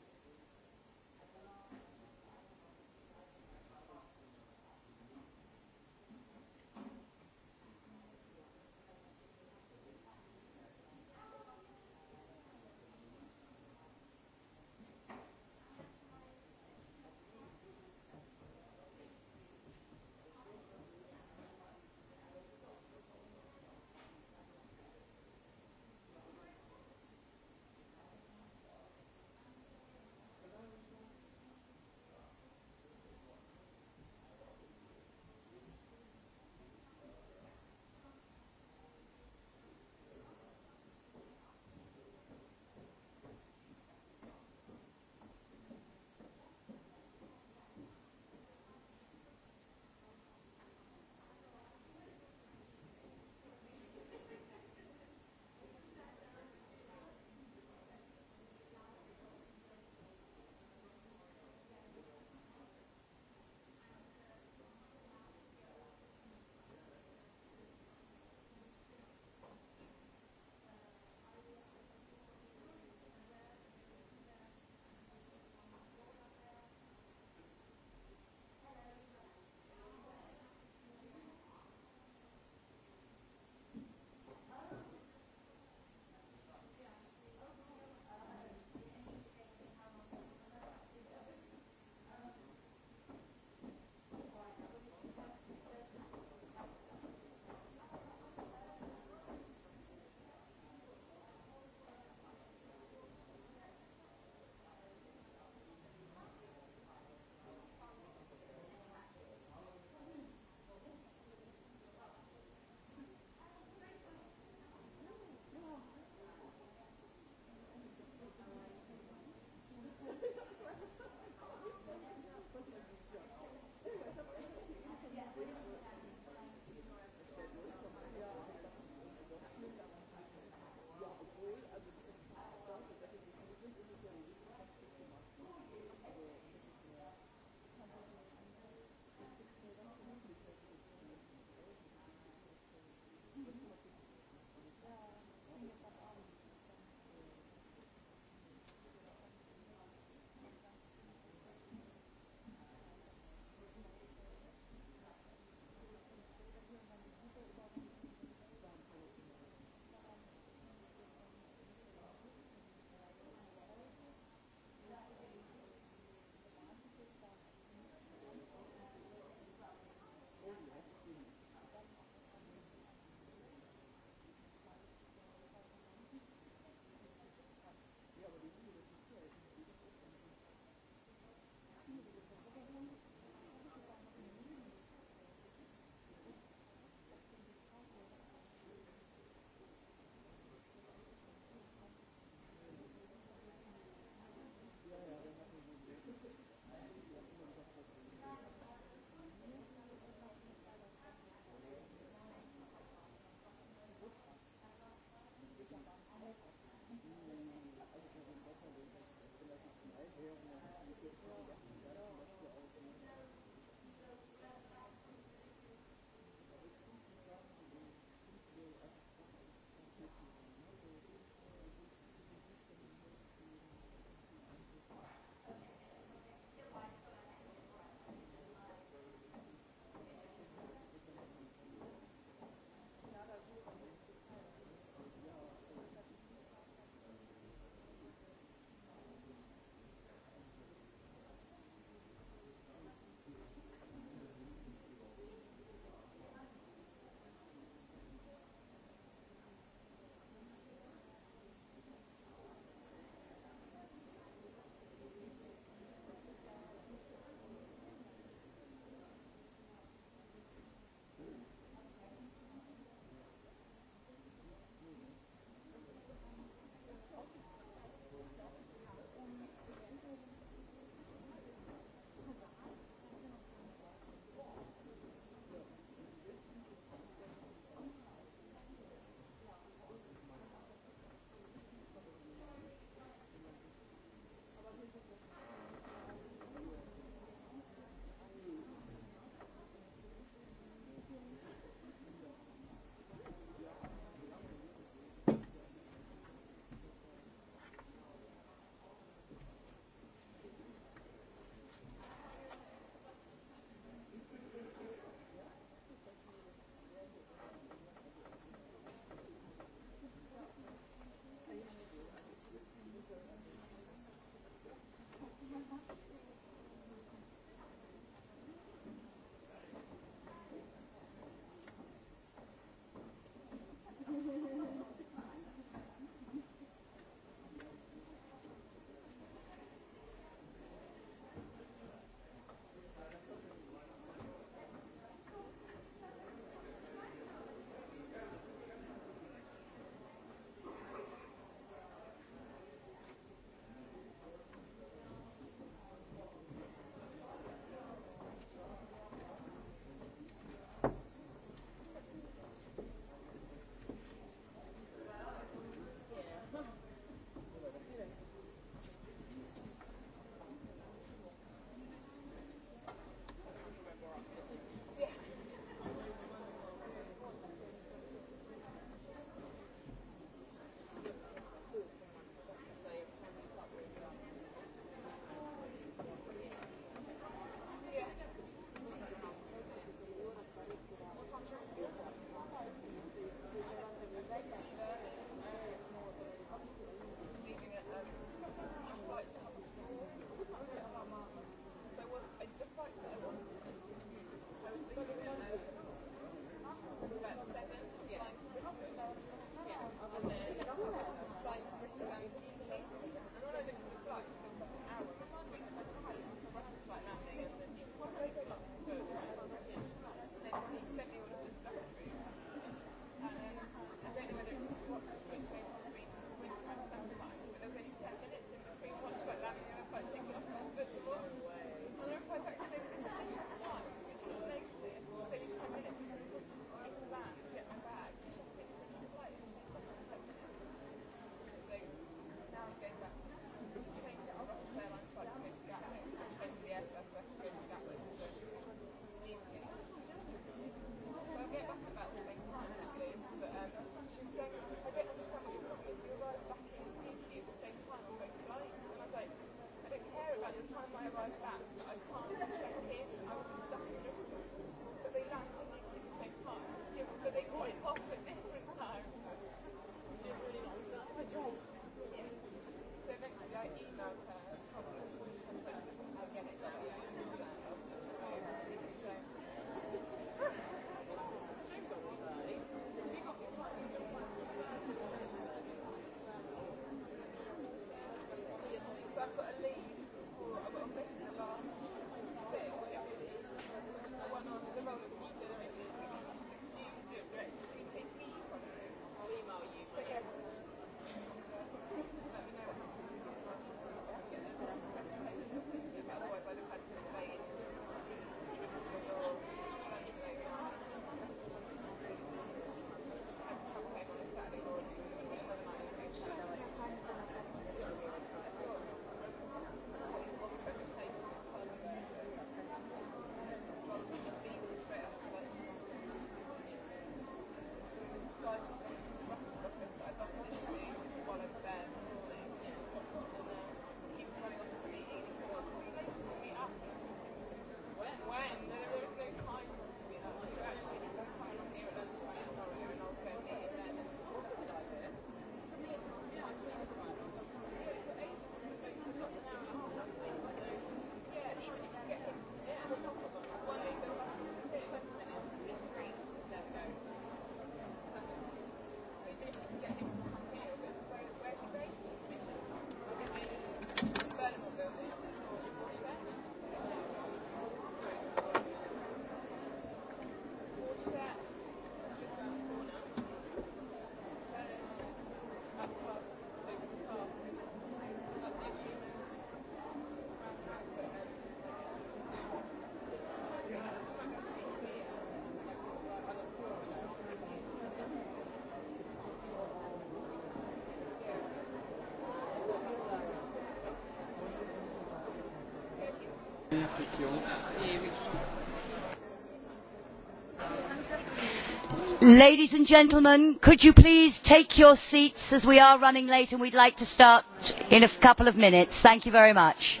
Ladies and gentlemen, could you please take your seats as we are running late and we'd like to start in a couple of minutes. Thank you very much.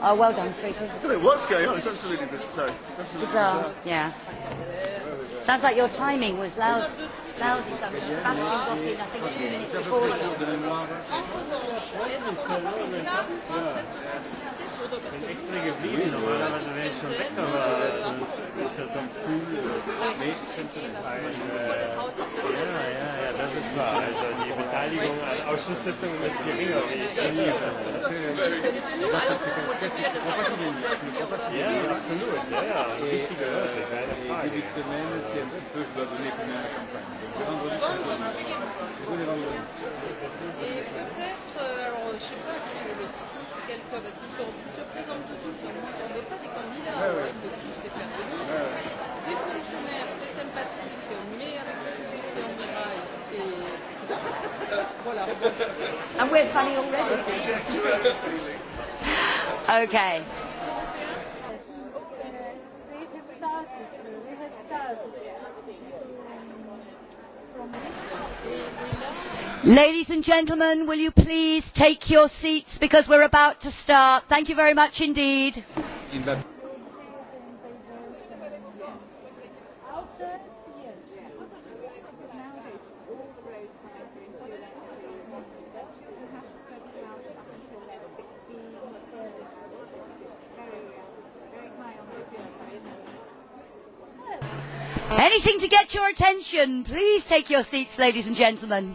Oh, well done, sweetie. I don't know what's going on. It's absolutely bizarre. It's absolutely bizarre. bizarre. Yeah. Sounds like your timing was loud. Lousy something. Sebastian got in, I think, two minutes before you drüber, was wir extra geblieben, normalerweise wäre ich schon weg, aber ist ja dann cool. Nee, ich finde es Ja, ja, ja, das ist wahr. Also die Beteiligung an Ausschusssitzungen ist geringer, wie ich nie Ja, absolut. Ja, ja, richtige Leute, keine Frage. Début de semaine, si elle peut, je dois donner combien à la campagne. Donc c'est vendredi. Vendredi. Et peut-être. Euh, euh, je ne sais pas qui est le 6, quelle fois, parce qu'ils se, ils se présentent tout de suite, on n'est pas des candidats, ouais, ouais. on peut tous les faire venir. Ouais, ouais. Les fonctionnaires, c'est sympathique, mais avec le public et en miraille, c'est. voilà. And we're funny already. okay. ladies and gentlemen will you please take your seats because we are about to start. thank you very much indeed. anything to get your attention. please take your seats ladies and gentlemen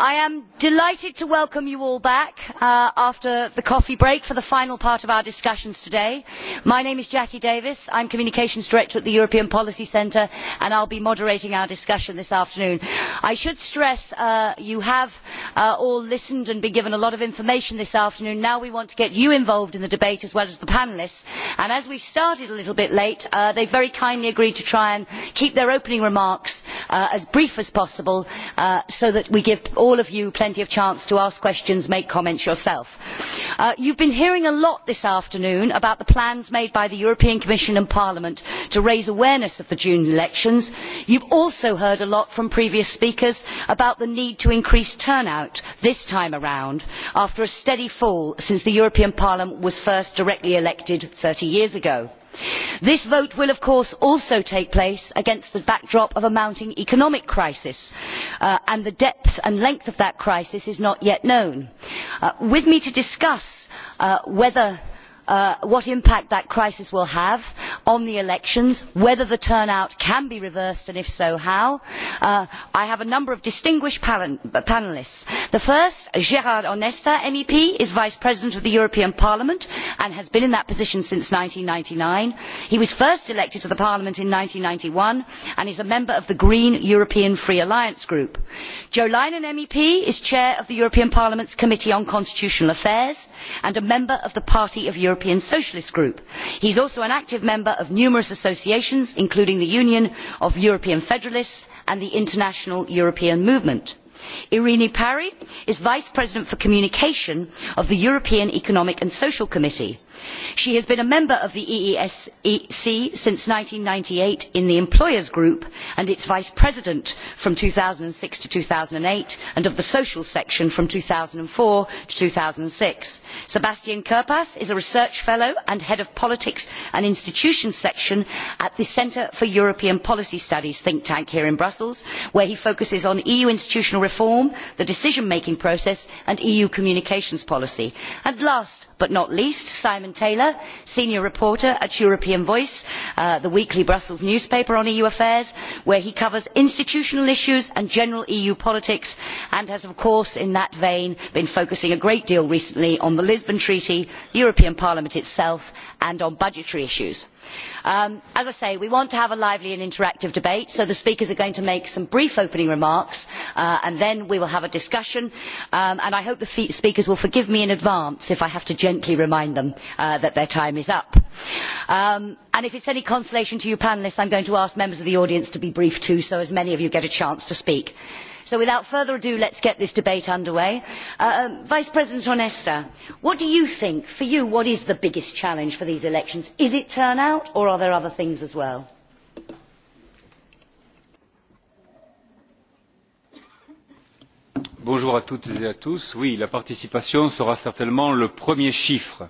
i am delighted to welcome you all back uh, after the coffee break for the final part of our discussions today. my name is jackie davis i am communications director at the european policy centre and i will be moderating our discussion this afternoon. i should stress that uh, you have uh, all listened and been given a lot of information this afternoon. now we want to get you involved in the debate as well as the panellists and as we started a little bit late uh, they very kindly agreed to try and keep their opening remarks uh, as brief as possible uh, so that we give all all of you plenty of chance to ask questions and make comments yourself. Uh, you have been hearing a lot this afternoon about the plans made by the european commission and parliament to raise awareness of the june elections. you have also heard a lot from previous speakers about the need to increase turnout this time around after a steady fall since the european parliament was first directly elected thirty years ago this vote will of course also take place against the backdrop of a mounting economic crisis uh, and the depth and length of that crisis is not yet known. Uh, with me to discuss uh, whether uh, what impact that crisis will have on the elections whether the turnout can be reversed and if so how. Uh, i have a number of distinguished pan panellists. the first grard onesta mep is vice president of the european parliament and has been in that position since. one thousand nine hundred and ninety nine he was first elected to the parliament in one thousand nine hundred and ninety one and is a member of the green european free alliance group. jo leinen mep is chair of the european parliament's committee on constitutional affairs and a member of the party of european european socialist group. he is also an active member of numerous associations including the union of european federalists and the international european movement. irini parry is vice president for communication of the european economic and social committee she has been a member of the eesc e since one thousand nine hundred and ninety eight in the employers group and its vice president from two thousand and six to two thousand and eight and of the social section from two thousand and four to. two thousand and six sebastian kirpas is a research fellow and head of politics and institutions section at the centre for european policy studies think tank here in brussels where he focuses on eu institutional reform the decision making process and eu communications policy. and last but not least simon taylor senior reporter at european voice uh, the weekly brussels newspaper on eu affairs where he covers institutional issues and general eu politics and has of course in that vein been focusing a great deal recently on the lisbon treaty the european parliament itself and on budgetary issues. Um, as i say we want to have a lively and interactive debate so the speakers are going to make some brief opening remarks uh, and then we will have a discussion um, and i hope the speakers will forgive me in advance if i have to gently remind them uh, that their time is up. Um, and if it is any consolation to you panellists i am going to ask members of the audience to be brief too so as many of you get a chance to speak so without further ado let us get this debate under way. Uh, um, vice president onesta what do you think for you what is the biggest challenge for these elections? is it turnout or are there other things as well? bonjour à toutes et à tous oui la participation sera certainement le premier chiffre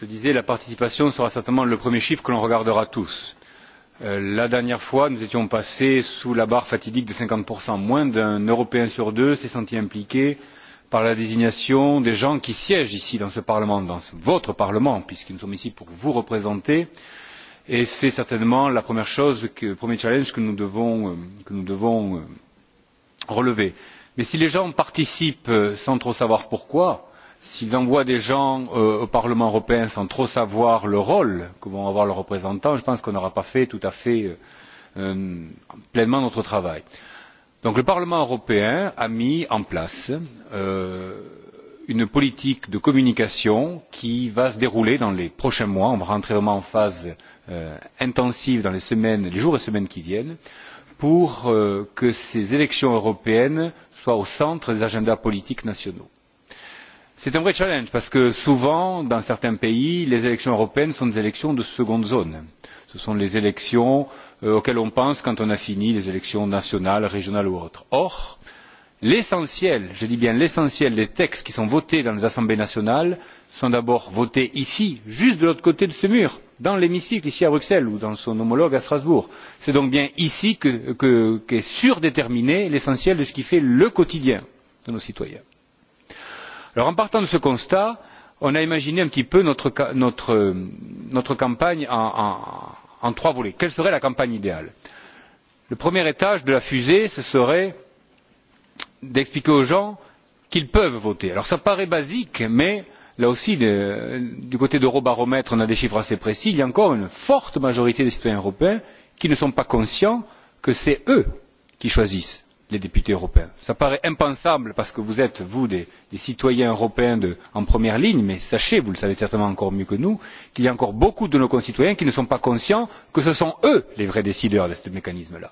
je disais la participation sera certainement le premier chiffre que l'on regardera tous Euh, la dernière fois nous étions passés sous la barre fatidique des cinquante moins d'un européen sur deux s'est senti impliqué par la désignation des gens qui siègent ici dans ce parlement dans votre parlement puisque nous sommes ici pour vous représenter et c'est certainement la première chose le premier challenge que nous devons euh, euh, relever. mais si les gens participent sans trop savoir pourquoi s'ils envoient des gens euh, au parlement européen sans trop savoir le rôle que vont avoir leurs représentants je pense qu'on n'aura pas fait tout à fait euh, euh, pleinement notre travail. donc le parlement européen a mis en place euh, une politique de communication qui va se dérouler dans les prochains mois on va rentrer vraiment en phase euh, intensive dans les, semaines, les jours et semaines qui viennent pour euh, que ces élections européennes soient au centre des agendas politiques nationaux c'est un vrai challenge parce que souvent dans certains pays les élections européennes sont des élections de seconde zone ce sont les élections euh, auxquelles on pense quand on a fini les élections nationales régionales ou autres. or l'essentiel je dis bien l'essentiel des textes qui sont votés dans les assemblées nationales sont d'abord votés ici juste de l'autre côté de ce mur dans l'hémicycle ici à bruxelles ou dans son homologue à strasbourg. c'est donc bien ici qu'est surdéterminé l'essentiel de ce qui fait le quotidien de nos citoyens en partant de ce constat on a imaginé un petit peu notre campagne en trois volets. quelle serait la campagne idéale? le premier étage de la fusée ce serait d'expliquer aux gens qu'ils peuvent voter. cela paraît basique mais là aussi du côté d'eurobaromètre on a des chiffres assez précis il y a encore une forte majorité des citoyens européens qui ne sont pas conscients que ce sont eux qui choisissent les députés européens. cela paraît impensable parce que vous êtes vous des, des citoyens européens de, en première ligne mais sachez vous le savez certainement encore mieux que nous qu'il y a encore beaucoup de nos concitoyens qui ne sont pas conscients que ce sont eux les vrais décideurs de ce mécanisme là.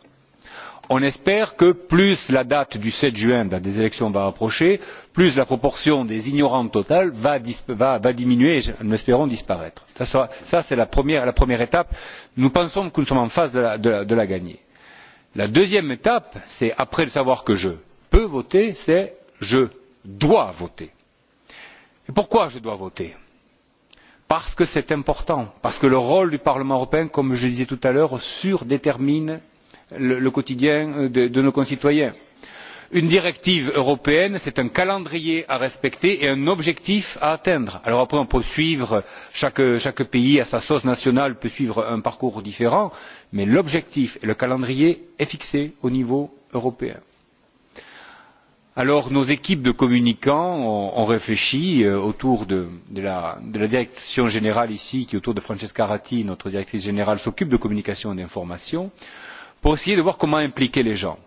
on espère que plus la date du sept juin date des élections va approcher plus la proportion des ignorants totaux va, va, va diminuer et nous l'espérons disparaître. ça, ça c'est la première, la première étape. nous pensons que nous sommes en phase de la, de, de la gagner la deuxième étape c'est après le savoir que je peux voter c'est je dois voter. Et pourquoi je dois voter? parce que c'est important parce que le rôle du parlement européen comme je le disais tout à l'heure surdétermine le, le quotidien euh, de, de nos concitoyens. une directive européenne c'est un calendrier à respecter et un objectif à atteindre. alors après on peut suivre chaque, chaque pays à sa sauce nationale peut suivre un parcours différent mais l'objectif et le calendrier sont fixés au niveau européen. alors nos équipes de communicants ont réfléchi euh, autour de, de, la, de la direction générale ici qui autour de francesca ratti notre directrice générale s'occupe de communication et d'information pour essayer de voir comment impliquer les gens.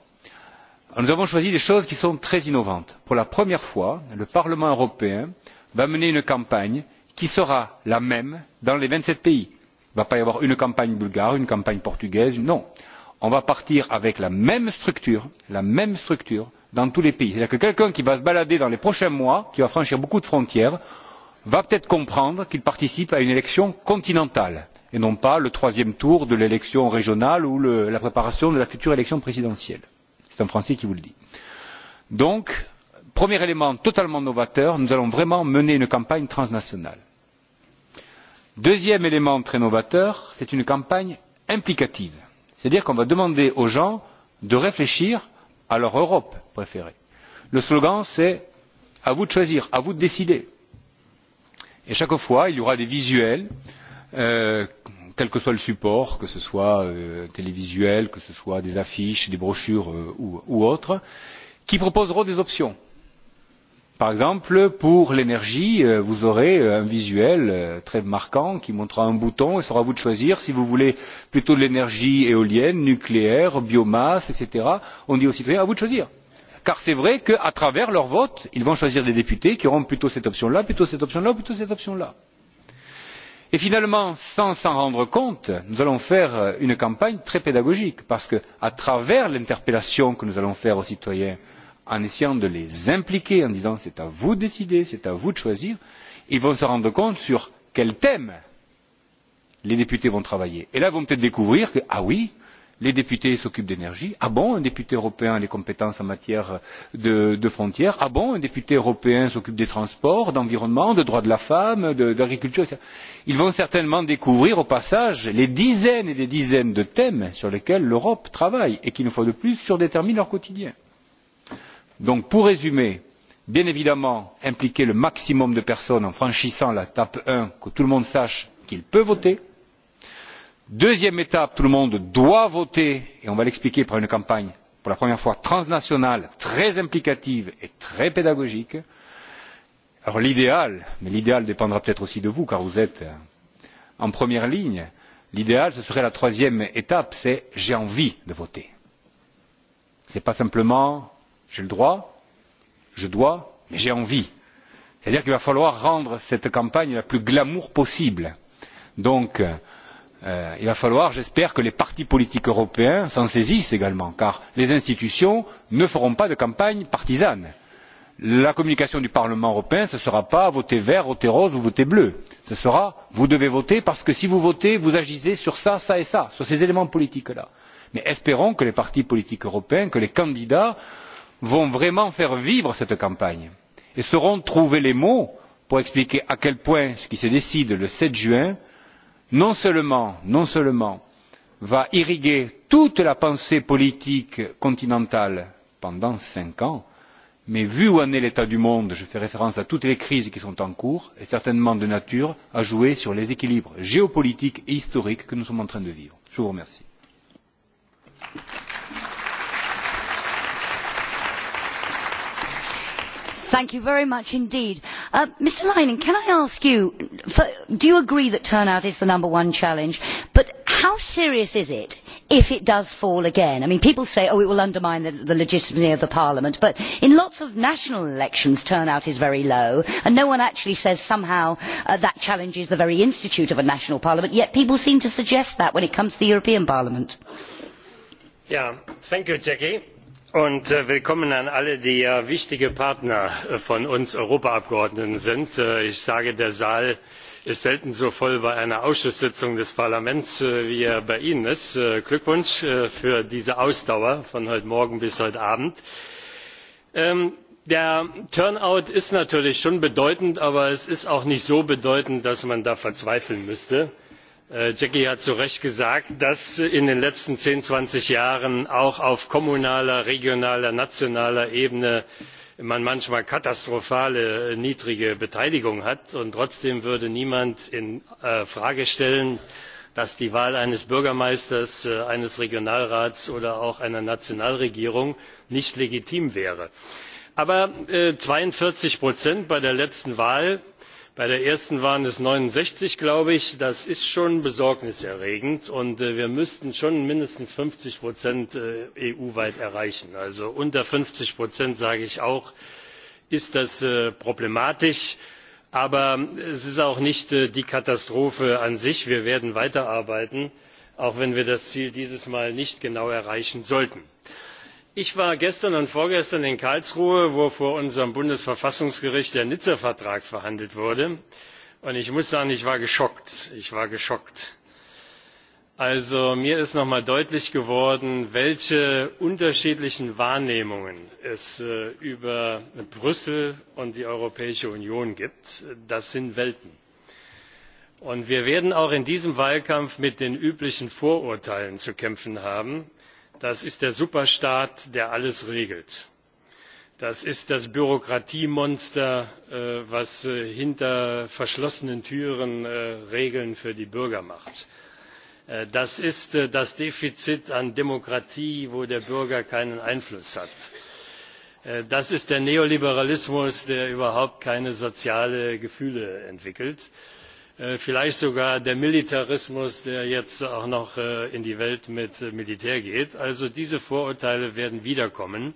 nous avons choisi des choses qui sont très innovantes. pour la première fois le parlement européen va mener une campagne qui sera la même dans les vingt sept pays Il ne va pas y avoir une campagne bulgare, une campagne portugaise, non. On va partir avec la même structure, la même structure dans tous les pays. C'est-à-dire que quelqu'un qui va se balader dans les prochains mois, qui va franchir beaucoup de frontières, va peut-être comprendre qu'il participe à une élection continentale et non pas le troisième tour de l'élection régionale ou le, la préparation de la future élection présidentielle. C'est un Français qui vous le dit. Donc, premier élément totalement novateur, nous allons vraiment mener une campagne transnationale deuxième élément très novateur c'est une campagne implicative c'est à dire qu'on va demander aux gens de réfléchir à leur europe préférée. le slogan c'est à vous de choisir à vous de décider et chaque fois il y aura des visuels euh, quel que soit le support que ce soit euh, télévisuel que ce soit des affiches des brochures euh, ou, ou autres qui proposeront des options par exemple pour l'énergie euh, vous aurez euh, un visuel euh, très marquant qui montrera un bouton et sera à vous de choisir si vous voulez plutôt de l'énergie éolienne nucléaire biomasse etc. on dit aux citoyens à vous de choisir car c'est vrai qu'à travers leur vote ils vont choisir des députés qui auront plutôt cette option là plutôt cette option là ou plutôt cette option là. et finalement sans s'en rendre compte nous allons faire une campagne très pédagogique parce qu'à travers l'interpellation que nous allons faire aux citoyens en essayant de les impliquer en disant c'est à vous de décider c'est à vous de choisir ils vont se rendre compte sur quel thème les députés vont travailler et là ils vont peut être découvrir que ah oui les députés s'occupent d'énergie ah bon un député européen a des compétences en matière de, de frontières ah bon un député européen s'occupe des transports d'environnement de droits de la femme d'agriculture etc. ils vont certainement découvrir au passage les dizaines et des dizaines de thèmes sur lesquels l'europe travaille et qui une fois de plus surdéterminent leur quotidien donc pour résumer bien évidemment impliquer le maximum de personnes en franchissant l'étape un que tout le monde sache qu'il peut voter. deuxième étape tout le monde doit voter et on va l'expliquer par une campagne pour la première fois transnationale très implicative et très pédagogique. alors l'idéal mais l'idéal dépendra peut être aussi de vous car vous êtes euh, en première ligne l'idéal ce serait la troisième étape c'est j'ai envie de voter. ce n'est pas simplement j'ai le droit je dois mais j'ai envie. c'est à dire qu'il va falloir rendre cette campagne la plus glamour possible. donc euh, il va falloir j'espère que les partis politiques européens s'en saisissent également car les institutions ne feront pas de campagne partisane. la communication du parlement européen ce ne sera pas voter vert voter rose ou voter bleu ce sera vous devez voter parce que si vous votez vous agissez sur ça ça et ça sur ces éléments politiques là. mais espérons que les partis politiques européens que les candidats vont vraiment faire vivre cette campagne et sauront trouver les mots pour expliquer à quel point ce qui se décide le sept juin non seulement va irriguer toute la pensée politique continentale pendant cinq ans mais vu où en est l'état du monde je fais référence à toutes les crises qui sont en cours est certainement de nature à jouer sur les équilibres géopolitiques et historiques que nous sommes en train de vivre. je vous remercie. Thank you very much indeed. Uh, Mr Leinen, can I ask you, for, do you agree that turnout is the number one challenge? But how serious is it if it does fall again? I mean, people say, oh, it will undermine the, the legitimacy of the Parliament. But in lots of national elections, turnout is very low. And no one actually says somehow uh, that challenges the very institute of a national Parliament. Yet people seem to suggest that when it comes to the European Parliament. Yeah, thank you, Jackie und äh, willkommen an alle die ja wichtige partner äh, von uns europaabgeordneten sind. Äh, ich sage der saal ist selten so voll bei einer ausschusssitzung des parlaments wie er bei ihnen ist. glückwunsch für diese ausdauer von heute morgen bis heute abend! Ähm, der turnout ist natürlich schon bedeutend aber es ist auch nicht so bedeutend dass man da verzweifeln müsste. Äh, jackie hat zu recht gesagt dass in den letzten zehn zwanzig jahren auch auf kommunaler regionaler nationaler ebene man manchmal katastrophal äh, niedrige beteiligung hat und trotzdem würde niemand in äh, frage stellen dass die wahl eines bürgermeisters eines regionalrats oder auch einer nationalregierung nicht legitim wäre. aber zweiundvierzig bei der letzten wahl bei der ersten waren es neunundsechzig glaube ich das ist schon besorgniserregend und äh, wir müssten schon mindestens fünfzig äh, eu weit erreichen. also unter fünfzig sage ich auch ist das äh, problematisch aber es ist auch nicht die katastrophe an sich. wir werden weiterarbeiten auch wenn wir das ziel dieses mal nicht genau erreichen sollten ich war gestern und vorgestern in karlsruhe wo vor unserem bundesverfassungsgericht der nizza vertrag verhandelt wurde und ich muss sagen ich war geschockt. ich war geschockt. also mir ist noch mal deutlich geworden welche unterschiedlichen wahrnehmungen es äh, über brüssel und die europäische union gibt. das sind welten. und wir werden auch in diesem wahlkampf mit den üblichen vorurteilen zu kämpfen haben das ist der superstaat der alles regelt. das ist das bürokratiemonster das äh, äh, hinter verschlossenen türen äh, regeln für die bürger macht. das ist das defizit an demokratie wo der bürger keinen einfluss hat das ist der neoliberalismus der überhaupt keine sozialen gefühle entwickelt. Äh, vielleicht sogar der militarismus der jetzt auch noch äh, in die welt mit äh, militär geht. also diese vorurteile werden wiederkommen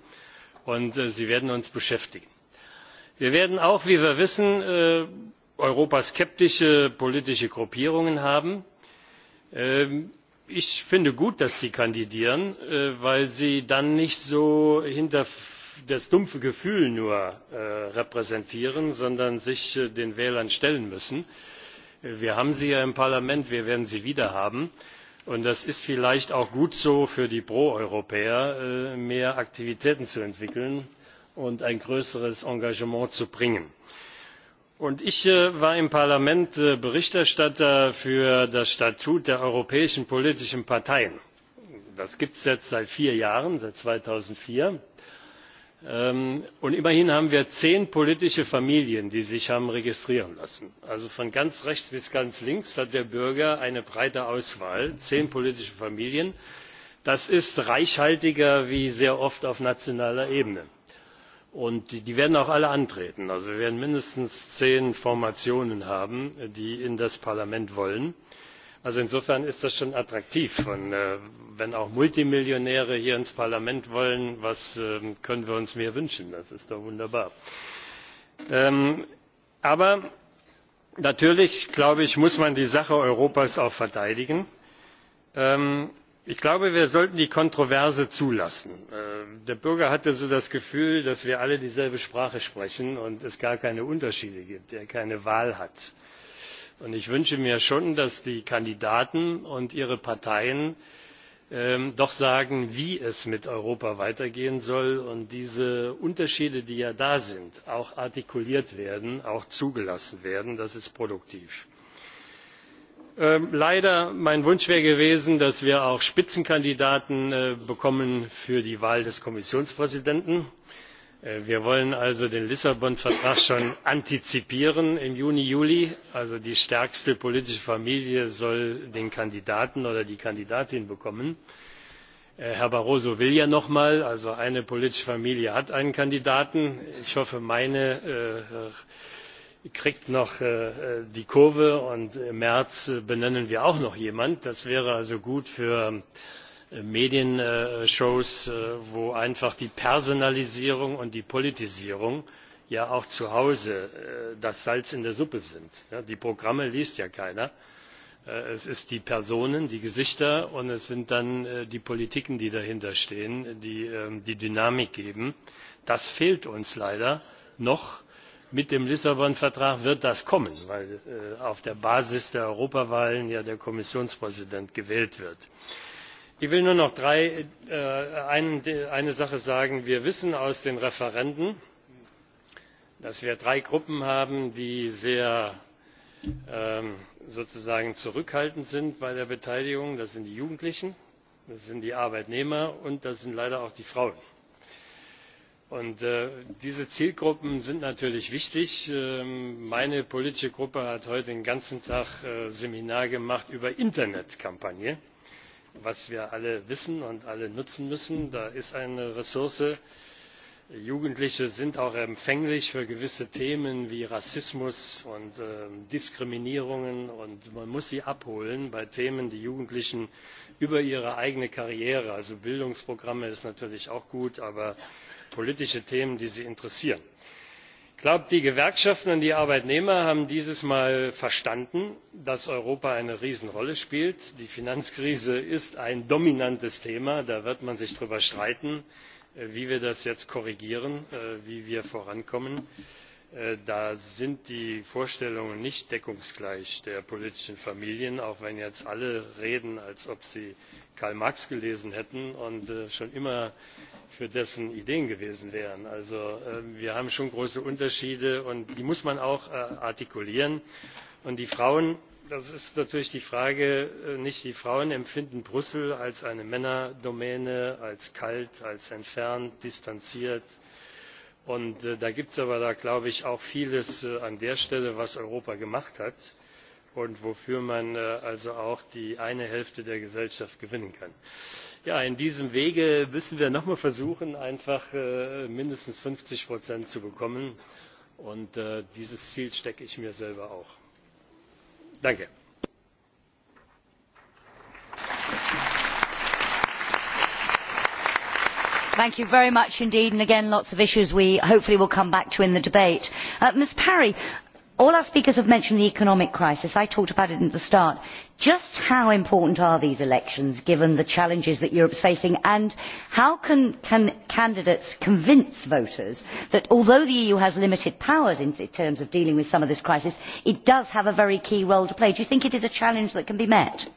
und sie werden uns beschäftigen. wir werden auch wie wir wissen europaskeptische politische gruppierungen haben. Ähm, ich finde gut dass sie kandidieren weil sie dann nicht so das dumpfe gefühl nur repräsentieren sondern sich den wählern stellen müssen wir haben sie ja im parlament wir werden sie wieder haben und das ist vielleicht auch gut so für die pro europäer äh, mehr aktivitäten zu entwickeln und ein größeres engagement zu bringen. ich äh, war im parlament äh, berichterstatter für das statut der europäischen politischen parteien. das gibt es jetzt seit vier jahren seit zweitausendvier Ähm, und immerhin haben wir zehn politische familien die sich haben registrieren lassen. also von ganz rechts bis ganz links hat der bürger eine breite auswahl zehn politische familien das ist reichhaltiger als sehr oft auf nationaler ebene. und die werden auch alle antreten. also wir werden mindestens zehn formationen haben die in das parlament wollen also insofern ist das schon attraktiv und äh, wenn auch multimillionäre hier ins parlament wollen was ähm, können wir uns mehr wünschen? das ist doch wunderbar! Ähm, aber natürlich muss man die sache europas auch verteidigen. Ähm, ich glaube wir sollten die kontroverse zulassen. Äh, der bürger hat so das gefühl dass wir alle dieselbe sprache sprechen und es gar keine unterschiede gibt er keine wahl hat und ich wünsche mir schon dass die kandidaten und ihre parteien ähm, doch sagen wie es mit europa weitergehen soll und diese unterschiede die ja da sind auch artikuliert werden auch zugelassen werden. das ist produktiv. Ähm, leider mein wunsch wäre gewesen dass wir auch spitzenkandidaten äh, bekommen für die wahl des kommissionspräsidenten Äh, wir wollen also den lissabon vertrag schon antizipieren im juni juli also die stärkste politische familie soll den kandidaten oder die kandidatin bekommen. Äh, herr barroso will ja noch mal also eine politische familie hat einen kandidaten. ich hoffe meine äh, kriegt noch die kurve und im märz benennen wir auch noch jemanden. das wäre also gut für medienshows äh, äh, wo einfach die personalisierung und die politisierung ja auch zu hause äh, das salz in der suppe sind. die programme liest ja keiner es sind die personen die gesichter und es sind dann die politiken die dahinter stehen die ähm, die dynamik geben. das fehlt uns leider noch. mit dem lissabon vertrag wird das kommen weil auf der basis der europawahlen ja der kommissionspräsident gewählt wird ich will nur noch drei, äh, ein, eine sache sagen wir wissen aus den referenden dass wir drei gruppen haben die sehr ähm, sozusagen zurückhaltend sind bei der beteiligung das sind die jugendlichen das sind die arbeitnehmer und das sind leider auch die frauen. Und, äh, diese zielgruppen sind natürlich wichtig. Ähm, meine politische fraktion hat heute den ganzen tag ein äh, seminar gemacht über internetkampagnen was wir alle wissen und alle nutzen müssen da ist eine ressource. jugendliche sind auch empfänglich für gewisse themen wie rassismus und ähm, diskriminierungen und man muss sie abholen bei themen die jugendlichen über ihre eigene karriere also bildungsprogramme sind natürlich auch gut aber politische themen die sie interessieren ich glaube die gewerkschaften und die arbeitnehmer haben dieses mal verstanden dass europa eine riesenrolle spielt. die finanzkrise ist ein dominantes thema da wird man sich darüber streiten äh, wie wir das jetzt korrigieren äh, wie wir vorankommen. Äh, da sind die vorstellungen nicht deckungsgleich der politischen familien auch wenn jetzt alle reden als ob sie karl marx gelesen hätten und äh, schon immer für dessen ideen gewesen wären. also ähm, wir haben schon große unterschiede und die muss man auch äh, artikulieren. und die frauen das ist natürlich die frage nicht die frauen empfinden brüssel als eine männerdomäne als kalt als entfernt distanziert und äh, da gibt es aber glaube ich auch vieles äh, an der stelle was europa gemacht hat und wofür man äh, also auch die eine hälfte der gesellschaft gewinnen kann. in diesem wege müssen wir noch einmal versuchen einfach mindestens fünfzig zu bekommen und dieses ziel stecke ich mir selber auch. danke! thank you very much indeed and again lots of issues we hopefully will come back to in the debate. Uh, ms parry all our speakers have mentioned the economic crisis i talked about it at the start. just how important are these elections given the challenges that europe is facing and how can, can candidates convince voters that although the eu has limited powers in terms of dealing with some of this crisis it does have a very key role to play? do you think it is a challenge that can be met?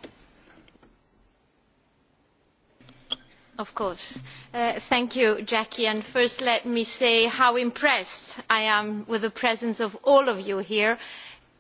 Of course. Uh, thank you, Jackie. And first, let me say how impressed I am with the presence of all of you here. Uh,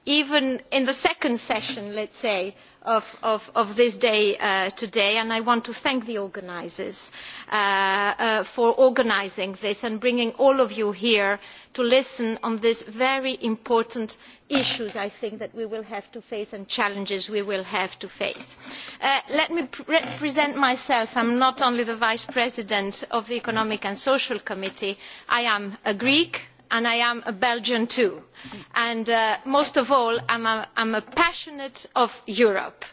even in the second session let us say of, of, of this day uh, today and i want to thank the organisers uh, uh, for organising this and bringing all of you here to listen on these very important issues i think that we will have to face and challenges we will have to face. Uh, let me pre present myself i am not only the vice president of the economic and social committee i am a greek and i am a belgian too and uh, most of all i am a passionate about europe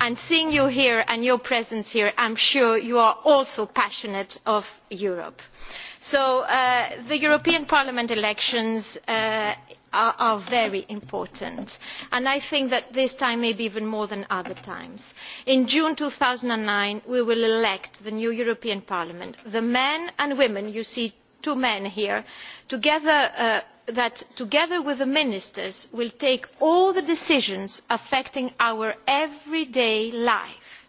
and seeing you here and your presence here i am sure you are also passionate about europe. so uh, the european parliament elections uh, are, are very important and i think that this time maybe even more than other times. in june two thousand and nine we will elect the new european parliament the men and women you see two men here together, uh, that together with the ministers will take all the decisions affecting our everyday life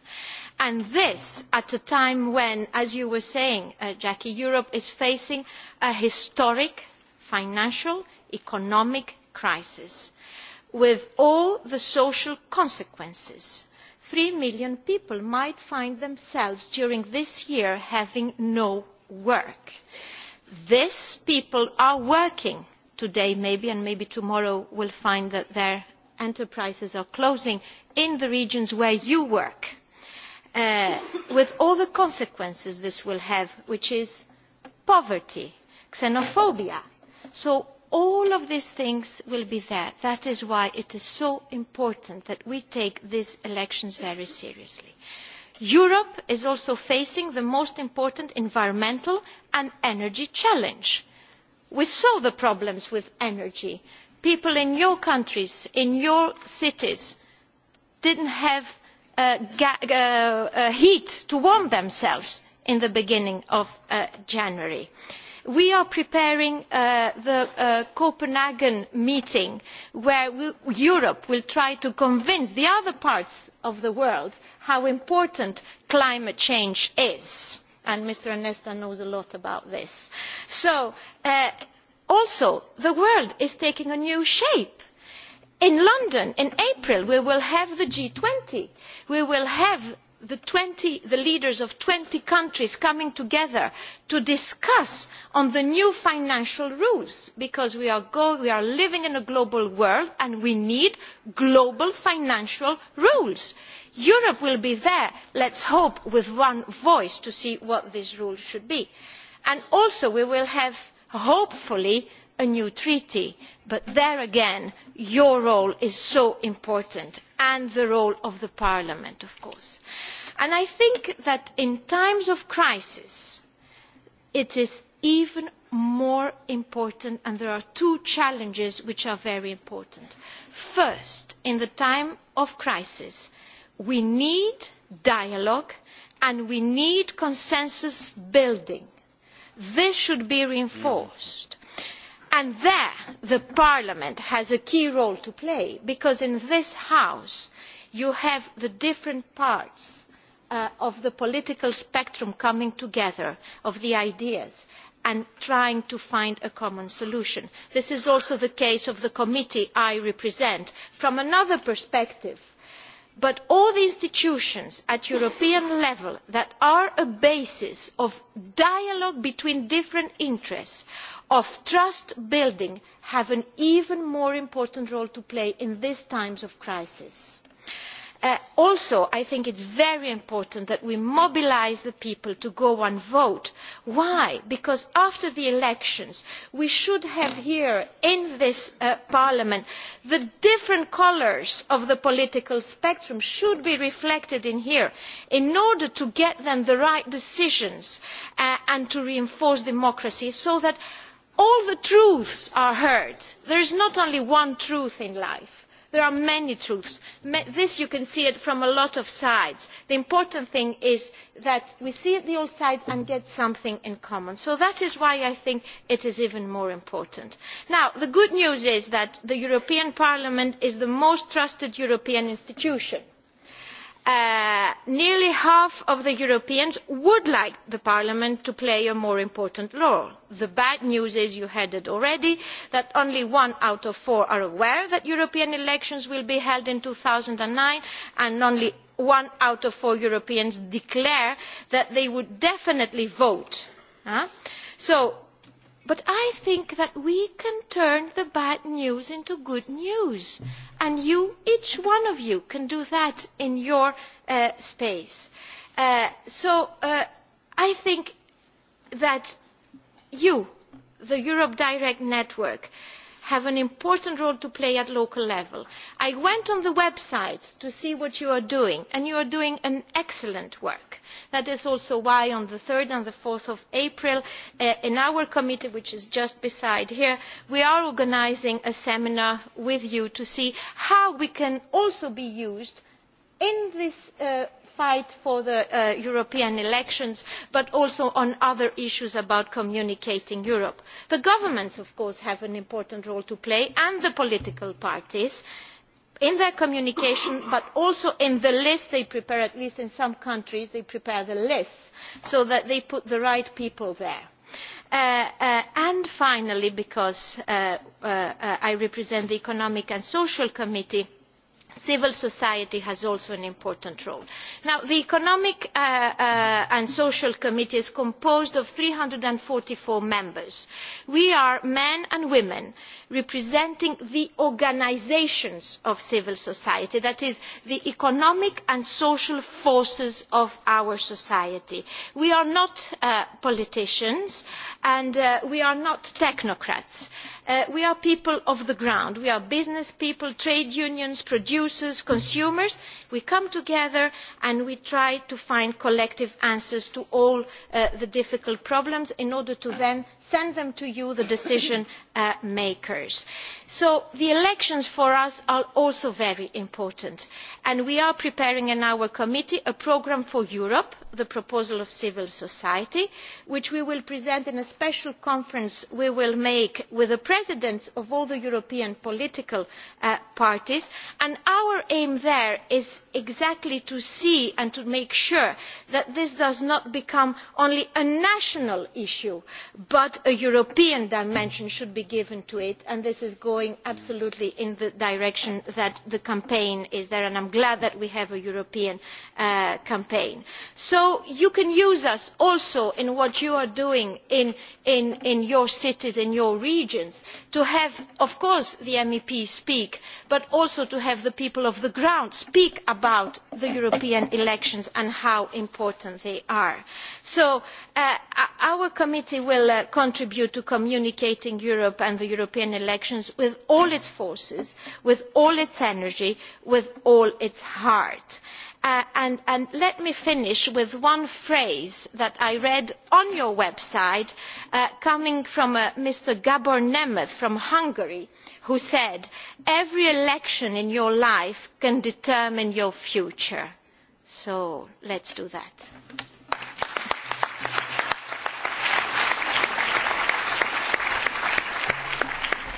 and this at a time when as you were saying uh, jackie europe is facing a historic financial economic crisis with all the social consequences three million people might find themselves during this year having no work and these people are working today maybe and maybe tomorrow will find that their enterprises are closing in the regions where you work uh, with all the consequences this will have which is poverty xenophobia so all of these things will be there. that is why it is so important that we take these elections very seriously europe is also facing the most important environmental and energy challenge. we saw the problems with energy people in your countries in your cities did not have uh, uh, uh, heat to warm themselves at the beginning of january we are preparing uh, the uh, copenhagen meeting where europe will try to convince the other parts of the world how important climate change is and mr nesta knows a lot about this. Uh, also the world is taking a new shape. in london in april we will have the g twenty we will have the, 20, the leaders of twenty countries coming together to discuss the new financial rules because we are, go, we are living in a global world and we need global financial rules. europe will be there let us hope with one voice to see what these rules should be. and also we will have hopefully a new treaty but there again your role is so important and the role of parliament of course. i think that in times of crisis it is even more important and there are two challenges which are very important. first in the time of crisis we need dialogue and we need consensus building. this should be reinforced and there the parliament has a key role to play because in this house you have the different parts uh, of the political spectrum coming together of the ideas and trying to find a common solution. this is also the case of the committee i represent from another perspective but all the institutions at european level that are a basis of dialogue between different interests of trust building have an even more important role to play in these times of crisis. Uh, also i think it is very important that we mobilise the people to go and vote. why? because after the elections we should have here in this uh, parliament the different colours of the political spectrum should be reflected in here in order to get the right decisions uh, and to reinforce democracy so that all the truths are heard. there is not only one truth in life there are many truths. this you can see from a lot of sides. the important thing is that we see the old sides and get something in common. so that is why i think it is even more important. now the good news is that the european parliament is the most trusted european institution. Uh, nearly half of the europeans would like parliament to play a more important role. the bad news is you heard it already that only one out of four are aware that european elections will be held in two thousand and nine and only one out of four europeans declare that they would definitely vote. Huh? so But I think that we can turn the bad news into good news. And you, each one of you, can do that in your uh, space. Uh, so uh, I think that you, the Europe Direct Network, uh, have an important role to play at local level. i went on the website to see what you are doing and you are doing excellent work. that is also why on three and four april uh, in our committee which is just beside here we are organising a seminar with you to see how we can also be used in this uh, fight for the uh, European elections, but also on other issues about communicating Europe. The governments, of course, have an important role to play, and the political parties in their communication but also in the list they prepare at least in some countries they prepare the lists so that they put the right people there. Uh, uh, and finally because uh, uh, uh i represent the economic and social committee civil society has also an important role. Now, the economic uh, uh, and social committee is composed of three hundred and forty four members. we are men and women representing the organisations of civil society that is the economic and social forces of our society. we are not uh, politicians and uh, we are not technocrats. Uh, we are people of the ground. we are business people trade unions producers consumers. we come together and we try to find collective answers to all uh, the difficult problems in order to then send them to you the decision uh, makers. so the elections for us are also very important and we are preparing in our committee a programme for europe the proposal of civil society which we will present in a special conference we will make with the presidents of all the european political uh, parties and our aim there is exactly to see and to make sure that this does not become only a national issue but a european dimension should be given to it and this is going absolutely in the direction that the campaign is there and i am glad that we have a european uh, campaign. so you can use us also in what you are doing in, in, in your cities in your regions to have of course the meps speak but also to have the people on the ground speak about the european elections and how important they are. so uh, our committee will uh, contribute to communicating europe and the european elections with all its forces with all its energy with all its heart. Uh, and, and let me finish with one phrase that i read on your website uh, coming from uh, mr gabor nemeth from hungary who said every election in your life can determine your future'. so let us do that.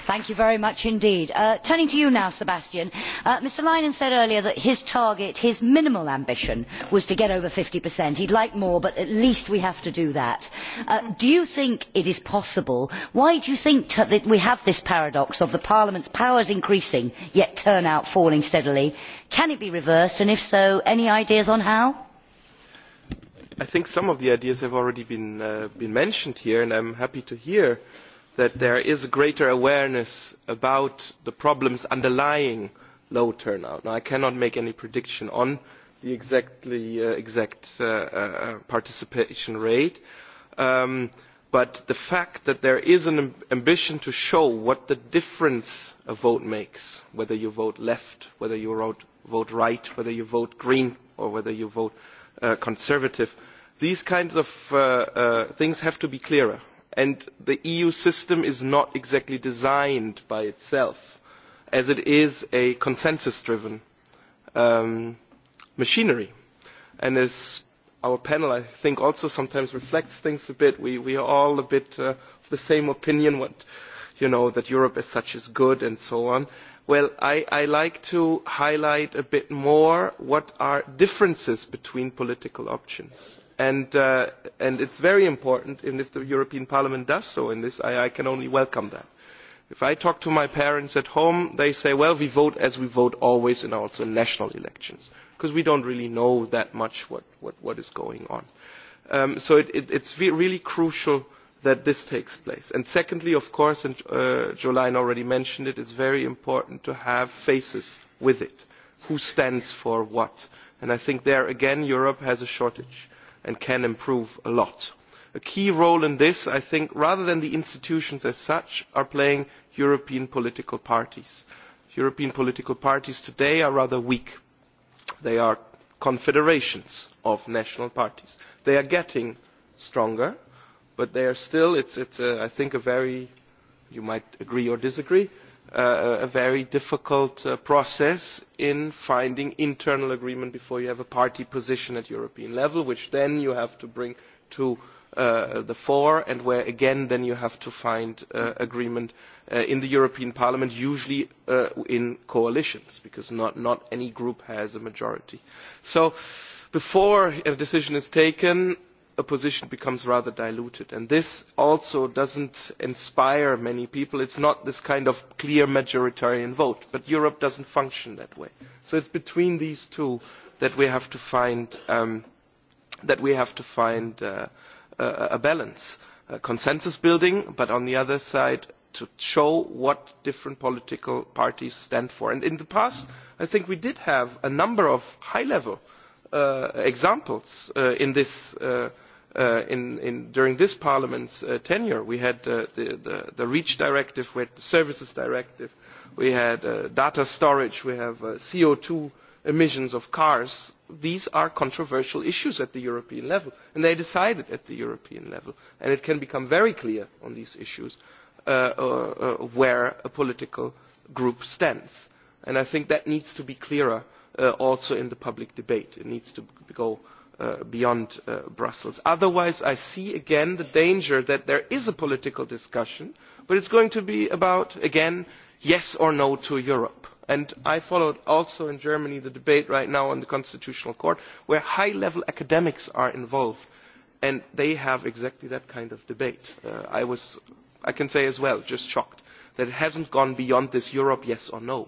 thank you very much indeed. Uh, turning to you now sebastian uh, mr leinen said earlier that his target his minimal ambition was to get over fifty he would like more but at least we have to do that. Uh, do you think it is possible? why do you think that we have this paradox of parliament's powers increasing yet turnout falling steadily? can it be reversed and if so any ideas on how? i think some of the ideas have already been, uh, been mentioned here and i am happy to hear uh, that there is greater awareness about the problems underlying low turnout. Now, I cannot make any prediction on the exactly, uh, exact uh, uh, participation rate, um, but the fact that there is an amb ambition to show what the difference a vote makes, whether you vote left, whether you vote, vote right, whether you vote green, or whether you vote uh, conservative, these kinds of uh, uh, things have to be clearer and the eu system is not exactly designed by itself as it is a consensus driven um, machinery and as our panel i think also sometimes reflects things a bit we, we are all a bit uh, of the same opinion what you know that europe as such is good and so on well I, i like to highlight a bit more what are differences between political options and, uh, and it's very important and if the european parliament does so in this i, I can only welcome that if i talk to my parents at home they say well we vote as we vote always and also in national elections because we don't really know that much what, what, what is going on um, so it, it, it's really crucial that this takes place. And secondly of course and uh, jolene already mentioned it it is very important to have faces with it who stands for what and i think there again europe has a shortage and can improve a lot. a key role in this i think rather than the institutions as such are playing european political parties. european political parties today are rather weak. they are confederations of national parties. they are getting stronger but they are still, it's, it's uh, I think, a very, you might agree or disagree, uh, a very difficult uh, process in finding internal agreement before you have a party position at European level, which then you have to bring to uh, the fore and where again then you have to find uh, agreement uh, in the European Parliament, usually uh, in coalitions, because not, not any group has a majority. So before a decision is taken, a position becomes rather diluted and this also does not inspire many people it is not this kind of clear majoritarian vote but europe does not function that way so it is between these two that we have to find um, that we have to find uh, a, a balance uh, consensus building but on the other side to show what different political parties stand for and in the past i think we did have a number of high level uh, examples uh, in this uh, uh, in, in, during this Parliament's uh, tenure. We had uh, the, the, the REACH directive, we had the services directive, we had uh, data storage, we have uh, CO2 emissions of cars. These are controversial issues at the European level, and they decided at the European level. And it can become very clear on these issues uh, uh, uh where a political group stands. And I think that needs to be clearer uh, also in the public debate. It needs to go uh, uh, beyond uh, Brussels. Otherwise, I see again the danger that there is a political discussion, but it's going to be about, again, yes or no to Europe. And I followed also in Germany the debate right now on the Constitutional Court, where high-level academics are involved, and they have exactly that kind of debate. Uh, I was, I can say as well, just shocked that it hasn't gone beyond this Europe, yes or no.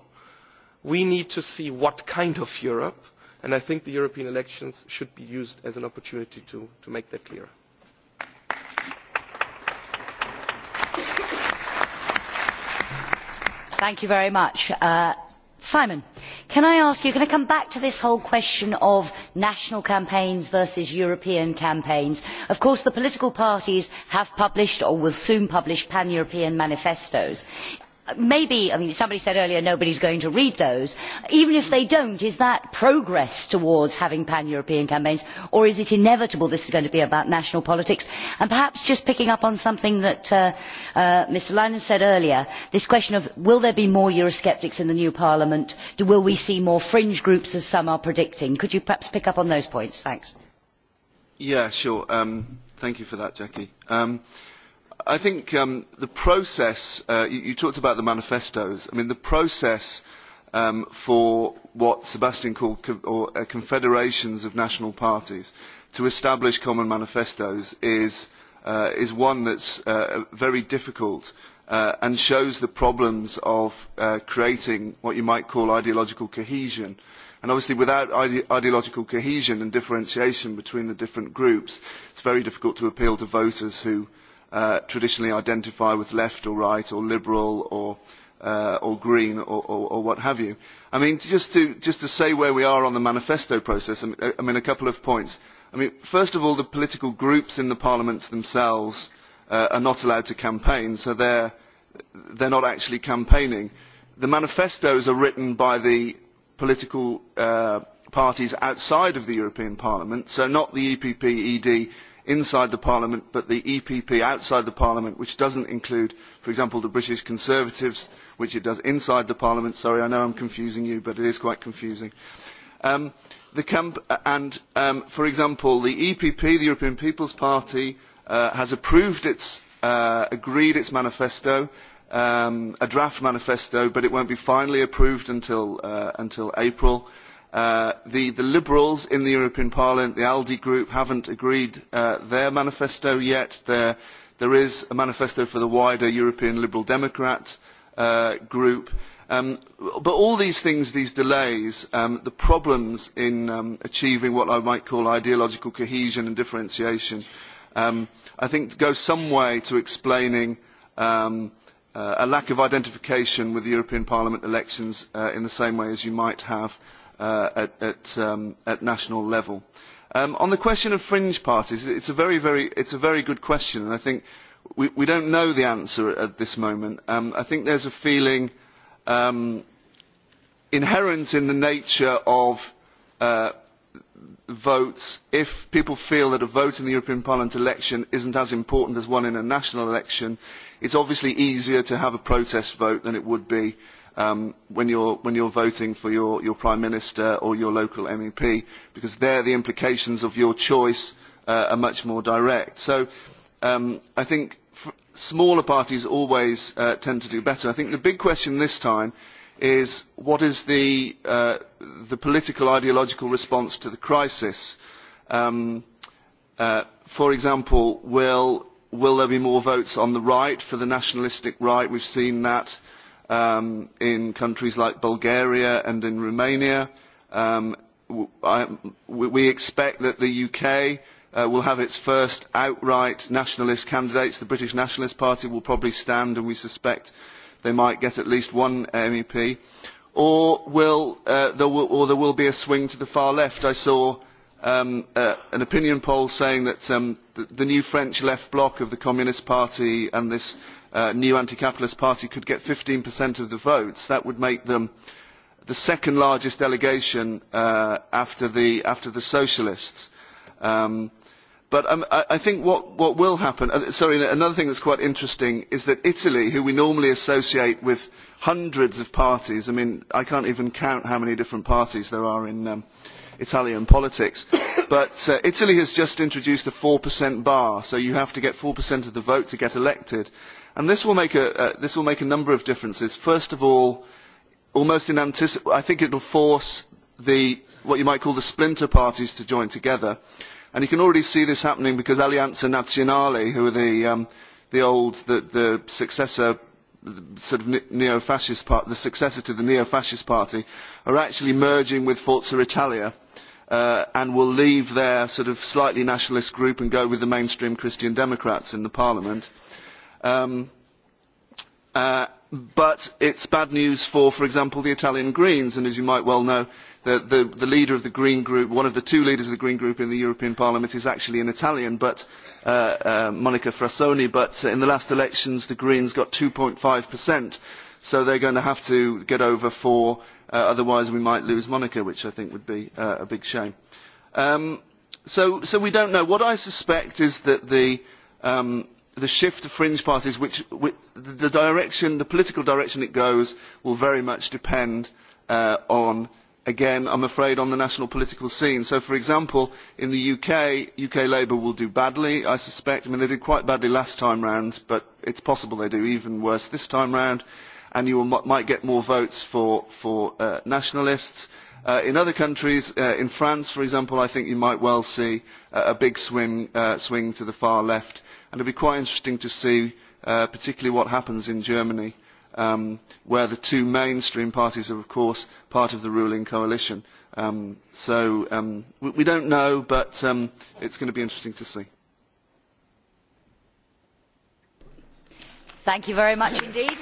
We need to see what kind of Europe, uh, and i think the european elections should be used as an opportunity to, to make that clear. thank you very much. Uh, simon can i ask you can i come back to this whole question of national campaigns versus european campaigns? of course the political parties have published or will soon publish pan european manifestos maybe I mean, somebody said earlier nobody is going to read those even if they do not is that progress towards having pan european campaigns or is it inevitable this is going to be about national politics? and perhaps just picking up on something that uh, uh, mr leinen said earlier this question of will there be more eurosceptics in the new parliament do, will we see more fringe groups as some are predicting? could you perhaps pick up on those points? thanks. yeah sure um, thank you for that jackie. Um, I think um, the process, uh, you, you talked about the manifestos. I mean, the process um, for what Sebastian called co or, uh, confederations of national parties to establish common manifestos is, uh, is one that's uh, very difficult uh, and shows the problems of uh, creating what you might call ideological cohesion. And obviously without ide ideological cohesion and differentiation between the different groups, it's very difficult to appeal to voters who uh, uh, traditionally identify with left or right or liberal or uh, or green or, or, or what have you. I mean, just to, just to say where we are on the manifesto process, I mean, uh, I mean a couple of points. I mean, first of all, the political groups in the parliaments themselves uh, are not allowed to campaign, so they're, they're not actually campaigning. The manifestos are written by the political uh, parties outside of the European Parliament, so not the EPP, ED, inside the parliament but the epp outside the parliament which does not include for example the british conservatives which it does inside the parliament sorry i know i am confusing you but it is quite confusing. Um, uh, and, um, for example the epp the european people's party uh, has approved its uh, agreed its manifesto um, a draft manifesto but it will not be finally approved until, uh, until april. Uh, the, the Liberals in the European Parliament, the ALDE group, haven't agreed uh, their manifesto yet. There, there is a manifesto for the wider European Liberal Democrat uh, group. Um, but all these things, these delays, um, the problems in um, achieving what I might call ideological cohesion and differentiation, um, I think go some way to explaining um, uh, a lack of identification with the European Parliament elections uh, in the same way as you might have uh, uh, at, at, um, at national level. Um, on the question of fringe parties, it's a very, very, it's a very good question, and I think we, we don't know the answer at, at this moment. Um, I think there's a feeling um, inherent in the nature of uh, votes if people feel that a vote in the European Parliament election isn't as important as one in a national election, it's obviously easier to have a protest vote than it would be uh, um, when, you're, when you're voting for your, your Prime Minister or your local MEP, because there the implications of your choice uh, are much more direct. So um, I think f smaller parties always uh, tend to do better. I think the big question this time is what is the, uh, the political ideological response to the crisis? Um, uh, for example, will, will there be more votes on the right for the nationalistic right? We've seen that um, in countries like Bulgaria and in Romania. Um, I, we expect that the UK uh, will have its first outright nationalist candidates. The British Nationalist Party will probably stand, and we suspect they might get at least one MEP. Or, will, uh, there, will, or there will be a swing to the far left. I saw um, uh, an opinion poll saying that um, the, the new French left bloc of the Communist Party and this uh, new anti capitalist party could get fifteen of the votes that would make them the second largest delegation uh, after, the, after the socialists. Um, but um, I, I think what, what will happen, uh, sorry, another thing that's quite interesting is that Italy, who we normally associate with hundreds of parties, I mean, I can't even count how many different parties there are in um, Italian politics, but uh, Italy has just introduced a 4% bar, so you have to get 4% of the vote to get elected. Uh, And this will make a, uh, this will make a number of differences. First of all, almost in anticip- I think it will force the, what you might call the splinter parties to join together. And you can already see this happening because Alianza Nazionale, who are the, um, the old, the, the successor sort of neo-fascist part, the successor to the neo-fascist party, are actually merging with Forza Italia uh, and will leave their sort of slightly nationalist group and go with the mainstream Christian Democrats in the parliament. Uh, Um, uh, but it is bad news for, for example, the Italian Greens. And as you might well know, the, the, the leader of the Green Group, one of the two leaders of the Green Group in the European Parliament is actually an Italian, but uh, uh, Monica Frassoni. But in the last elections, the Greens got 2.5%. So they're going to have to get over four, uh, otherwise we might lose Monica, which I think would be uh, a big shame. Um, so, so we don't know. What I suspect is that the, um, the shift to fringe parties, which, which the direction, the political direction it goes, will very much depend uh, on, again, I'm afraid, on the national political scene. So, for example, in the UK, UK Labour will do badly, I suspect. I mean, they did quite badly last time round, but it's possible they do even worse this time round. And you will, might get more votes for, for uh, nationalists. Uh, in other countries, uh, in France, for example, I think you might well see uh, a big swing, uh, swing to the far left and it will be quite interesting to see uh, particularly what happens in Germany, um, where the two mainstream parties are, of course, part of the ruling coalition. Um, so um, we, we don't know, but um, it's going to be interesting to see. Thank you very much indeed.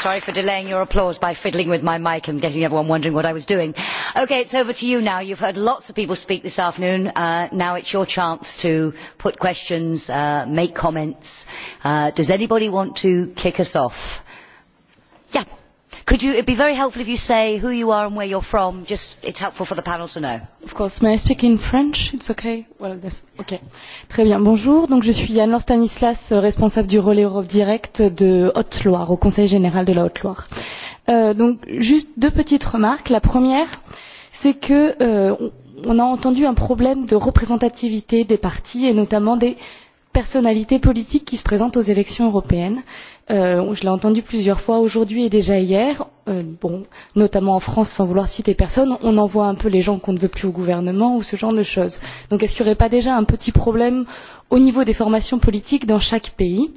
sorry for delaying your applause by fiddling with my mic and getting everyone wondering what i was doing okay it is over to you now. you have heard lots of people speak this afternoon. Uh, now it is your chance to put questions uh, make comments. Uh, does anybody want to kick us off? Yeah. Could you, it'd be very helpful if you say who you are and where you're from. Just, it's helpful for the panel to know. Of course. May I speak in French? It's okay. Well, this, okay. Très bien. Bonjour. Donc, je suis Anne-Laure Stanislas, responsable du relais Europe Direct de Haute-Loire, au Conseil Général de la Haute-Loire. Euh, Euh, donc juste deux petites remarques. La première, c'est que euh, on a entendu un problème de représentativité des partis et notamment des personnalités politiques qui se présentent aux élections européennes. Euh, je l'ai entendu plusieurs fois aujourd'hui et déjà hier, euh, bon, notamment en France, sans vouloir citer personne, on envoie un peu les gens qu'on ne veut plus au gouvernement ou ce genre de choses. Donc est-ce qu'il n'y aurait pas déjà un petit problème au niveau des formations politiques dans chaque pays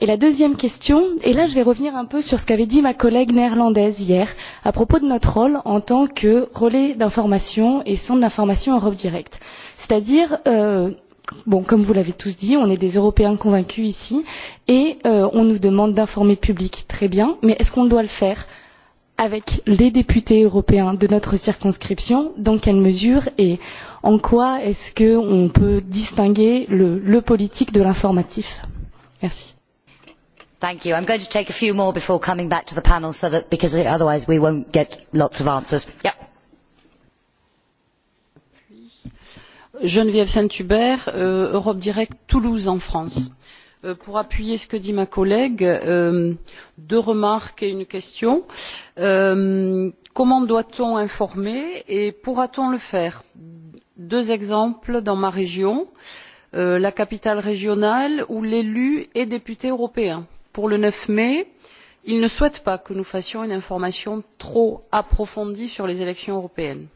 Et la deuxième question, et là je vais revenir un peu sur ce qu'avait dit ma collègue néerlandaise hier à propos de notre rôle en tant que relais d'information et centre d'information Europe Direct. C'est-à-dire, euh, Bon, comme vous l'avez tous dit, on est des Européens convaincus ici et euh, on nous demande d'informer le public. Très bien, mais est-ce qu'on doit le faire avec les députés européens de notre circonscription Dans quelle mesure et en quoi est-ce qu'on peut distinguer le, le politique de l'informatif Merci. Thank you. I'm going to take a few more before coming back to the panel so that because otherwise we won't get lots of answers. Yep. geneviève saint hubert euh, europe direct toulouse en france euh, pour appuyer ce que dit ma collègue euh, deux remarques et une question comment doit on informer et pourra t on le faire? deux exemples dans ma région la capitale régionale où l'élu est député européen. pour le neuf mai il ne souhaite pas que nous fassions une information trop approfondie sur les élections européennes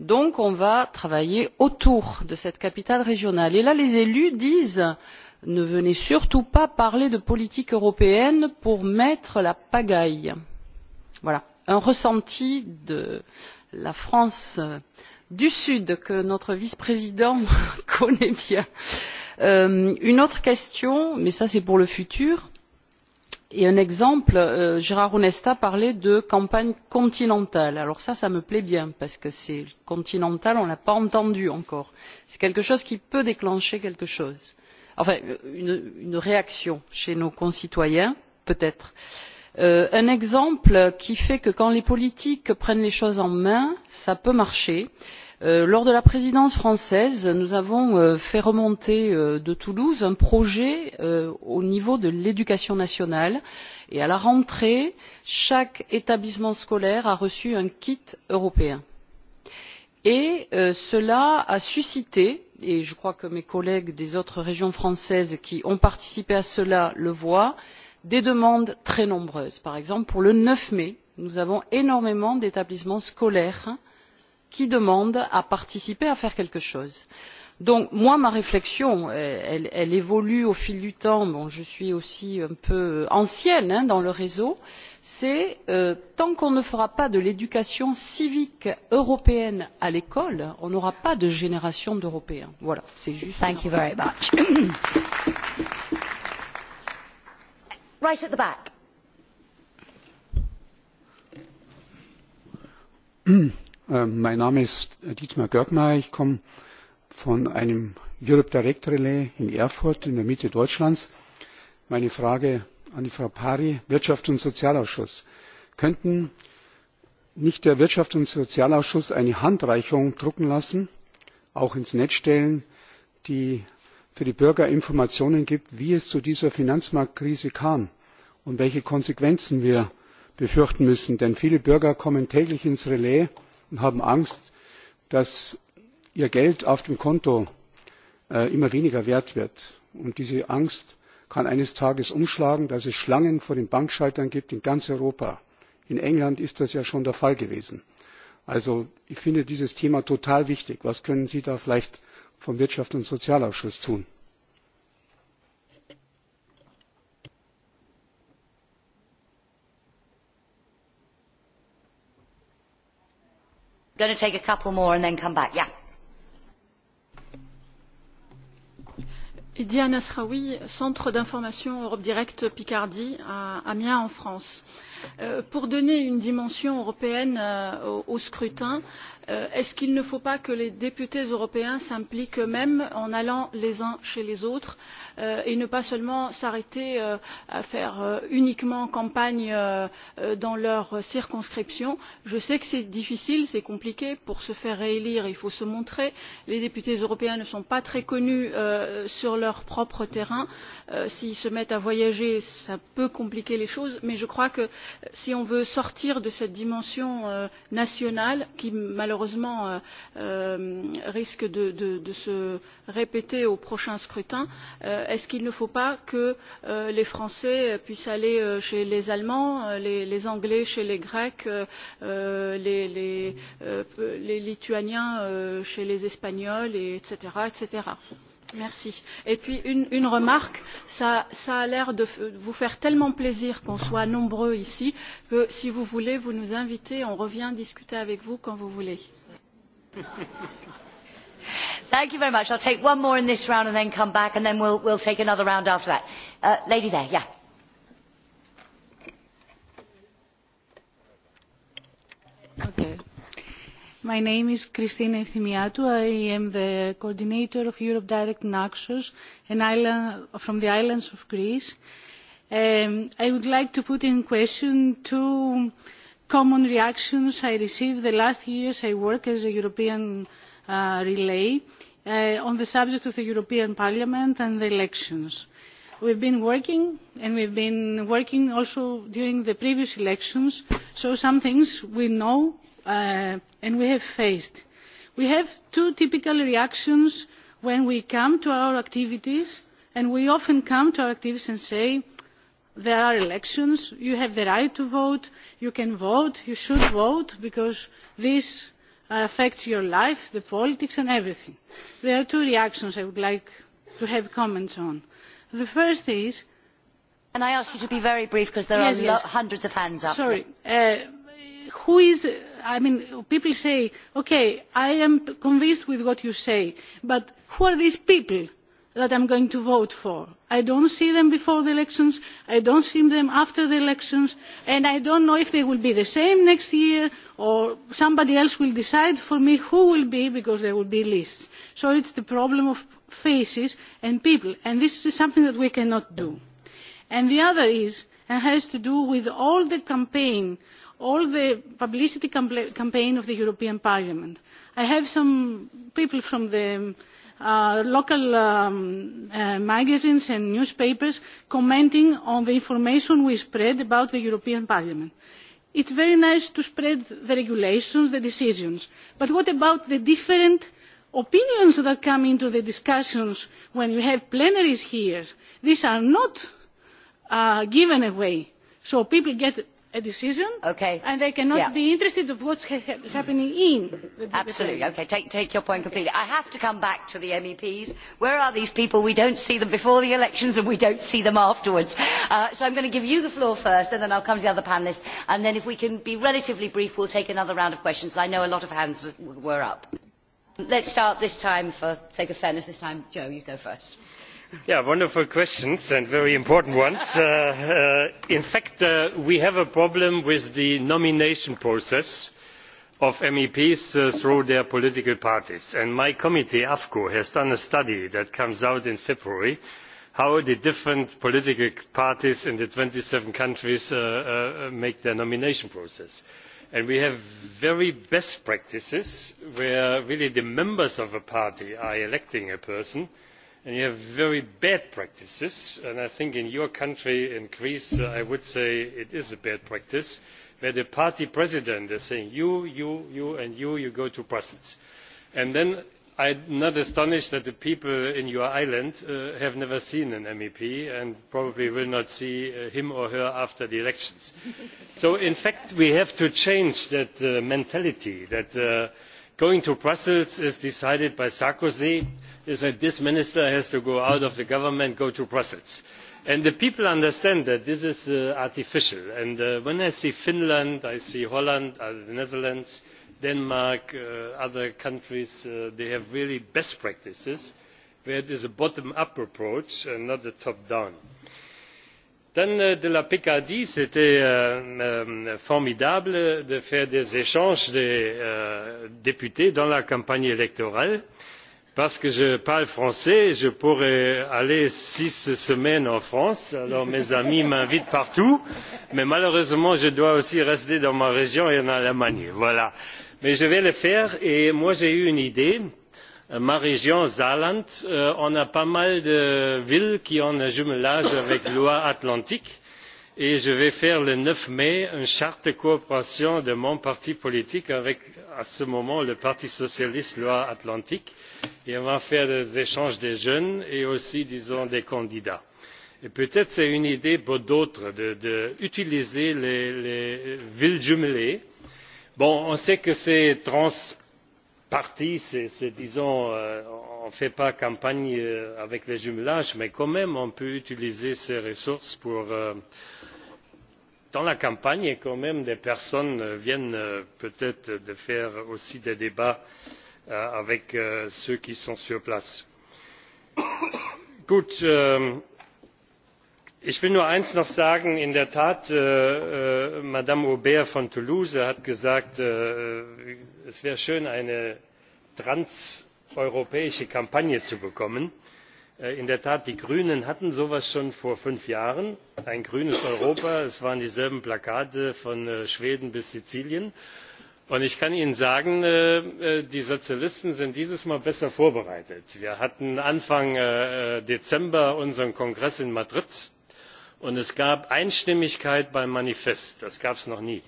donc on va travailler autour de cette capitale régionale et là les élus disent ne venez surtout pas parler de politique européenne pour mettre la pagaille. voilà un ressenti de la france du sud que notre vice président connaît bien. Euh, une autre question mais ça c'est pour le futur et un exemple euh, gérard onesta parlait de campagne continentale. alors ça ça me plaît bien parce que continental on ne l'a pas entendu encore. c'est quelque chose qui peut déclencher quelque chose enfin une réaction chez nos concitoyens peut être. Euh, un exemple qui fait que quand les politiques prennent les choses en main ça peut marcher c'est Euh, lors de la présidence française nous avons euh, fait remonter euh, de toulouse un projet au niveau de l'éducation nationale et à la rentrée chaque établissement scolaire a reçu un kit européen. cela a suscité et je crois que mes collègues des autres régions françaises qui ont participé à cela le voient des demandes très nombreuses. par exemple pour le neuf mai nous avons énormément d'établissements scolaires qui qui demandent à participer à faire quelque chose. donc moi, ma réflexion elle, elle évolue au fil du temps bon, je suis aussi un peu ancienne hein, dans le réseau c'est euh, tant qu'on ne fera pas de l'éducation civique européenne à l'école on n'aura pas de génération d'européens. voilà c'est juste. thank you very much. right at the back. Ähm, mein Name ist Dietmar Görgmeier. Ich komme von einem Europe Direct Relais in Erfurt in der Mitte Deutschlands. Meine Frage an die Frau Pari, Wirtschaft und Sozialausschuss. Könnten nicht der Wirtschaft und Sozialausschuss eine Handreichung drucken lassen, auch ins Netz stellen, die für die Bürger Informationen gibt, wie es zu dieser Finanzmarktkrise kam und welche Konsequenzen wir befürchten müssen. Denn viele Bürger kommen täglich ins Relais haben angst dass ihr geld auf dem konto äh, immer weniger wert wird. und diese angst kann eines tages umschlagen dass es schlangen vor den bankschaltern gibt in ganz europa. in england ist das ja schon der fall gewesen. also ich finde dieses thema total wichtig. was können sie da vielleicht vom wirtschafts und sozialausschuss tun? going to take a couple more and then come back. Yeah. Idia Nasraoui, Centre d'information Europe Direct Picardie à Amiens en France. Euh, pour donner une dimension européenne euh, au, au scrutin, euh, Euh, est ce qu'il ne faut pas que les députés européens s'impliquent eux mêmes en allant les uns chez les autres euh, et ne pas seulement s'arrêter euh, à faire uniquement campagne dans leur circonscription? je sais que c'est difficile c'est compliqué pour se faire réélire il faut se montrer les députés européens ne sont pas très connus sur leur propre terrain s'ils se mettent à voyager cela peut compliquer les choses mais je crois que si on veut sortir de cette dimension nationale qui malheureusement malheureusement euh, euh, risque de, de, de se répéter au prochain scrutin euh, est ce qu'il ne faut pas que les français puissent aller chez les allemands les, les anglais chez les grecs les, les, les lituaniens chez les espagnols et etc. etc. Merci. Et puis une, une remarque, ça, ça a l'air de vous faire tellement plaisir qu'on soit nombreux ici que si vous voulez, vous nous invitez, on revient discuter avec vous quand vous voulez. Thank you very much. I'll take one more in this round and then come back and then we'll, we'll take another round after that. Uh, lady there, yeah. Okay My name is Christine Ευθυμιάτου. I am the coordinator of Europe Direct Naxos an island, from the islands of Greece. Um, I would like to put in question two common reactions I received the last years I work as a European uh, relay uh, on the subject of the European Parliament and the elections we've been working and we've been working also during the previous elections so some things we know uh, and we have faced. We have two typical reactions when we come to our activities and we often come to our activities and say there are elections, you have the right to vote, you can vote, you should vote because this affects your life, the politics and everything. There are two reactions I would like to have comments on the first is and i ask you to be very brief because there yes, are yes. hundreds of hands up. sorry uh, who is i mean people say okay i am convinced with what you say but who are these people? that i am going to vote for. i do not see them before the elections i do not see them after the elections and i do not know if they will be the same next year or somebody else will decide for me who will be because there will be lists. so it is the problem of faces and people and this is something that we cannot do. And the other is and has to do with all the campaign all the publicity campaign of the european parliament. i have some people from the uh, local um, uh, magazines and newspapers commenting on the information we spread about the European Parliament. It's very nice to spread the regulations, the decisions, but what about the different opinions that come into the discussions when you have plenaries here? These are not uh, given away, so people get a decision okay. and they cannot yeah. be interested in what is ha happening in the absolutely the okay take, take your point completely i have to come back to the meps where are these people we don't see them before the elections and we don't see them afterwards uh, so i'm going to give you the floor first and then i'll come to the other panelists and then if we can be relatively brief we'll take another round of questions i know a lot of hands were up let's start this time for sake of fairness this time jo you go first Yeah, wonderful questions and very important ones. Uh, uh, in fact, uh, we have a problem with the nomination process of meps uh, through their political parties and my committee afco has done a study that comes out in february how the different political parties in the twenty seven countries uh, uh, make their nomination process and we have very best practices where really the members of a party are electing a person and and you have very bad practices and i think in your country in greece uh, i would say it is a bad practice where the party president is saying you you you and you you go to brussels and then i am not astonished that the people in your island uh, have never seen an mep and probably will not see uh, him or her after the elections. so in fact we have to change that uh, mentality that uh, going to brussels is decided by sarkozy and this minister has to go out of the government and go to brussels. And the people understand that this is uh, artificial and uh, when i see finland i see holland uh, the netherlands denmark uh, other countries uh, they have really best practices where it is a bottom up approach and not a top down domaine äh, de la picardie c'était euh, euh, formidable de faire des échanges de euh, députés dans la campagne électorale parce que je parle français je pourrais aller six semaines en france alors mes amis m'invitent partout mais malheureusement je dois aussi rester dans ma région et en allemagne voilà mais je vais le faire et j'ai eu une idée ma région saarland euh, on a pas mal de villes qui ont un jumelage avec loire atlantique et je vais faire le neuf mai une charte de coopération de mon parti politique avec à ce moment le parti socialiste loire atlantique et on va faire des échanges de jeunes et aussi disons des candidats. peut être est ce une idée pour d'autres d'utiliser les, les villes jumelées. Bon, on sait que c'est trans parti disons euh, on ne fait pas campagne euh, avec les jumelages mais quand même on peut utiliser ces ressources pour euh, dans la campagne quand même des personnes viennent peut être de faire aussi des débats avec ceux qui sont sur place. écoute ich will nur eines noch sagen in der tat äh, äh, madame aubert von toulouse hat gesagt äh, es wäre schön eine transeuropäische kampagne zu bekommen. in der tat die grünen hatten so etwas schon vor fünf jahren ein grünes europa es waren dieselben plakate von schweden bis sizilien. und ich kann ihnen sagen die sozialisten sind dieses mal besser vorbereitet. wir hatten anfang dezember unseren kongress in madrid und es gab einstimmigkeit beim manifest das gab es noch nie.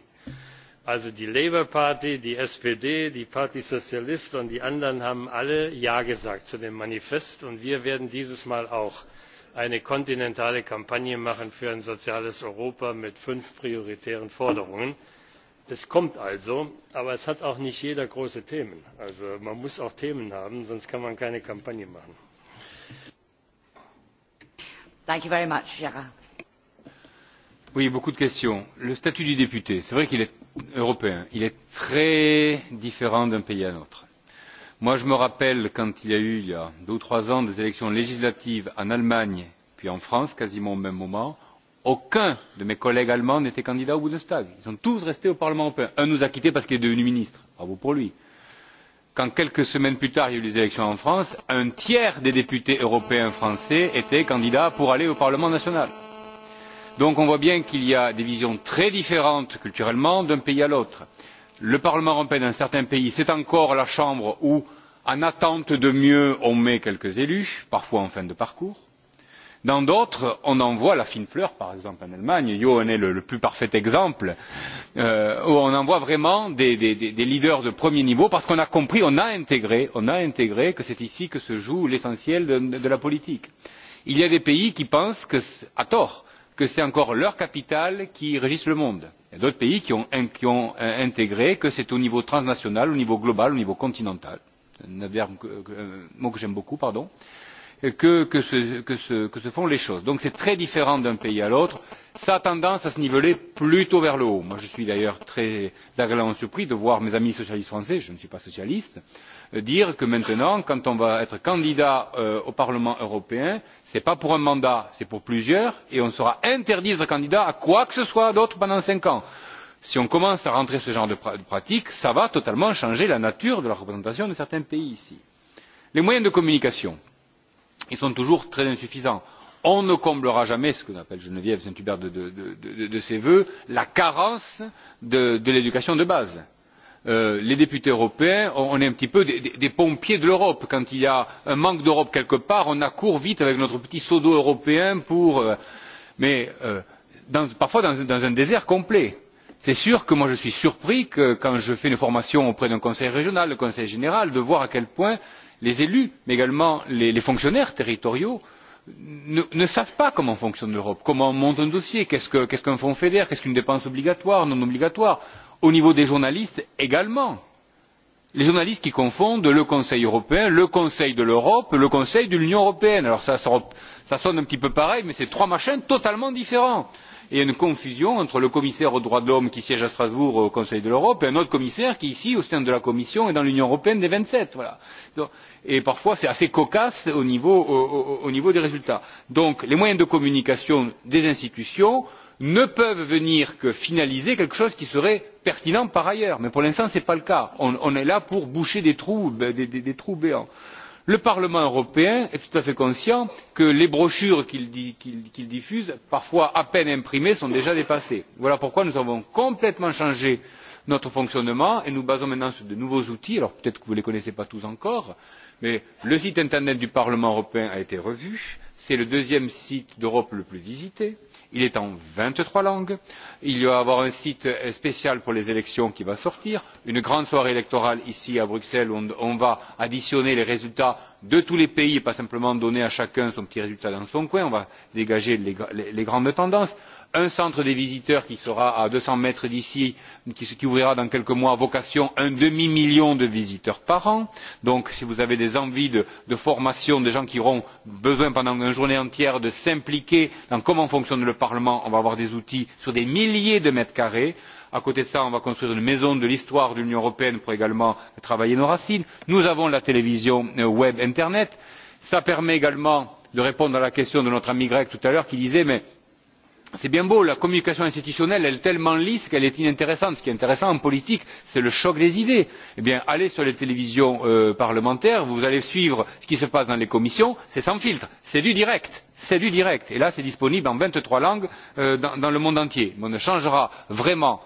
also die labour party die spd die partie socialiste und die anderen haben alle ja gesagt zu dem manifest und wir werden dieses mal auch eine kontinentale kampagne machen für ein soziales europa mit fünf prioritären forderungen. es kommt also aber es hat auch nicht jeder große themen. also man muss auch themen haben sonst kann man keine kampagne machen. thank you very much gerard. Oui, beaucoup de questions. Le statut du député, c'est vrai qu'il est européen, il est très différent d'un pays à l'autre. Moi, je me rappelle quand il y a eu, il y a deux ou trois ans, des élections législatives en Allemagne puis en France, quasiment au même moment, aucun de mes collègues allemands n'était candidat au Bundestag. Ils sont tous restés au Parlement européen. Un nous a quittés parce qu'il est devenu ministre. Bravo pour lui. Quand quelques semaines plus tard, il y a eu les élections en France, un tiers des députés européens français étaient candidats pour aller au Parlement national donc on voit bien qu'il y a des visions très différentes culturellement d'un pays à l'autre. le parlement européen dans certains pays c'est encore la chambre où en attente de mieux on met quelques élus parfois en fin de parcours. dans d'autres on envoie la fine fleur par exemple en allemagne jo en est le, le plus parfait exemple euh, où on envoie vraiment des, des, des leaders de premier niveau parce qu'on a compris on a intégré, on a intégré que c'est ici que se joue l'essentiel de, de la politique. il y a des pays qui pensent que, à tort que c'est encore leur capitale qui régisse le monde. il y a d'autres pays qui ont, qui ont euh, intégré que c'est au niveau transnational au niveau global au niveau continental un euh, mot que j'aime beaucoup pardon, que, que, se, que, se, que se font les choses. donc c'est très différent d'un pays à l'autre. ça a tendance à se niveler plutôt vers le haut. Moi, je suis d'ailleurs très agréablement surpris de voir mes amis socialistes français je ne suis pas socialiste Euh, dire que maintenant quand on va être candidat euh, au parlement européen ce n'est pas pour un mandat c'est pour plusieurs et on sera interdit d'être candidat à quoi que ce soit d'autre pendant cinq ans. si on commence à entrer dans ce genre de, pra de pratique cela va totalement changer la nature de la représentation de certains pays ici. les moyens de communication ils sont toujours très insuffisants. on ne comblera jamais ce que appelle geneviève saint hubert de, de, de ses vœux la carence de l'éducation de base Euh, les députés européens on est un petit peu des, des pompiers de l'europe quand il y a un manque d'europe quelque part on accourt vite avec notre petit seau d'eau européen pour euh, mais euh, dans, parfois dans, dans un désert complet. c'est sûr que moi je suis surpris que, quand je fais une formation auprès d'un conseil régional d'un conseil général de voir à quel point les élus mais également les, les fonctionnaires territoriaux ne, ne savent pas comment fonctionne l'europe comment on monte un dossier qu'est ce qu'un qu qu fonds feder qu'est ce qu'une dépense obligatoire non obligatoire au niveau des journalistes également les journalistes qui confondent le conseil européen le conseil de l'europe le conseil de l'union européenne. alors ça, ça sonne un petit peu pareil mais c'est trois machins totalement différents. il y a une confusion entre le commissaire aux droits de l'homme qui siège à strasbourg au conseil de l'europe et un autre commissaire qui ici au sein de la commission est dans l'union européenne des vingt sept voilà. et parfois c'est assez cocasse au niveau, au, au, au niveau des résultats. donc les moyens de communication des institutions ne peuvent venir que finaliser quelque chose qui serait pertinent par ailleurs mais pour l'instant ce n'est pas le cas on, on est là pour boucher des trous, des, des, des trous béants. le parlement européen est tout à fait conscient que les brochures qu'il qu qu diffuse parfois à peine imprimées sont déjà dépassées. voilà pourquoi nous avons complètement changé euh, notre fonctionnement et nous basons maintenant sur de nouveaux outils alors peut être que vous ne les connaissez pas tous encore mais le site internet du parlement européen a été revu c'est le deuxième site d'europe le plus visité il est en vingt trois langues il va y avoir un site spécial pour les élections qui va sortir une grande soirée électorale ici à bruxelles où on va additionner les résultats de tous les pays et pas simplement donner à chacun son petit résultat dans son coin on va dégager les grandes tendances un centre des visiteurs qui sera à deux cents mètres d'ici qui ouvrira dans quelques mois a vocation à un demi million de visiteurs par an donc si vous avez des envies de formation des gens qui auront besoin pendant une journée entière de s'impliquer dans la manière dont fonctionne le parlement on va avoir des outils sur des milliers de mètres carrés. à côté de cela on va construire une maison de l'histoire de l'union européenne pour également travailler nos racines. nous avons la télévision euh, web internet. cela permet également de répondre à la question de notre ami grec tout à l'heure qui disait mais c'est bien beau la communication institutionnelle est tellement lisse qu'elle est inintéressante. ce qui est intéressant en politique c'est le choc des idées. eh bien allez sur les télévisions euh, parlementaires vous allez suivre ce qui se passe dans les commissions c'est sans filtre c'est du direct c'est du direct et là c'est disponible en vingt trois langues euh, dans le monde entier. on ne changera vraiment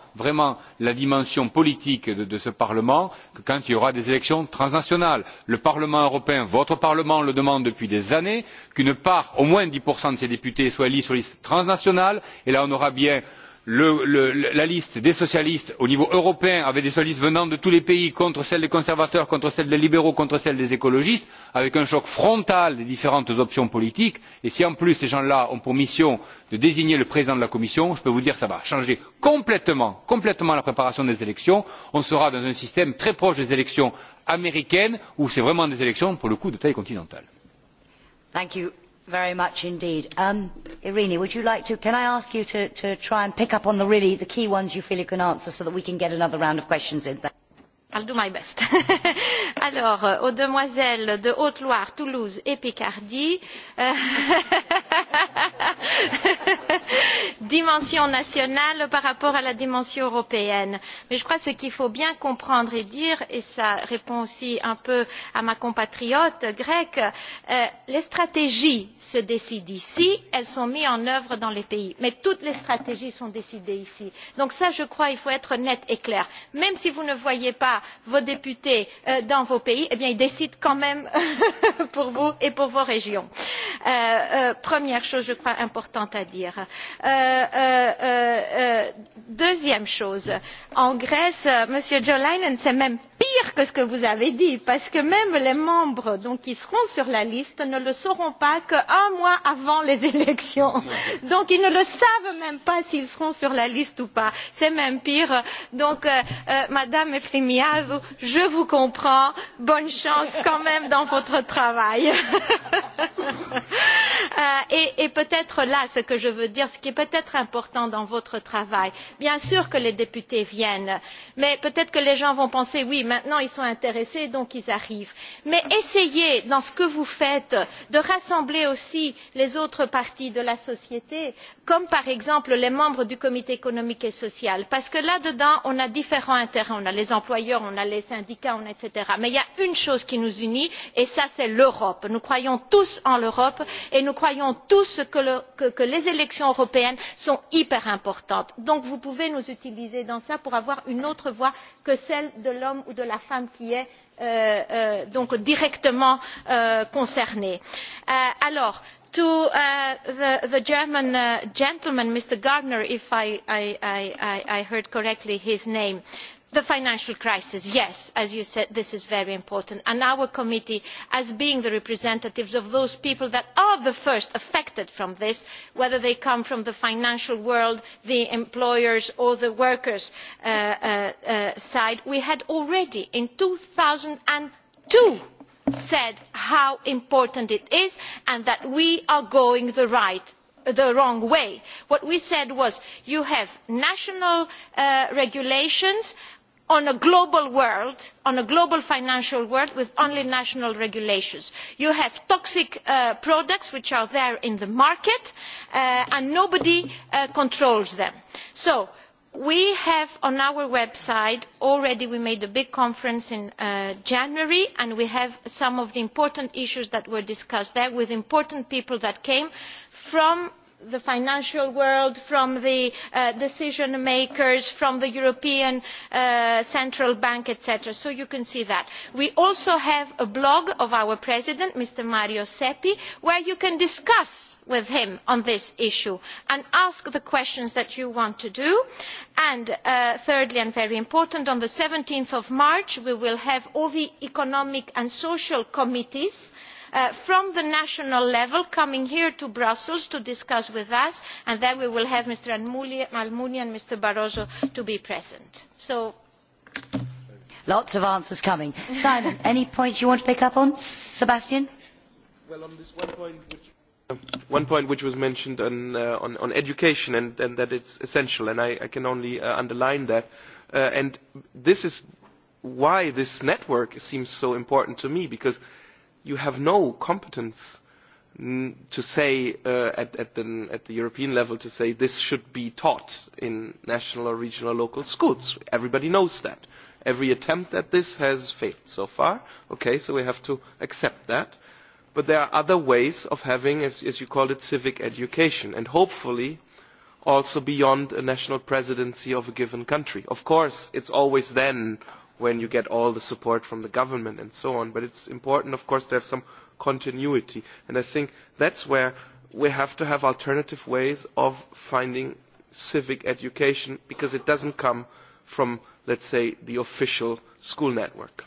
la dimension politique de ce parlement que quand il y aura des élections transnationales. le parlement européen votre parlement le demande depuis des années qu'une part au moins dix de ses députés soit émise sur liste transnationale et là on aura bien le, le, la liste des socialistes au niveau européen avec des socialistes venant de tous les pays contre celle des conservateurs contre celle des libéraux contre celle des écologistes avec un choc frontal des différentes options politiques et si en plus ces gens là ont pour mission de désigner le président de la commission je peux vous dire que ça va changer complètement, complètement la préparation des élections on sera dans un système très proche des élections américaines où c'est vraiment des élections pour le coup de taille continentale. Thank you very much indeed. Um, Irene, would you like to, can I ask you to, to try and pick up on the really, the key ones you feel you can answer so that we can get another round of questions in there? I'll do my best. Alors, euh, aux demoiselles de Haute-Loire, Toulouse et Picardie, euh, dimension nationale par rapport à la dimension européenne. Mais je crois que ce qu'il faut bien comprendre et dire, et ça répond aussi un peu à ma compatriote grecque, euh, les stratégies se décident ici, elles sont mises en œuvre dans les pays. Mais toutes les stratégies sont décidées ici. Donc ça, je crois, il faut être net et clair. Même si vous ne voyez pas pas vos députés euh, dans vos pays eh ils décident quand même pour vous et pour vos régions. Euh, euh, première chose je crois importante à dire. deuxième chose en grèce monsieur jo leinen c'est même pire que ce que vous avez dit parce que même les membres qui seront sur la liste ne le sauront pas qu'un mois avant les élections. donc ils ne le savent même pas s'ils seront sur la liste ou pas. c'est même pire. donc madame efremia caso je vous comprends bonne chance quand même dans votre travail. Euh, et, et peut être là ce que je veux dire ce qui est peut être important dans votre travail bien sûr que les députés viennent mais peut être que les gens vont penser oui maintenant ils sont intéressés donc ils arrivent mais essayez dans ce que vous faites de rassembler aussi les autres parties de la société comme par exemple les membres du comité économique et social parce que là dedans on a différents intérêts on a les employeurs secteurs on a les syndicats etc. mais il y a une chose qui nous unit et c'est l'europe. nous croyons tous en l'europe et nous croyons tous que les élections européennes sont hyper importantes. donc vous pouvez nous utiliser dans cela pour avoir une autre voix que celle de l'homme ou de la femme qui est euh, euh, directement euh, concerné. alors to the german gentleman mr gardner if i heard correctly his name the financial crisis yes as you said this is very important and our committee as being the representatives of those people that are the first affected by this whether they come from the financial world the employers or the workers' uh, uh, uh, side had already in two thousand and two said how important it is and that we are going the right the wrong way. what we said was you have national regulations on a global world on a global financial world with only national regulations. you have toxic uh, products which are there in the market uh, and nobody uh, controls them. so we have on our website already we made a big conference in uh, january and we have some of the important issues that were discussed there with important people that came from the financial world from the uh, decision makers from the european uh, central bank etc. so you can see that. we also have a blog of our president mr mario seppi where you can discuss with him on this issue and ask the questions that you want to do. and uh, thirdly and very important on seventeen march we will have all the economic and social committees uh, uh, from the national level coming here to brussels to discuss with us and then we will have mr almunia and mr barroso to be present. so lots of answers coming. simon any points you want to pick up on? sebastian? well on this one point which uh, one point which was mentioned on, uh, on, on education and, and that it's essential, and I, I can only uh, underline that. Uh, and this is why this network seems so important to me, because uh, you have no competence to say uh, at, at, the, at the European level to say this should be taught in national or regional local schools. Everybody knows that. Every attempt at this has failed so far. Okay, so we have to accept that. But there are other ways of having, as, as you called it, civic education, and hopefully also beyond a national presidency of a given country. Of course, it's always then when you get all the support from the government and so on. But it's important, of course, to have some continuity. And I think that's where we have to have alternative ways of finding civic education because it doesn't come from, let's say, the official school network.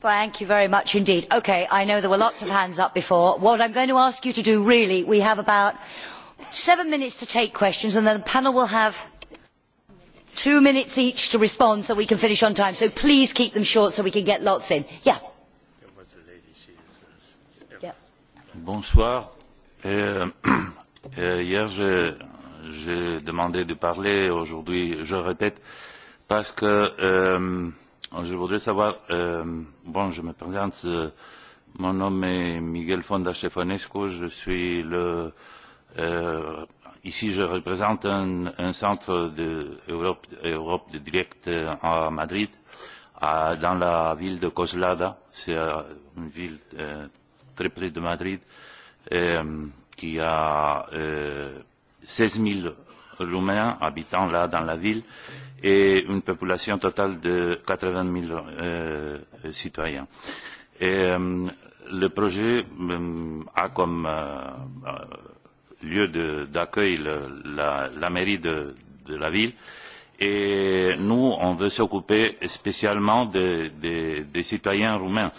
Thank you very much indeed. Okay, I know there were lots of hands up before. What I'm going to ask you to do really, we have about seven minutes to take questions and then the panel will have two minutes each to respond so we can finish on time so please keep them short so we can get lots in. Yeah. Bonsoir. Euh, euh, hier, j'ai demandé de parler. Aujourd'hui, je répète parce que euh, je voudrais savoir. Euh, bon, je me présente. Euh, mon nom est Miguel Fonda Stefanescu. Je suis le euh, Ici, je représente un, un centre d'Europe de, Europe de direct euh, à Madrid, à, dans la ville de Coslada. C'est euh, une ville euh, très près de Madrid euh, qui a euh, 16 000 Roumains habitant là dans la ville et une population totale de 80 000 euh, citoyens. Et, euh, le projet euh, a comme euh, lieu d'accueil la, la mairie de, de la ville et nous on veut s'occuper spécialement des, des, des citoyens roumains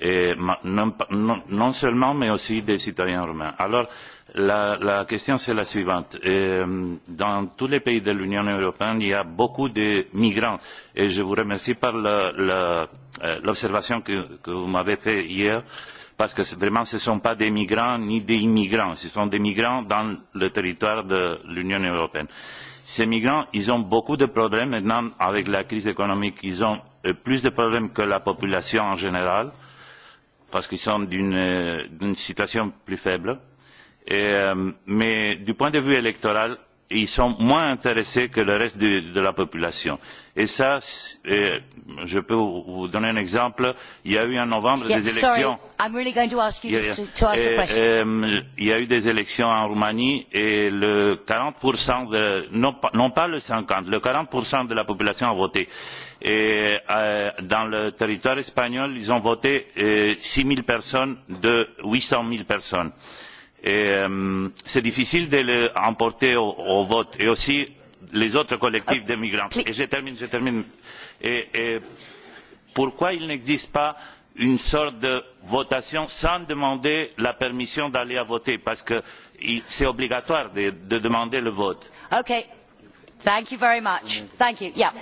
et non, non, non seulement mais aussi des citoyens roumains. alors la, la question est la suivante et, dans tous les pays de l'union européenne il y a beaucoup de migrants et je vous remercie pour euh, l'observation que, que vous m'avez faite hier sur parce que vraiment ce ne sont pas des migrants ni des immigrants ce sont des migrants dans le territoire de l'union européenne. ces migrants ils ont beaucoup de problèmes maintenant avec la crise économique ils ont euh, plus de problèmes que la population en général parce qu'ils sont d'une euh, situation plus faible. Et, euh, mais du point de vue électoral ils sont moins intéressés que le reste de, de la population. Et ça, et euh, je peux vous donner un exemple. Il y a eu en novembre yeah, des élections. Sorry, really il, y a, to, to et, euh, il y a eu des élections en Roumanie et le 40 de, non, non pas le 50, le 40 de la population a voté. Et euh, dans le territoire espagnol, ils ont voté euh, 6 000 personnes de 800 000 personnes. Euh, c'est difficile de les emporter au, au vote et aussi les autres collectifs ah, de migrants. Et je termine, je termine. Et, et pourquoi il n'existe pas une sorte de votation sans demander la permission d'aller voter parce que c'est obligatoire de, de demander le vote. Okay. Thank you very much. Thank you. Yeah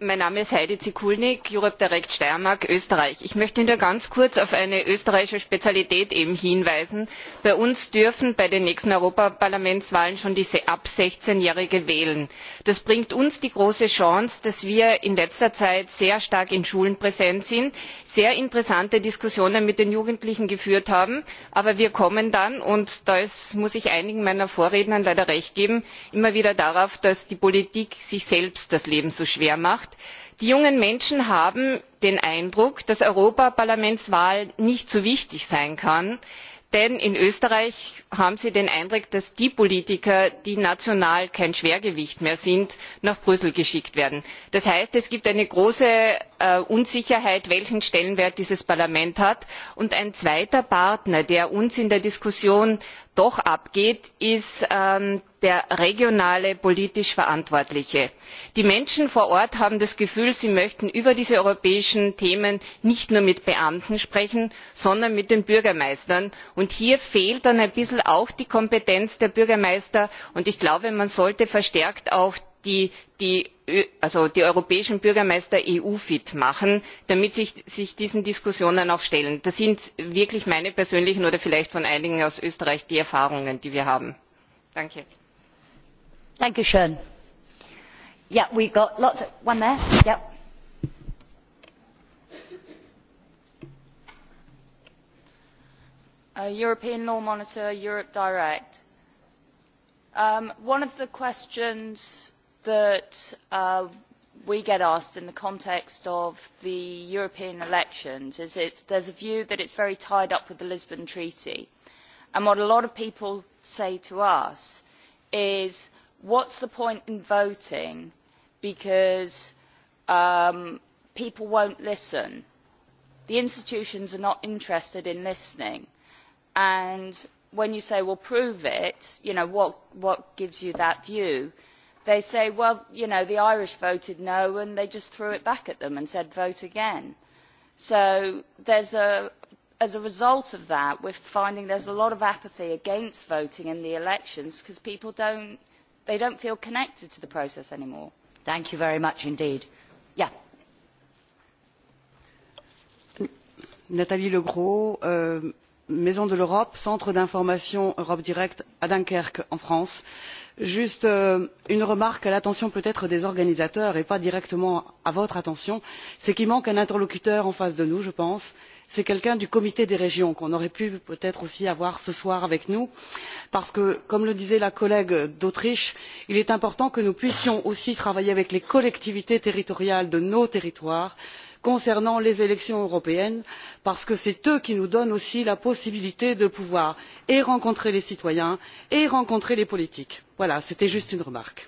mein name ist heidi zikulnik europe direkt steiermark österreich. ich möchte nur ganz kurz auf eine österreichische spezialität hinweisen bei uns dürfen bei den nächsten europaparlamentswahlen schon die ab sechzehn jährige wählen. das bringt uns die große chance dass wir in letzter zeit sehr stark in schulen präsent sind sehr interessante diskussionen mit den jugendlichen geführt haben aber wir kommen dann und da muss ich einigen meiner vorredner leider recht geben immer wieder darauf dass die politik sich selbst das leben so schwer macht macht die jungen menschen haben den eindruck dass europaparlamentswahlen nicht so wichtig sein können denn in österreich haben sie den eindruck dass die politiker die national kein schwergewicht mehr sind nach brüssel geschickt werden. das heißt es gibt eine große äh, unsicherheit welchen stellenwert dieses parlament hat. und ein zweiter partner der uns in der diskussion doch abgeht ist ähm, der regionale politisch verantwortliche. die menschen vor ort haben das gefühl sie möchten über diese europäischen themen nicht nur mit beamten sprechen sondern mit den bürgermeistern und hier fehlt dann ein bisschen auch die kompetenz der bürgermeister und ich glaube man sollte verstärkt auch die die europäischen bürgermeister eu fit machen damit sie sich diesen diskussionen auch stellen. das sind wirklich meine persönlichen oder vielleicht von einigen aus österreich die erfahrungen die wir haben. danke. Uh, european law monitor europe direct. Um, one of the questions that uh, we get asked in the context of the European elections is it, there's a view that it's very tied up with the Lisbon Treaty. And what a lot of people say to us is, what's the point in voting because um, people won't listen? The institutions are not interested in listening. And when you say, well, prove it, you know, what, what gives you that view? Uh, they say well you know the irish voted no and they just threw it back at them and said vote again. so a, as a result of that we are finding there is a lot of apathy against voting in the elections because people do not feel connected to the process any more. thank you very much indeed. Yeah. nathalie legros euh maison de l'europe centre d'information europe direct à dunkerque en france. juste euh, une remarque à l'attention peut être des organisateurs et pas directement à votre attention c'est qu'il manque un interlocuteur en face de nous je pense c'est quelqu'un du comité des régions qu'on aurait pu peut être aussi avoir ce soir avec nous parce que comme le disait la collègue d'autriche il est important que nous puissions aussi travailler avec les collectivités territoriales de nos territoires afin concernant les élections européennes parce que ce sont eux qui nous donnent aussi la possibilité de pouvoir et rencontrer les citoyens et rencontrer les politiques. voilà c'était juste une remarque.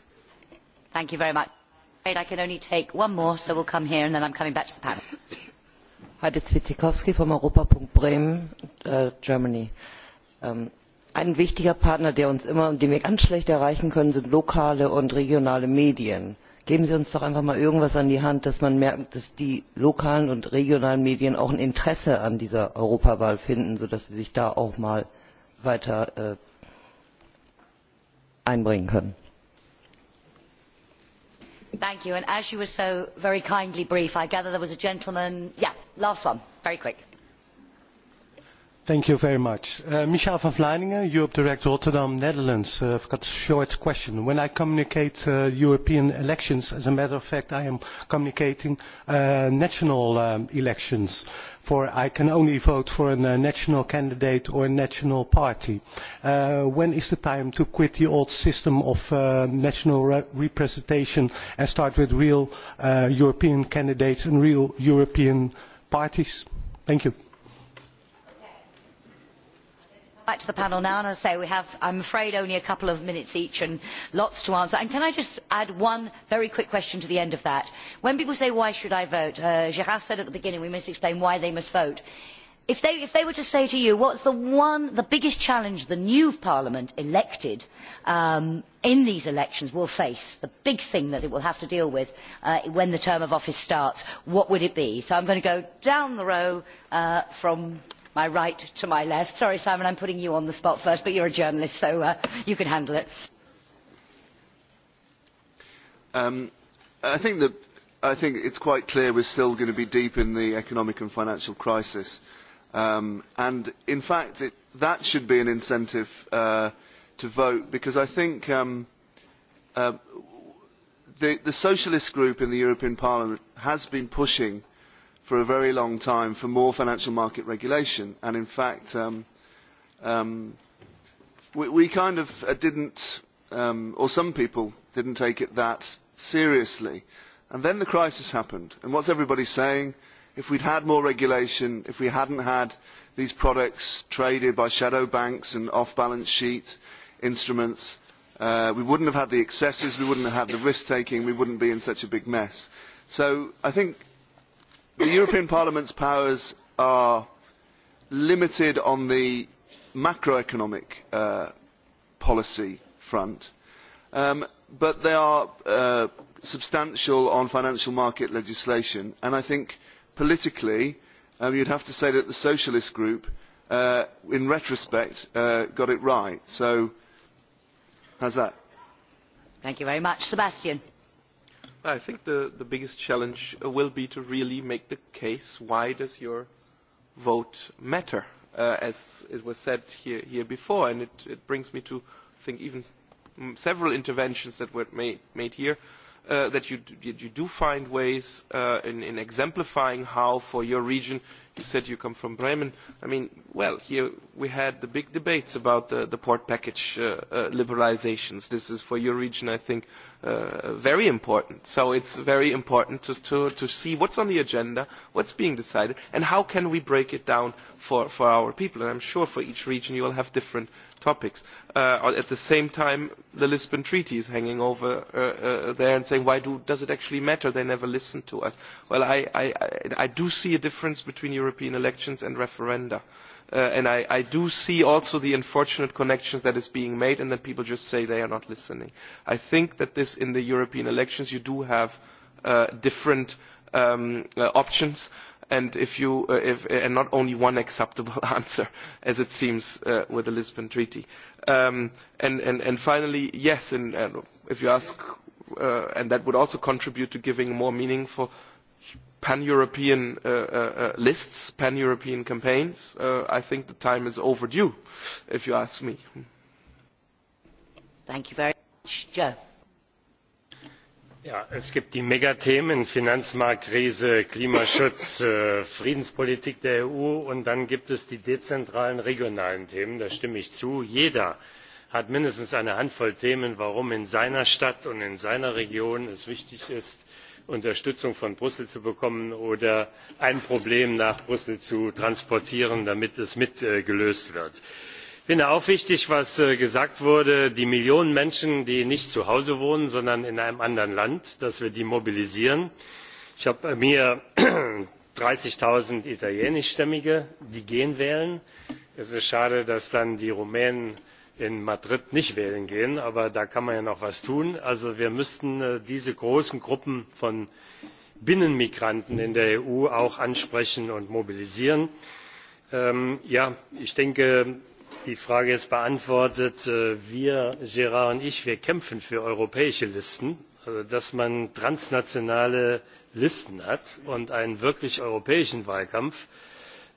heide zwitekowski vom europapunkt bremen äh, germany. Ähm, ein wichtiger partner der uns immer und den wir ganz schlecht erreichen können sind lokale und regionale medien geben sie uns doch einfach mal irgendwas an die hand dass man merkt dass die lokalen und regionalen medien auch ein interesse an dieser europawahl finden sodass sie sich da auch mal weiter äh, einbringen können. thank you and as you were so very kindly brief i gather there was a gentleman yeah last one very quick. Thank you very much. Uh, Michel van Vleiningen, Europe Direct Rotterdam, Netherlands. Uh, I've got a short question. When I communicate uh, European elections, as a matter of fact, I am communicating uh, national um, elections. For I can only vote for a uh, national candidate or a national party. Uh, when is the time to quit the old system of uh, national re representation and start with real uh, European candidates and real European parties? Thank you back to the panel now and say we have i am afraid only a couple of minutes each and lots to answer. can i just add one very quick question to the end of that? when people say why should i vote uh, gerard said at the beginning we must explain why they must vote. If they, if they were to say to you what is the one the biggest challenge the new parliament elected um, in these elections will face the big thing that it will have to deal with uh, when the term of office starts what would it be? so i am going to go down the row uh, from my right to my left. Sorry, Simon, I'm putting you on the spot first, but you're a journalist, so uh, you can handle it. Um, I think that I think it's quite clear we're still going to be deep in the economic and financial crisis. Um, and in fact, it, that should be an incentive uh, to vote because I think um, uh, the, the socialist group in the European Parliament has been pushing for a very long time for more financial market regulation. And in fact, um, um, we, we kind of uh, didn't, um, or some people didn't take it that seriously. And then the crisis happened. And what's everybody saying? If we'd had more regulation, if we hadn't had these products traded by shadow banks and off-balance sheet instruments, uh, we wouldn't have had the excesses, we wouldn't have had the risk-taking, we wouldn't be in such a big mess. So I think the European Parliament's powers are limited on the macroeconomic uh, policy front, um, but they are uh, substantial on financial market legislation. And I think politically, um, you'd have to say that the Socialist Group, uh, in retrospect, uh, got it right. So, how's that? Thank you very much. Sebastian. I think the, the biggest challenge uh, will be to really make the case why does your vote matter, uh, as it was said here, here before. And it, it brings me to think even mm, several interventions that were made, made here, uh, that you, you do find ways uh, in, in exemplifying how for your region you said you come from Bremen. I mean, well, here we had the big debates about uh, the port package uh, uh, liberalizations. This is for your region, I think, uh, very important. So it's very important to, to, to see what's on the agenda, what's being decided, and how can we break it down for, for our people. And I'm sure for each region you will have different uh, topics. Uh, at the same time, the Lisbon Treaty is hanging over uh, uh, there and saying, why do, does it actually matter? They never listen to us. Well, I, I, I do see a difference between European elections and referenda. Uh, and I, I do see also the unfortunate connections that is being made and that people just say they are not listening. I think that this in the European elections you do have uh, different um, uh, options and if you uh, if uh, and not only one acceptable answer as it seems uh, with the lisbon treaty um, and, and and finally yes and, and if you ask uh, and that would also contribute to giving more meaningful pan-European uh, uh, uh, lists, pan-European campaigns, uh, I think the time is overdue, if you ask me. Thank you very much. Joe. Ja, es gibt die megathemen finanzmarktkrise klimaschutz äh, friedenspolitik der eu und dann gibt es die dezentralen regionalen themen da stimme ich zu. jeder hat mindestens eine handvoll themen warum es in seiner stadt und in seiner region wichtig ist unterstützung von brüssel zu bekommen oder ein problem nach brüssel zu transportieren damit es mitgelöst äh, wird finde auch wichtig was äh, gesagt wurde die millionen menschen die nicht zu hause wohnen sondern in einem anderen land dass wir die mobilisieren. ich habe bei äh, mir dreißig null italienischstämmige die gehen wählen. es ist schade dass dann die rumänen in madrid nicht wählen gehen aber da kann man ja noch etwas tun. also wir müssten äh, diese großen gruppen von binnenmigranten in der eu auch ansprechen und mobilisieren. Ähm, ja ich denke die frage ist beantwortet äh, wir gerard und ich wir kämpfen für europäische listen also dass man transnationale listen hat und einen wirklich europäischen wahlkampf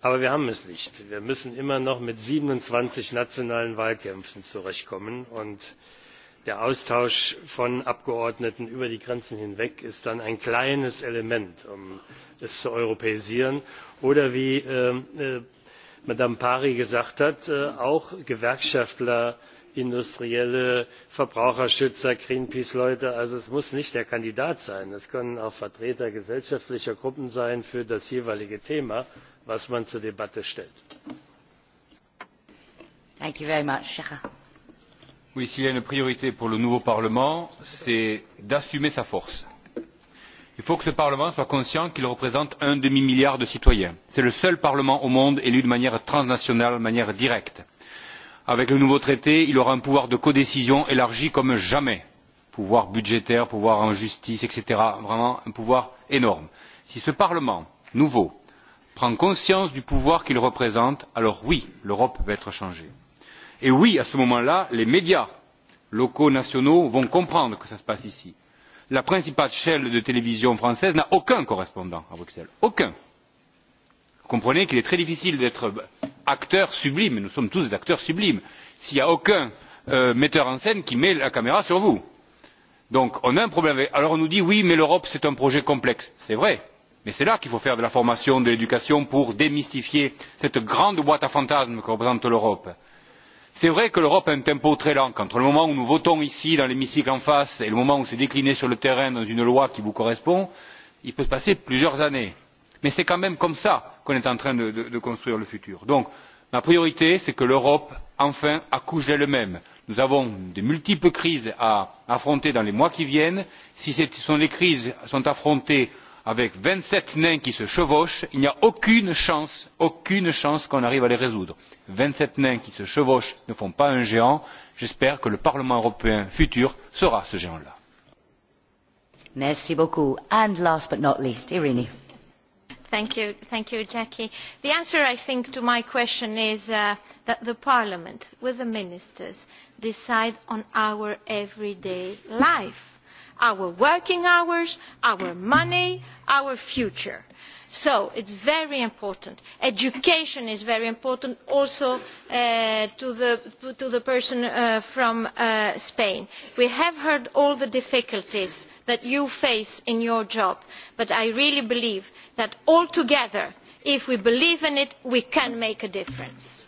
aber wir haben es nicht. wir müssen immer noch mit siebenundzwanzig nationalen wahlkämpfen zurechtkommen und der austausch von abgeordneten über die grenzen hinweg ist dann ein kleines element um es zu europäisieren oder wie ähm, äh, madame pari gesagt hat äh, auch gewerkschaftler industrielle verbraucherschützer greenpeace leute also es muss nicht der kandidat sein es können auch vertreter gesellschaftlicher gruppen sein für das jeweilige thema das man zur debatte stellt. s'il y a une priorité pour le nouveau parlement c'est d'assumer sa force il faut que ce parlement soit conscient qu'il représente un demi milliard de citoyens. c'est le seul parlement au monde élu de manière transnationale de manière directe. avec le nouveau traité il aura un pouvoir de codécision élargi comme jamais pouvoir budgétaire pouvoir en justice etc. vraiment un pouvoir énorme. si ce parlement nouveau prend conscience du pouvoir qu'il représente alors oui l'europe va être changée. et oui à ce moment là les médias locaux nationaux vont comprendre que ça se passe ici la principale chaîne de télévision française n'a aucun correspondant à bruxelles. aucun! vous comprenez qu'il est très difficile d'être acteur sublime nous sommes tous des acteurs sublimes s'il n'y a aucun euh, metteur en scène qui met la caméra sur vous. donc on a un problème. alors on nous dit oui mais l'europe c'est un projet complexe. c'est vrai mais c'est là qu'il faut faire de la formation de l'éducation pour démystifier cette grande boîte à fantasmes que représente l'europe c'est vrai que l'europe a un tempo très lent entre le moment où nous votons ici dans l'hémicycle en face et le moment où c'est décliné sur le terrain dans une loi qui vous correspond il peut se passer plusieurs années mais c'est quand même comme ça qu'on est en train de, de, de construire le futur. donc ma priorité c'est que l'europe enfin accouche d'elle même. nous avons de multiples crises à affronter dans les mois qui viennent. si ces crises sont affrontées avec vingt sept nains qui se chevauchent il n'y a aucune chance aucune chance qu'on arrive à les résoudre. vingt sept nains qui se chevauchent ne font pas un géant j'espère que le parlement européen futur sera ce géant là. Merci beaucoup. And last but not least, Irene. Thank you, thank you, Jackie. The answer, I think, to my question is uh, that the Parliament, with the ministers, decide on our everyday life our working hours our money our future. so it is very important. education is very important also uh, to, the, to the person uh, from uh, spain. we have heard all the difficulties that you face in your job but i really believe that all together if we believe in it we can make a difference.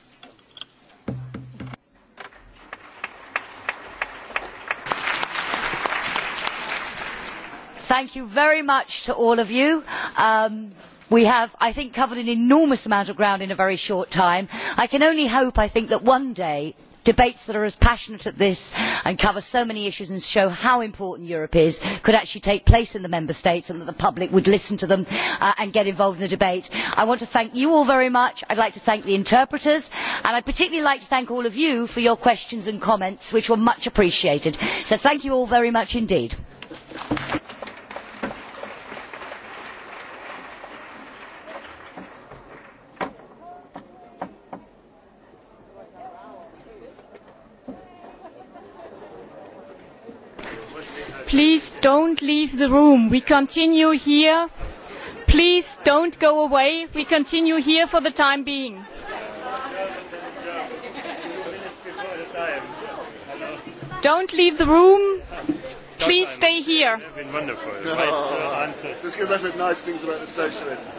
thank you very much to all of you. Um, we have i think covered an enormous amount of ground in a very short time. i can only hope I think, that one day debates that are as passionate as this and cover so many issues and show how important europe is could actually take place in the member states and that the public would listen to them uh, and get involved in the debate. i want to thank you all very much i would like to thank the interpreters and i would particularly like to thank all of you for your questions and comments which were much appreciated so thank you all very much indeed. don't leave the room. We continue here. Please don't go away. We continue here for the time being. Don't leave the room. Please stay here. They've been wonderful. Right, uh, answers. This because I said nice things about the socialists.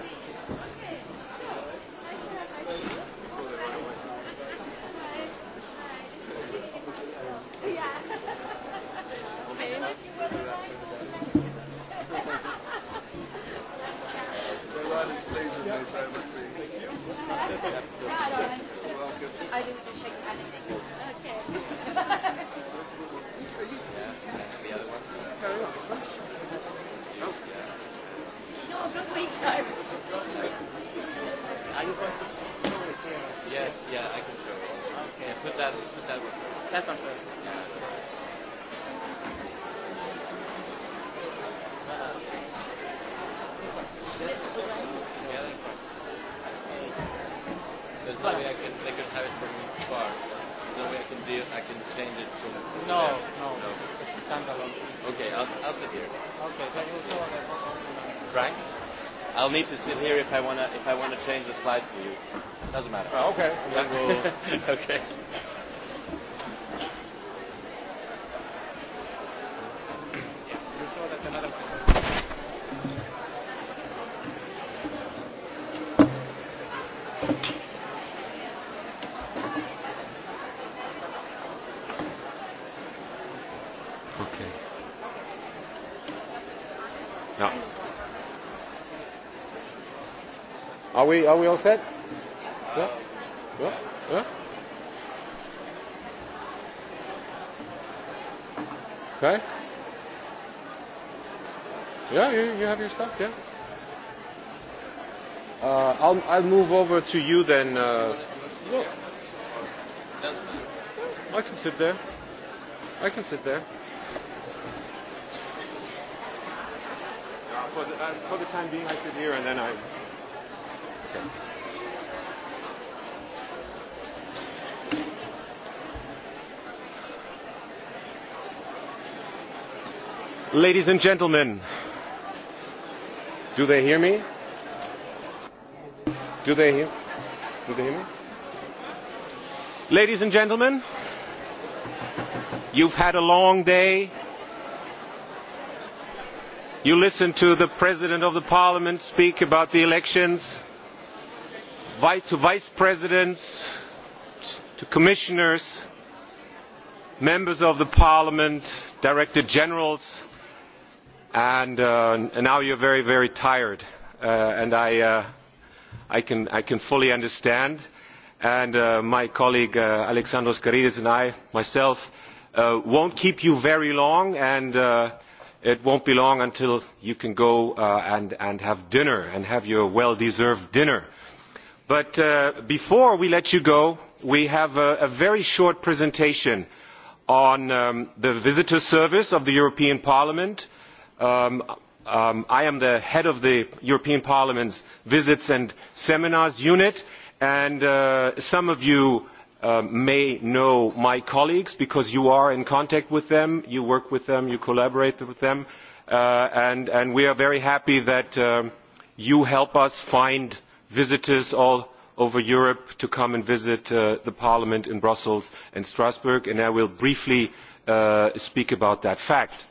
time. Are you going to show it here? Yes, yeah, I can show it. Okay. Yeah, put that, put that one first. That one first. Yeah. Yes. Yeah, that's fine. There's no way I can, I can have it from far. There's no way I can do, I can change it from. from no, there. no, no. Standalone. Okay, I'll, I'll sit here. Okay, so you saw that. Frank. I'll need to sit here if I want to if I want to change the slides for you. Doesn't matter. Oh, okay. And then we'll... okay. Are we, are we all set? Yeah? Yeah? Yeah? Okay? Yeah, you, you have your stuff, yeah? Uh, I'll, I'll move over to you then. Uh, no. I can sit there. I can sit there. For the, uh, for the time being, I sit here and then I. Dank. Ladies and gentlemen, do they hear me? Do they hear? Do they hear me? Ladies and gentlemen, you've had a long day. You listened to the President of the Parliament speak about the elections to vice presidents to commissioners members of the parliament director generals and uh, now you're very very tired uh, and I, uh, I, can, I can fully understand and uh, my colleague uh, Alexandros Karidis and I myself uh, won't keep you very long and uh, it won't be long until you can go uh, and, and have dinner and have your well-deserved dinner But uh, before we let you go, we have a, a very short presentation on um, the visitor service of the European Parliament. Um, um, I am the head of the European Parliament's visits and seminars unit, and uh, some of you uh, may know my colleagues because you are in contact with them, you work with them, you collaborate with them, uh, and, and we are very happy that um, you help us find visitors all over europe to come and visit uh, parliament in brussels and strasbourg and i will briefly uh, speak about that fact.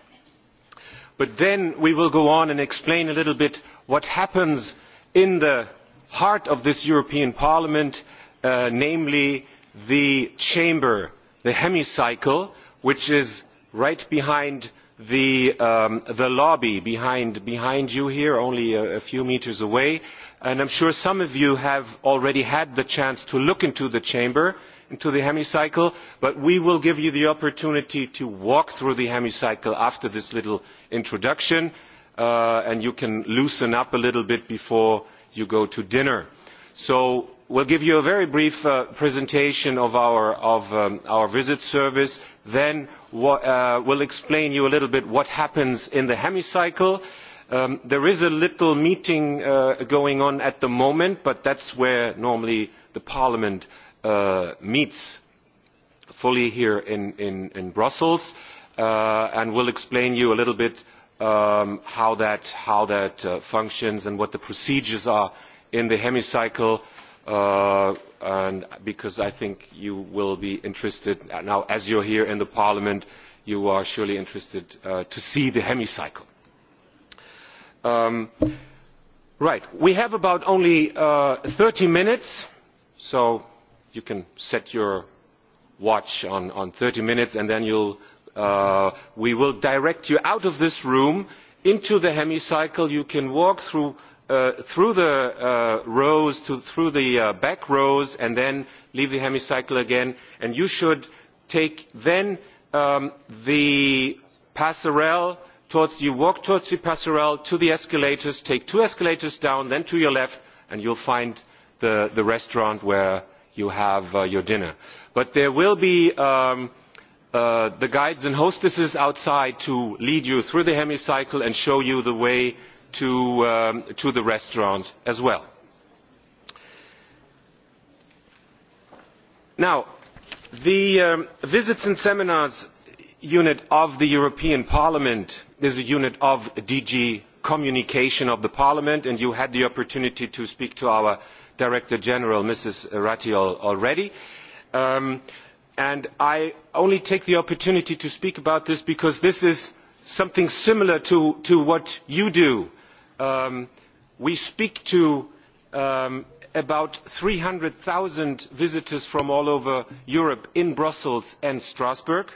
but then we will go on and explain a little bit what happens in the heart of this european parliament uh, namely the chamber the hemicycle which is right behind the, um, the lobby behind, behind you here, only a, a few meters away, and I'm sure some of you have already had the chance to look into the chamber, into the hemicycle, but we will give you the opportunity to walk through the hemicycle after this little introduction, uh, and you can loosen up a little bit before you go to dinner. So will give you a very brief uh, presentation of our, of, um, our visit service. Then uh, we'll explain you a little bit what happens in the hemicycle. Um, there is a little meeting uh, going on at the moment, but that's where normally the Parliament uh, meets fully here in, in, in Brussels, uh, and we'll explain you a little bit um, how that, how that uh, functions and what the procedures are in the hemicycle uh, and because I think you will be interested now as you're here in the Parliament you are surely interested uh, to see the hemicycle. Um, right, we have about only uh, 30 minutes so you can set your watch on, on 30 minutes and then you'll, uh, we will direct you out of this room into the hemicycle. You can walk through uh, through the uh, rows, to, through the uh, back rows, and then leave the hemicycle again. And you should take then um, the passerelle towards you walk towards the passerelle to the escalators, take two escalators down, then to your left, and you'll find the, the restaurant where you have uh, your dinner. But there will be um, uh, the guides and hostesses outside to lead you through the hemicycle and show you the way to, um, to the restaurant as well. Now, the um, visits and seminars unit of the European Parliament is a unit of DG communication of the Parliament, and you had the opportunity to speak to our Director General, Mrs. Ratiol, already. Um, and I only take the opportunity to speak about this because this is something similar to, to what you do uh, um, we speak to um, about three hundred zero visitors from all over europe in brussels and strasbourg.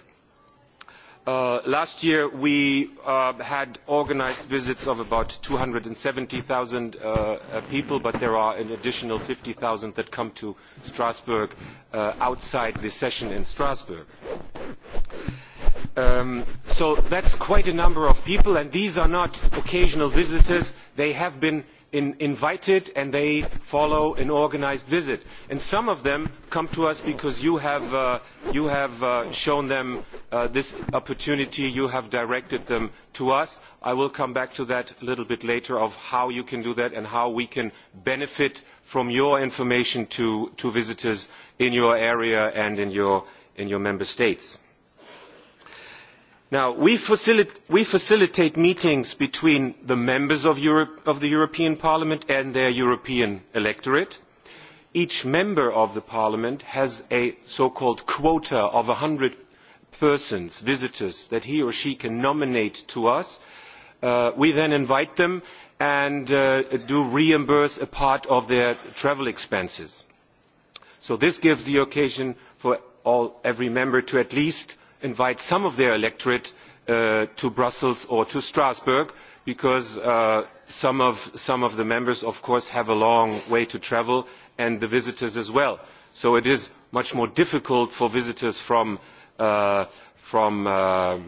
Uh, last year we uh, had organised visits of about two hundred and seventy zero uh, uh, people but there are an additional fifty zero that come to strasbourg uh, outside the session in strasbourg Um, so that is quite a number of people and these are not occasional visitors they have been in, invited and they follow an organised visit. And some of them come to us because you have, uh, you have uh, shown them uh, this opportunity you have directed them to us. i will come back to that a little bit later of how you can do that and how we can benefit from your information to, to visitors in your area and in your, in your member states Now, we, facil we facilitate meetings between the members of, Europe, of the European Parliament and their European electorate. Each member of the Parliament has a so-called quota of 100 persons, visitors, that he or she can nominate to us. Uh, we then invite them and uh, do reimburse a part of their travel expenses. So this gives the occasion for all, every member to at least invite some of their electorate uh, to Brussels or to Strasbourg because uh, some, of, some of the members, of course, have a long way to travel and the visitors as well. So it is much more difficult for visitors from, uh, from uh,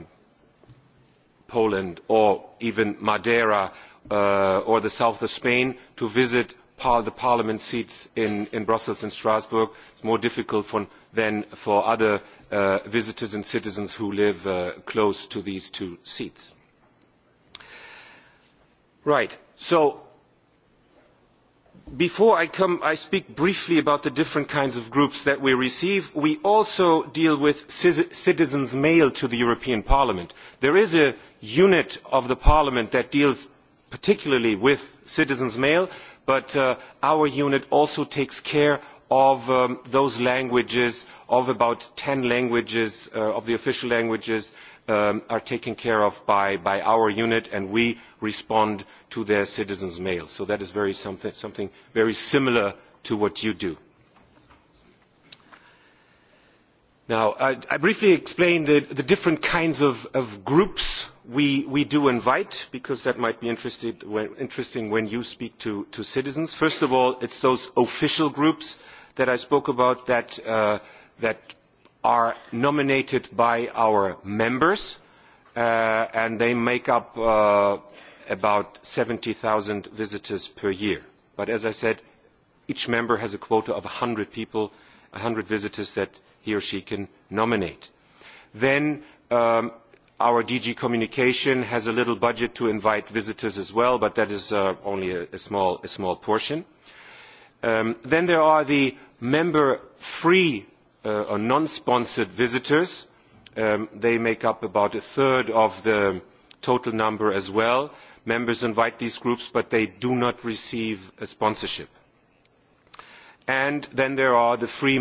Poland or even Madeira uh, or the south of Spain to visit par the parliament seats in, in brussels and strasbourg it is more difficult for, than for other uh, visitors and citizens who live uh, close to these two seats. Right, so before I, come, i speak briefly about the different kinds of groups that we receive we also deal with citizens' mail to the european parliament. there is a unit of the parliament that deals particularly with citizens' mail but uh, our unit also takes care of um, those languages of about ten languages uh, of the official languages um, are taken care of by, by our unit and we respond to their citizens' mail. So that is very something, something very similar to what you do. Now, I, I briefly explained the, the different kinds of, of groups we, we do invite, because that might be interested when, interesting when you speak to, to citizens. First of all, it's those official groups that I spoke about that, uh, that are nominated by our members, uh, and they make up uh, about 70,000 visitors per year. But as I said, each member has a quota of 100 people, 100 visitors that he or she can nominate. Then um, our dg communication has a little budget to invite visitors as well but that is uh, only a, a, small, a small portion. Um, then there are the member free uh, or non sponsored visitors um, they make up about a third of the total number as well. members invite these groups but they do not receive a sponsorship. and then there are the free,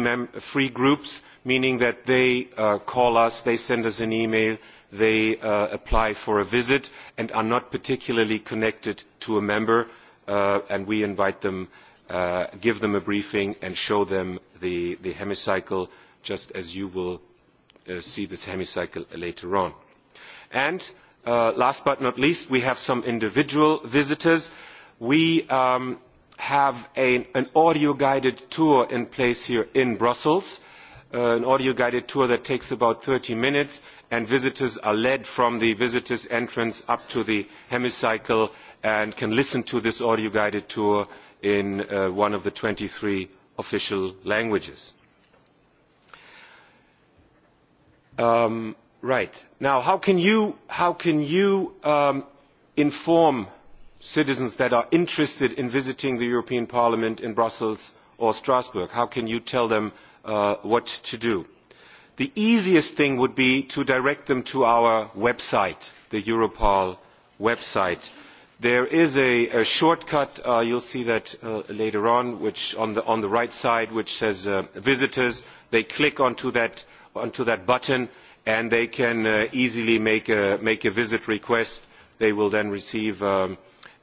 free groups meaning that they uh, call us they send us an email they uh, apply for a visit and are not particularly connected to a member uh, and we invite them, uh, give them a briefing and show them the, the hemicycle just as you will uh, see this hemicycle later on. And uh, last but not least, we have some individual visitors. We um, have a, an audio-guided tour in place here in Brussels uh, an audio guided tour that takes about 30 minutes and visitors are led from the visitors entrance up to the hemicycle and can listen to this audio guided tour in uh, one of the 23 official languages. Um, right. Now, how can you, how can you um, inform citizens that are interested in visiting the European Parliament in Brussels or Strasbourg? How can you tell them uh, uh, what to do. The easiest thing would be to direct them to our website, the Europol website. There is a, a shortcut, uh, you'll see that uh, later on, which on the, on the right side, which says uh, visitors. They click onto that, onto that button and they can uh, easily make a, make a visit request. They will then receive um,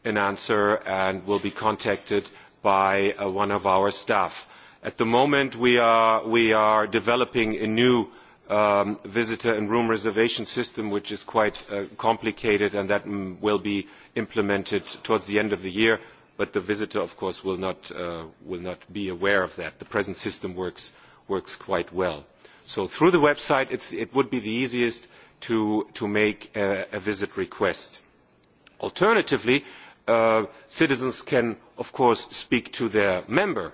an answer and will be contacted by uh, one of our staff at the moment we are, we are developing a new um, visitor and room reservation system which is quite uh, complicated and that m mm, will be implemented towards the end of the year but the visitor of course will not, uh, will not be aware of that. The present system works, works quite well. So through the website it's, it would be the easiest to, to make a, a visit request. Alternatively, uh, citizens can of course speak to their member uh,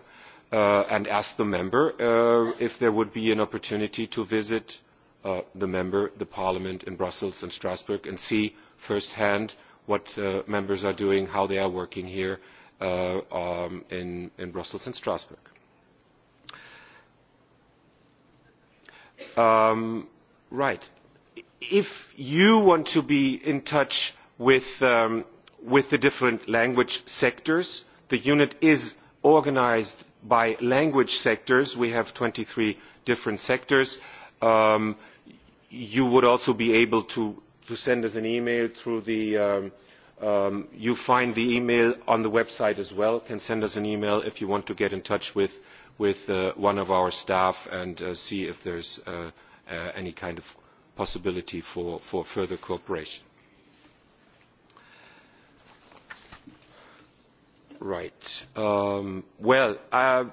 uh, and ask the member uh, if there would be an opportunity to visit uh, the member, the parliament in Brussels and Strasbourg and see firsthand what uh, members are doing, how they are working here uh, um, in, in Brussels and Strasbourg. Um, right. If you want to be in touch with, um, with the different language sectors, the unit is organized by language sectors we have twenty three different sectors um, you would also be able to, to send us an email through the um, um, you find the email on the website as well can send us an email if you want to get in touch with with uh, one of our staff and uh, see if there's uh, uh, any kind of possibility for, for further cooperation Right. Um, well, uh,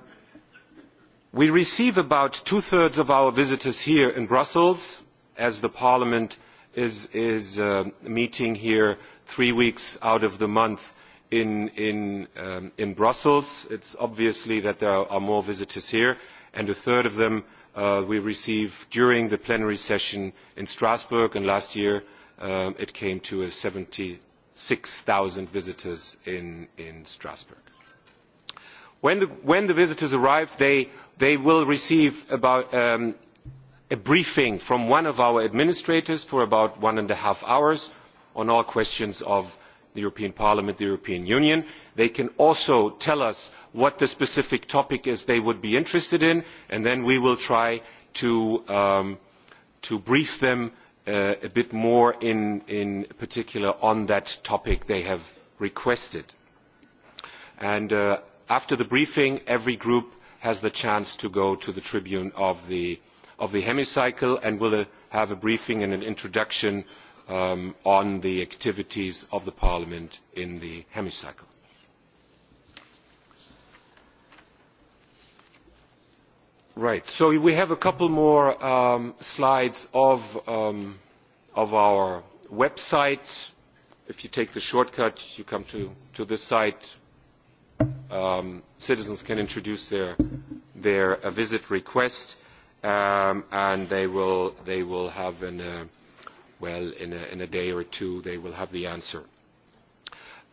we receive about two thirds of our visitors here in Brussels, as the Parliament is, is uh, meeting here three weeks out of the month in, in, um, in Brussels. It's obviously that there are more visitors here, and a third of them uh, we receive during the plenary session in Strasbourg, and last year um, it came to a 70 6,000 visitors in, in Strasbourg. When the, when the visitors arrive, they, they will receive about, um, a briefing from one of our administrators for about one and a half hours on all questions of the European Parliament, the European Union. They can also tell us what the specific topic is they would be interested in, and then we will try to, um, to brief them uh, a bit more in, in particular on that topic they have requested. And uh, after the briefing, every group has the chance to go to the tribune of the, of the hemicycle and will uh, have a briefing and an introduction um, on the activities of the parliament in the hemicycle. Right. So we have a couple more um, slides of, um, of our website. If you take the shortcut, you come to, to this site. Um, citizens can introduce their, their a uh, visit request, um, and they will, they will have in a, well, in a, in a day or two, they will have the answer.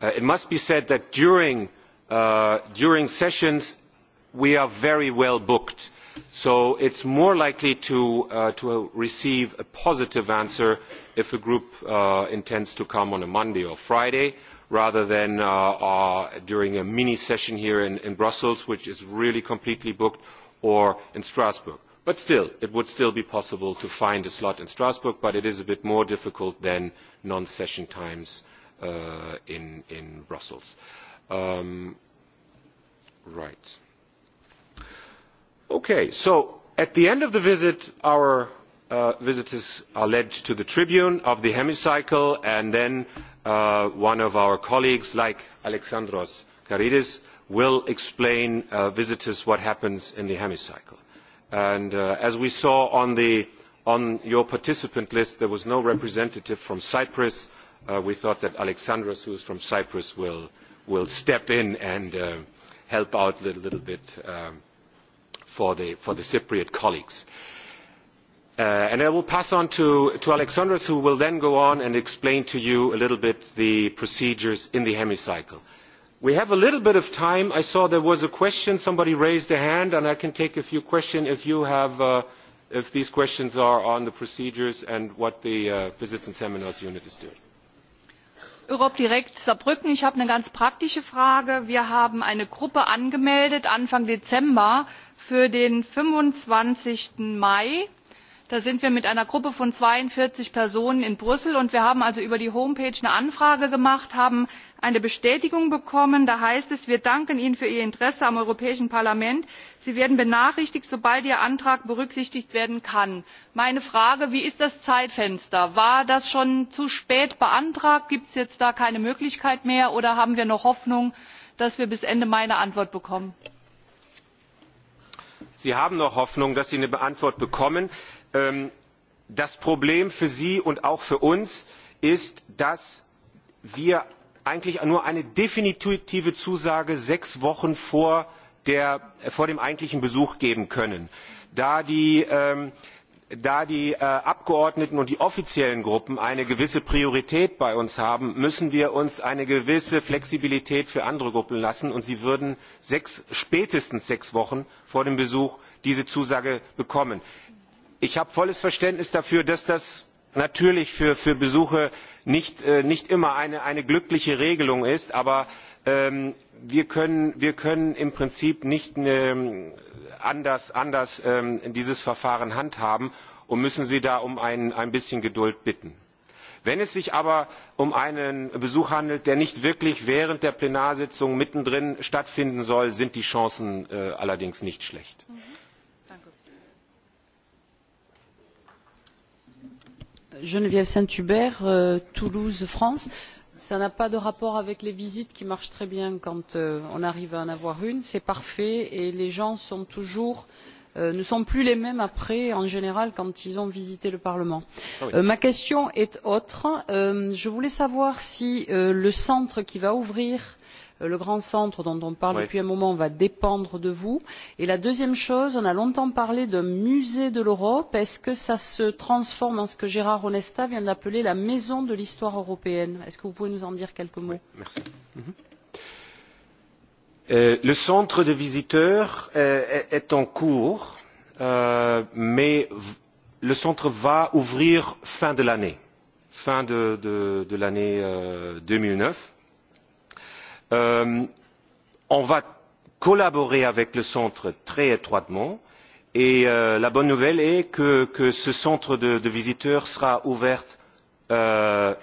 Uh, it must be said that during, uh, during sessions, we are very well booked. Uh, so it is more likely to, uh, to receive a positive answer if a group uh, intends to come on a monday or friday rather than uh, uh, during a mini session here in, in brussels which is really completely booked or in strasbourg. but still it would still be possible to find a slot in strasbourg but it is a bit more difficult than non session times uh, in, in brussels. Um, right. Okay, so at the end of the visit, our uh, visitors are led to the tribune of the hemicycle, and then uh, one of our colleagues, like Alexandros Karidis, will explain uh, visitors what happens in the hemicycle. And uh, as we saw on, the, on your participant list, there was no representative from Cyprus. Uh, we thought that Alexandros, who is from Cyprus, will, will step in and uh, help out a little, little bit. Um, for the, for the Cypriot colleagues. Uh, and I will pass on to, to Alexandros, who will then go on and explain to you a little bit the procedures in the hemicycle. We have a little bit of time. I saw there was a question. Somebody raised a hand, and I can take a few questions if you have, uh, if these questions are on the procedures and what the uh, visits and seminars unit is doing europe direkt saarbrücken. ich habe eine ganz praktische frage wir haben eine gruppe angemeldet anfang dezember für den. fünfundzwanzig mai da sind wir mit einer gruppe von zweiundvierzig personen in brüssel und wir haben also über die homepage eine anfrage gemacht haben eine bestätigung bekommen da heißt es wir danken ihnen für ihr interesse am europäischen parlament sie werden benachrichtigt sobald ihr antrag berücksichtigt werden kann. meine frage wie ist das zeitfenster? war das schon zu spät beantragt gibt es jetzt da keine möglichkeit mehr oder haben wir noch hoffnung dass wir bis ende mai eine antwort bekommen? sie haben noch hoffnung dass sie eine antwort bekommen. Ähm, das problem für sie und auch für uns ist dass wir eigentlich nur eine definitive zusage sechs wochen vor, der, vor dem eigentlichen besuch geben können da die, ähm, da die äh, abgeordneten und die offiziellen gruppen eine gewisse priorität bei uns haben müssen wir uns eine gewisse flexibilität für andere gruppen lassen und sie würden sechs, spätestens sechs wochen vor dem besuch diese zusage bekommen. ich habe volles verständnis dafür dass das natürlich für, für besuche nicht, äh, nicht immer eine, eine glückliche regelung ist aber ähm, wir, können, wir können im prinzip nicht ähm, anders, anders ähm, dieses verfahren handhaben und müssen sie da um ein, ein bisschen geduld bitten. wenn es sich aber um einen besuch handelt der nicht wirklich während der plenarsitzung mittendrin stattfinden soll sind die chancen äh, allerdings nicht schlecht. Mhm. geneviève saint hubert euh, toulouse france cela n'a pas de rapport avec les visites qui marchent très bien quand euh, on arrive à en avoir une c'est parfait et les gens euh, ne sont plus les mêmes après en général quand ils ont visité le parlement. Ah ma question est autre je voulais savoir si le centre qui va ouvrir Euh, le grand centre dont on parle oui. depuis un moment va dépendre de vous. et la deuxième chose on a longtemps parlé d'un musée de l'europe est ce que ça se transforme en ce que gérard onesta vient d'appeler la maison de l'histoire européenne? est ce que vous pouvez nous en dire quelques mots? Oui, merci. Mm -hmm. euh, le centre de visiteurs euh, est en cours euh, mais le centre va ouvrir fin de l'année fin de, de, de l'année euh, deux mille neuf Euh, on va collaborer avec le centre très étroitement et euh, la bonne nouvelle est que, que ce centre de, de visiteurs sera ouvert euh,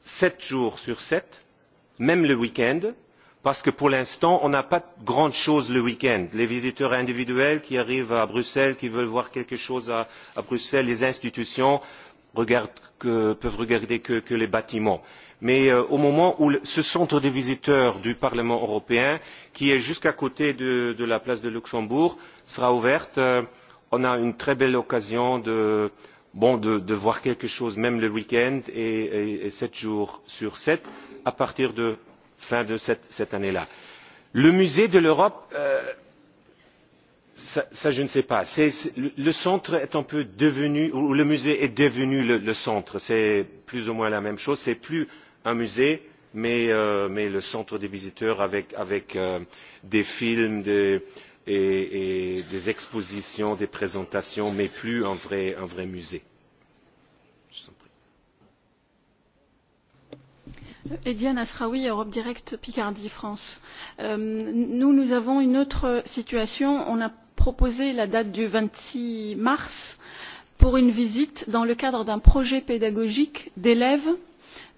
sept euh, jours sur sept même le week end parce que pour l'instant on n'a pas grand chose le week end les visiteurs individuels qui arrivent à bruxelles qui veulent voir quelque chose à, à bruxelles les institutions regardent, que, peuvent regarder que, que les bâtiments mais euh, au moment où ce centre de visiteurs du parlement européen qui est juste à côté de, de la place de luxembourg sera ouvert euh, on a une très belle occasion de, bon, de, de voir quelque chose même le week end et sept jours sur sept à partir de la fin de cette, cette année là. le musée de l'europe euh, ça, ça je ne sais pas. C'est, le centre est un peu devenu, ou le musée est devenu le, le centre. C'est plus ou moins la même chose. C'est plus un musée, mais, euh, mais le centre des visiteurs avec, avec euh, des films des, et, et des expositions, des présentations, mais plus un vrai, un vrai musée. Euh, Ediane Asraoui, Europe Direct Picardie France. Euh, nous, nous avons une autre situation. On a proposé la date du vingt six mars pour une visite dans le cadre d'un projet pédagogique d'élèves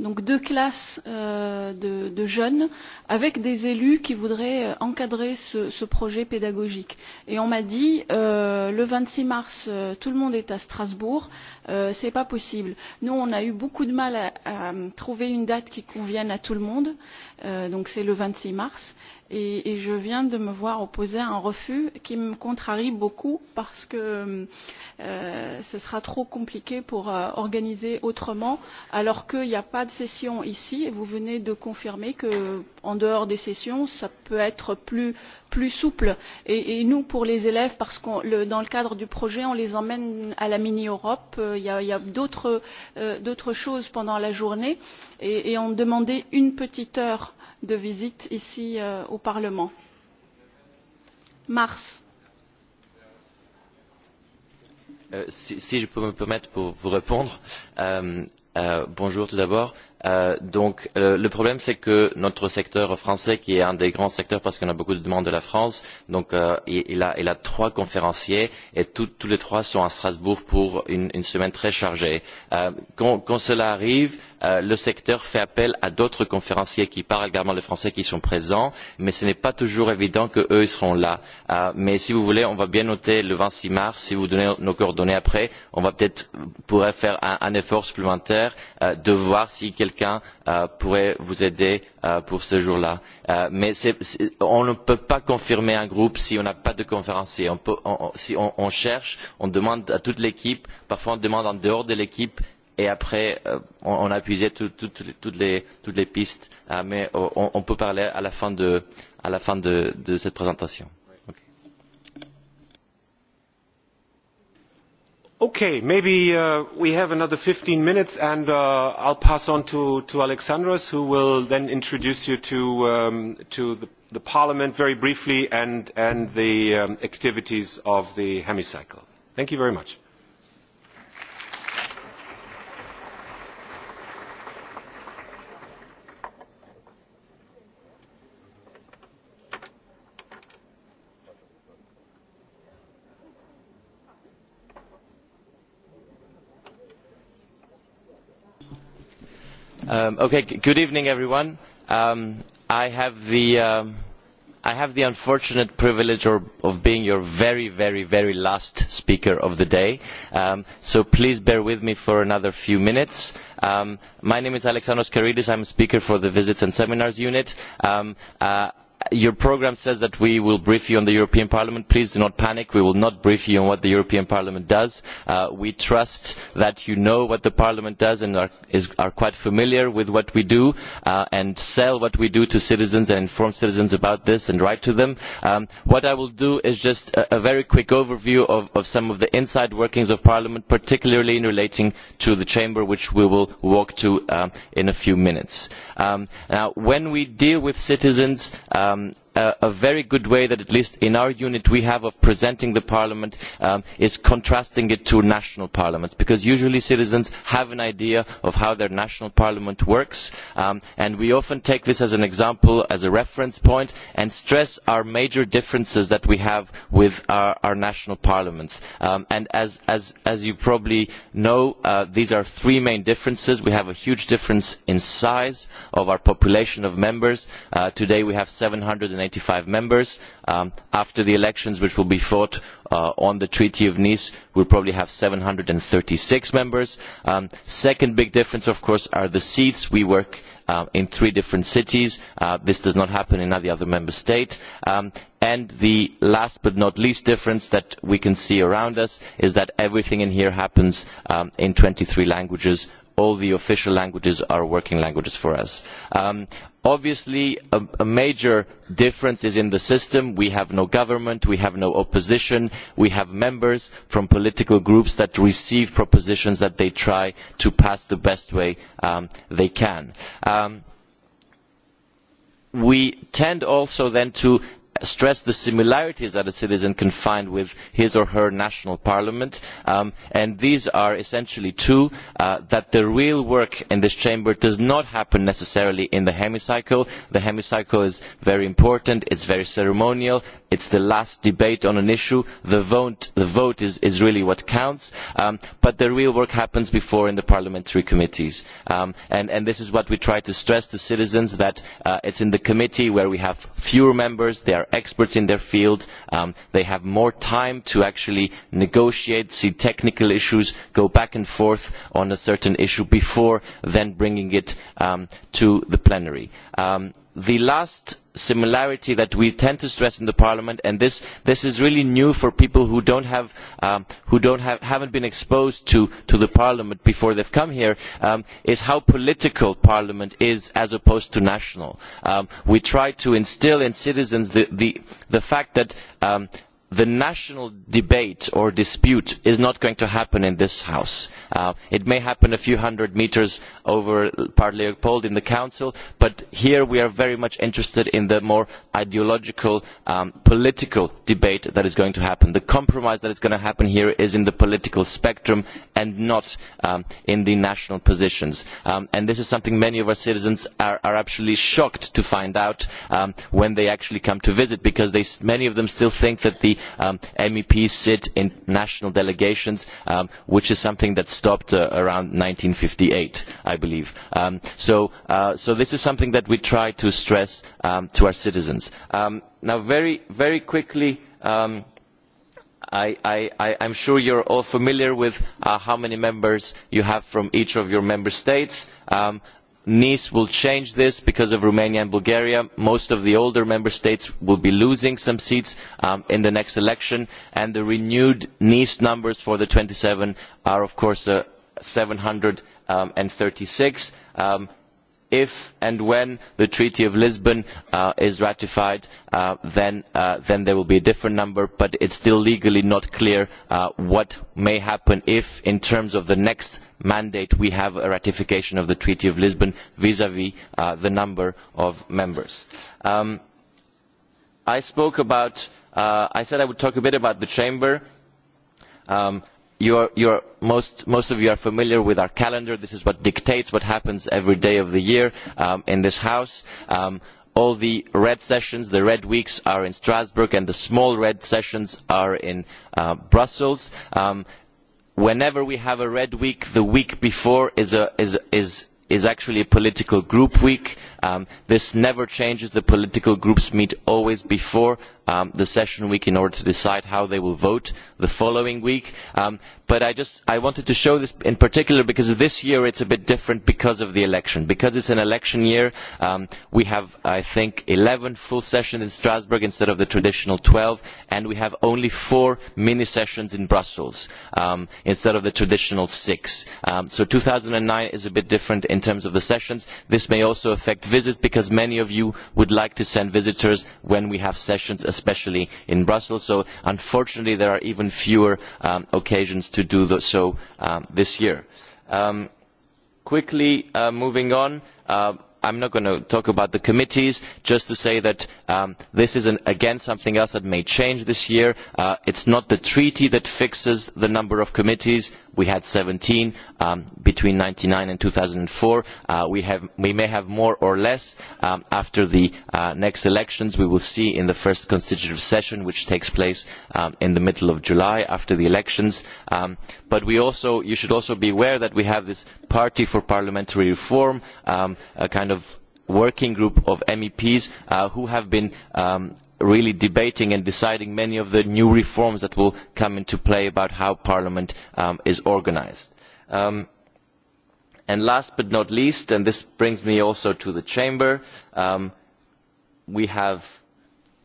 donc deux classes euh, de, de jeunes avec des élus qui voudraient euh, encadrer ce, ce projet pédagogique. Et on m'a dit euh, le 26 mars, euh, tout le monde est à Strasbourg, euh, c'est pas possible. Nous, on a eu beaucoup de mal à, à trouver une date qui convienne à tout le monde euh, donc c'est le 26 mars, et, et je viens de me voir opposer un refus qui me contrarie beaucoup parce que euh, ce sera trop compliqué pour euh, organiser autrement alors qu'il n'y a pas de session ici et vous venez de confirmer que en dehors des sessions ça peut être plus plus souple et, et nous pour les élèves parce que le, dans le cadre du projet on les emmène à la mini Europe euh, il euh, y a, y a d'autres euh, d'autres choses pendant la journée et, et on demandait une petite heure de visite ici euh, au Parlement mars euh, si, si je peux me permettre pour vous répondre euh, euh, bonjour tout d'abord euh, Euh, donc euh, le problème c'est que notre secteur français qui est un des grands secteurs parce qu'on a beaucoup de demandes de la France donc euh, il, il, a, il a trois conférenciers et tout, tous les trois sont à Strasbourg pour une, une semaine très chargée. Euh, quand, quand cela arrive, euh, le secteur fait appel à d'autres conférenciers qui parlent également le français qui sont présents mais ce n'est pas toujours évident qu'eux seront là. Euh, mais si vous voulez on va bien noter le vingt six mars si vous donnez nos coordonnées après on va peut être pourrait faire un, un effort supplémentaire euh, de voir si quelqu'un euh, pourrait vous aider euh, pour ce jour là. Euh, mais on ne peut pas confirmer un groupe si on n'a pas de conférencier. si on cherche on demande à toute l'équipe parfois on demande en dehors de l'équipe et après on a épuisé toutes les pistes mais on peut parler à la fin de cette présentation. Okay, maybe uh, we have another 15 minutes and uh, I'll pass on to, to Alexandros who will then introduce you to, um, to the, the Parliament very briefly and, and the um, activities of the hemicycle. Thank you very much. Um, okay, good evening, everyone. Um, I have the um, I have the unfortunate privilege or, of being your very, very, very last speaker of the day. Um, so please bear with me for another few minutes. Um, my name is Alexandros Karidis. I'm a speaker for the Visits and Seminars Unit. Um, uh, your programme says that we will brief you on the european parliament. please do not panic we will not brief you on what the european parliament does. Uh, we trust that you know what the parliament does and are, is, are quite familiar with what we do uh, and sell what we do to citizens and inform citizens about this and write to them. Um, what i will do is just a, a very quick overview of, of some of the inside workings of parliament particularly in relation to the chamber which we will walk to um, in a few minutes. Um, now, when we deal with citizens um, um, a, a very good way that at least in our unit we have of presenting the parliament um, is contrasting it to national parliaments because usually citizens have an idea of how their national parliament works um, and we often take this as an example as a reference point and stress our major differences that we have with our, our national parliaments um, and as, as, as you probably know uh, these are three main differences we have a huge difference in size of our population of members uh, today we have seven hundred and ninety five members. Um, after the elections which will be fought uh, on the treaty of nice we will probably have seven hundred and thirty six members. the um, second big difference of course are the seats. we work uh, in three different cities uh, this does not happen in any other member state um, and the last but not least difference that we can see around us is that everything in here happens um, in twenty three languages all the official languages are working languages for us. Um, obviously a, a major difference is in the system we have no government we have no opposition we have members from political groups that receive propositions that they try to pass the best way um, they can. Um, we tend also then to stress the similarities that a citizen can find with his or her national parliament um, and these are essentially two uh, that the real work in this chamber does not happen necessarily in the hemicycle the hemicycle is very important it is very ceremonial it is the last debate on an issue the vote, the vote is, is really what counts um, but the real work happens before in the parliamentary committees um, and, and this is what we try to stress to citizens that uh, it is in the committee where we have fewer members they are experts in their field um, they have more time to actually negotiate see technical issues go back and forth on a certain issue before then bringing it um, to the plenary. Um, the last similarity that we tend to stress in the parliament and this, this is really new for people who don't have um, who don't have haven't been exposed to to the parliament before they've come here um, is how political parliament is as opposed to national um, we try to instill in citizens the the, the fact that um, the national debate or dispute is not going to happen in this house. Uh, it may happen a few hundred metres over Parc Leopold in the Council, but here we are very much interested in the more ideological, um, political debate that is going to happen. The compromise that is going to happen here is in the political spectrum and not um, in the national positions. Um, and this is something many of our citizens are, are actually shocked to find out um, when they actually come to visit, because they, many of them still think that the see um, meps sit in national delegations um, which is something that stopped uh, around one thousand nine hundred and fifty eight i believe. Um, so, uh, so this is something that we try to stress um, to our citizens. Um, now very, very quickly i am sure you are all familiar with uh, how many members you have from each of your member states. Um, nice will change this because of romania and bulgaria. most of the older member states will be losing some seats um, in the next election and the renewed nice numbers for the twenty seven are of course uh, seven hundred um, and thirty six um, if and when the treaty of lisbon uh, is ratified uh, then, uh, then there will be a different number but it is still legally not clear uh, what may happen if in terms of the next mandate we have a ratification of the treaty of lisbon vis vis uh, the number of members. Um, i, about, uh, i said i would talk a bit about the chamber. Um, You're, you're, most, most of you are familiar with our calendar. This is what dictates what happens every day of the year um, in this House. Um, all the red sessions, the red weeks are in Strasbourg and the small red sessions are in uh, Brussels. Um, whenever we have a red week, the week before is, a, is, is is actually political group week. Um, this never changes. The political groups meet always before um, the session week in order to decide how they will vote the following week. Um, but I just I wanted to show this in particular because this year it's a bit different because of the election. Because it's an election year, um, we have I think 11 full sessions in Strasbourg instead of the traditional 12, and we have only four mini sessions in Brussels um, instead of the traditional six. Um, so 2009 is a bit different in terms of the sessions. This may also affect visits because many of you would like to send visitors when we have sessions, especially in Brussels. So unfortunately, there are even fewer um, occasions to do so um, this year. Um, quickly uh, moving on, uh, i am not going to talk about the committees just to say that um, this is an, again something else that may change this year. Uh, it is not the treaty that fixes the number of committees we had 17 um, between 1999 and 2004. Uh, we, have, we may have more or less um, after the uh, next elections. We will see in the first constitutive session, which takes place um, in the middle of July after the elections. Um, but we also, you should also be aware that we have this Party for Parliamentary Reform, um, a kind of working group of meps uh, who have been um, really debating and deciding many of the new reforms that will come into play about how parliament um, is organised. Um, and last but not least and this brings me also to the chamber um, we have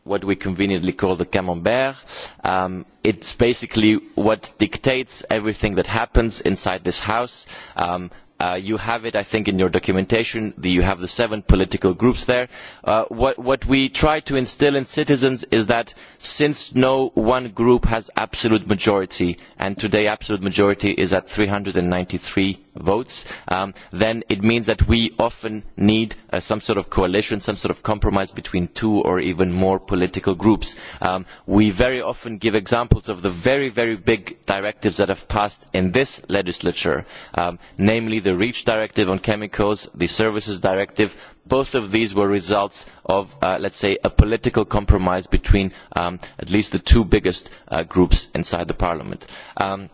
what we conveniently call the camembert. Um, it's basically what dictates everything that happens inside this house. Um, Uh, you have it i think in your documentation the, you have the seven political groups there. Uh, what, what we try to instil in citizens is that since no one group has absolute majority and today absolute majority is at three hundred and ninety three votes um, then it means that we often need uh, some sort of coalition some sort of compromise between two or even more political groups. Um, we very often give examples of the very very big directives that have passed in this legislature um, namely the reach directive on chemicals the services directive both of these were results of uh, let us say a political compromise between um, at least the two biggest uh, groups inside parliament. Um,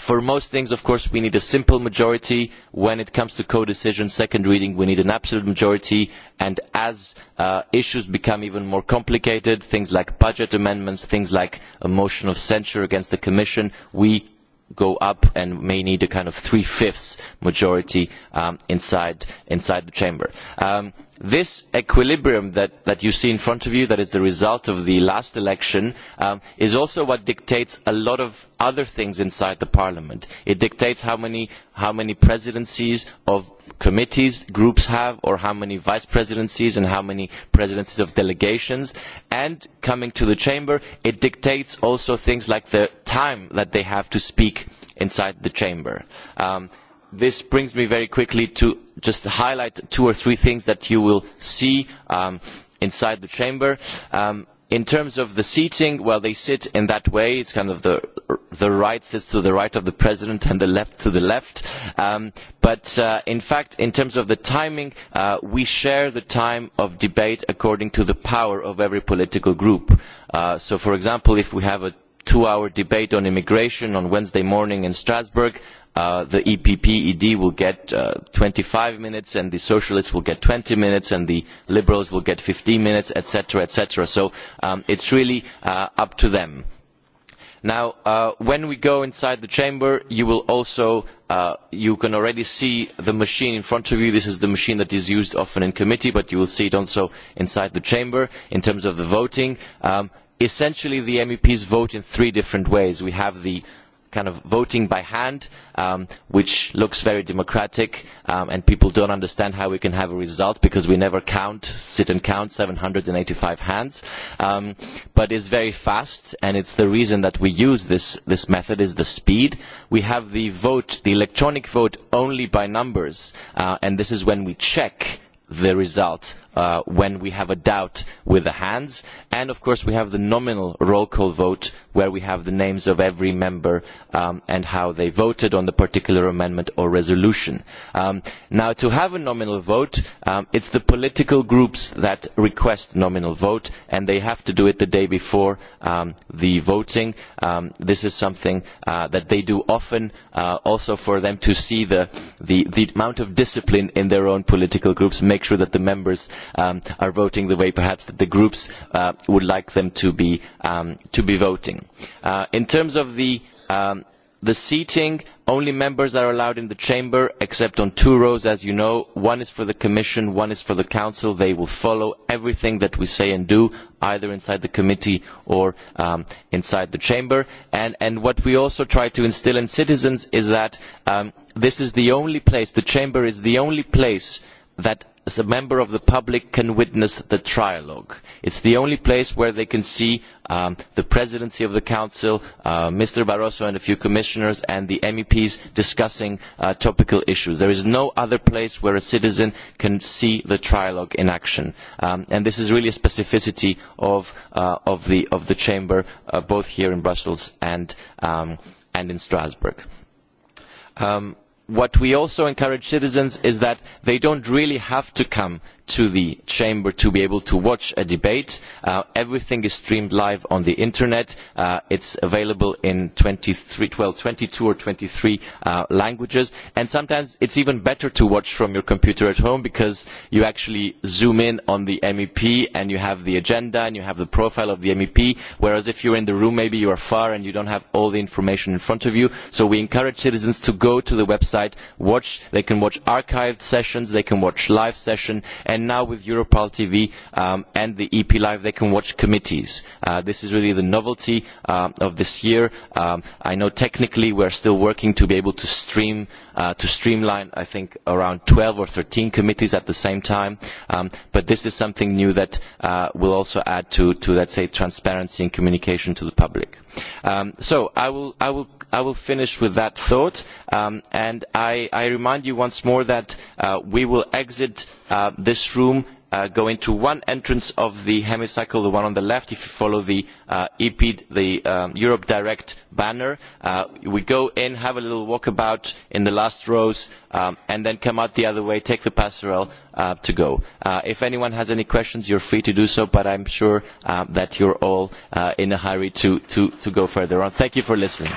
for most things of course we need a simple majority when it comes to codecision second reading we need an absolute majority and as uh, issues become even more complicated things like budget amendments things like a motion of censure against the commission we go up and may need a kind of three-fifths majority um, inside, inside the chamber. Um, this equilibrium that, that you see in front of you, that is the result of the last election, um, is also what dictates a lot of other things inside the parliament. It dictates how many, how many presidencies of committees groups have, or how many vice presidencies and how many presidencies of delegations. And coming to the chamber, it dictates also things like the time that they have to speak inside the chamber. Um, this brings me very quickly to just highlight two or three things that you will see um, inside the chamber. Um, in terms of the seating, well, they sit in that way. It's kind of the, the right sits to the right of the president and the left to the left. Um, but uh, in fact, in terms of the timing, uh, we share the time of debate according to the power of every political group. Uh, so, for example, if we have a two-hour debate on immigration on Wednesday morning in Strasbourg, Uh, the epp ed will get twenty uh, five minutes and the socialists will get twenty minutes and the liberals will get fifteen minutes etc. etc. so um, it is really uh, up to them. now uh, when we go inside the chamber you will also uh, you can already see the machine in front of you this is the machine that is used often in committee but you will see it also inside the chamber in terms of the voting. Um, essentially the meps vote in three different ways we have the kind of voting by hand, um, which looks very democratic, um, and people don't understand how we can have a result because we never count, sit and count 785 hands. Um, but it's very fast, and it's the reason that we use this, this method is the speed. We have the vote, the electronic vote only by numbers, uh, and this is when we check the result uh, when we have a doubt with the hands. And of course we have the nominal roll call vote where we have the names of every member um, and how they voted on the particular amendment or resolution. Um, now to have a nominal vote, um, it's the political groups that request nominal vote and they have to do it the day before um, the voting. Um, this is something uh, that they do often uh, also for them to see the, the, the amount of discipline in their own political groups, make sure that the members um, are voting the way perhaps that the groups uh, would like them to be, um, to be voting. Uh, in terms of the, um, the seating, only members are allowed in the chamber except on two rows as you know one is for the commission one is for the council they will follow everything that we say and do either inside the committee or um, inside the chamber and, and what we also try to instill in citizens is that um, this is the only place the chamber is the only place that as a member of the public can witness the trialogue. it is the only place where they can see um, the presidency of the council uh, mr barroso and a few commissioners and the meps discussing uh, topical issues. there is no other place where a citizen can see the trialogue in action um, and this is really a specificity of, uh, of, the, of the chamber uh, both here in brussels and, um, and in strasbourg. Um, what we also encourage citizens is that they do not really have to come to the chamber to be able to watch a debate. Uh, everything is streamed live on the internet. Uh, it is available in 23, well, 22 or 23 uh, languages. And sometimes it is even better to watch from your computer at home because you actually zoom in on the MEP and you have the agenda and you have the profile of the MEP. Whereas if you are in the room, maybe you are far and you do not have all the information in front of you. So we encourage citizens to go to the website website watch they can watch archived sessions they can watch live sessions and now with europol tv um, and the ep live they can watch committees uh, this is really the novelty um, of this year um, i know technically we're still working to be able to stream uh, to streamline i think around 12 or 13 committees at the same time um, but this is something new that uh, will also add to to let's say transparency and communication to the public um, so i will i will i will finish with that thought um, and I, i remind you once more that uh, we will exit uh, this room uh, go into one entrance of the hemicycle, the one on the left. If you follow the uh, EPID, the um, Europe Direct banner, uh, we go in, have a little walkabout in the last rows, um, and then come out the other way, take the passerelle uh, to go. Uh, if anyone has any questions, you're free to do so, but I'm sure um, that you're all uh, in a hurry to, to, to go further on. Thank you for listening.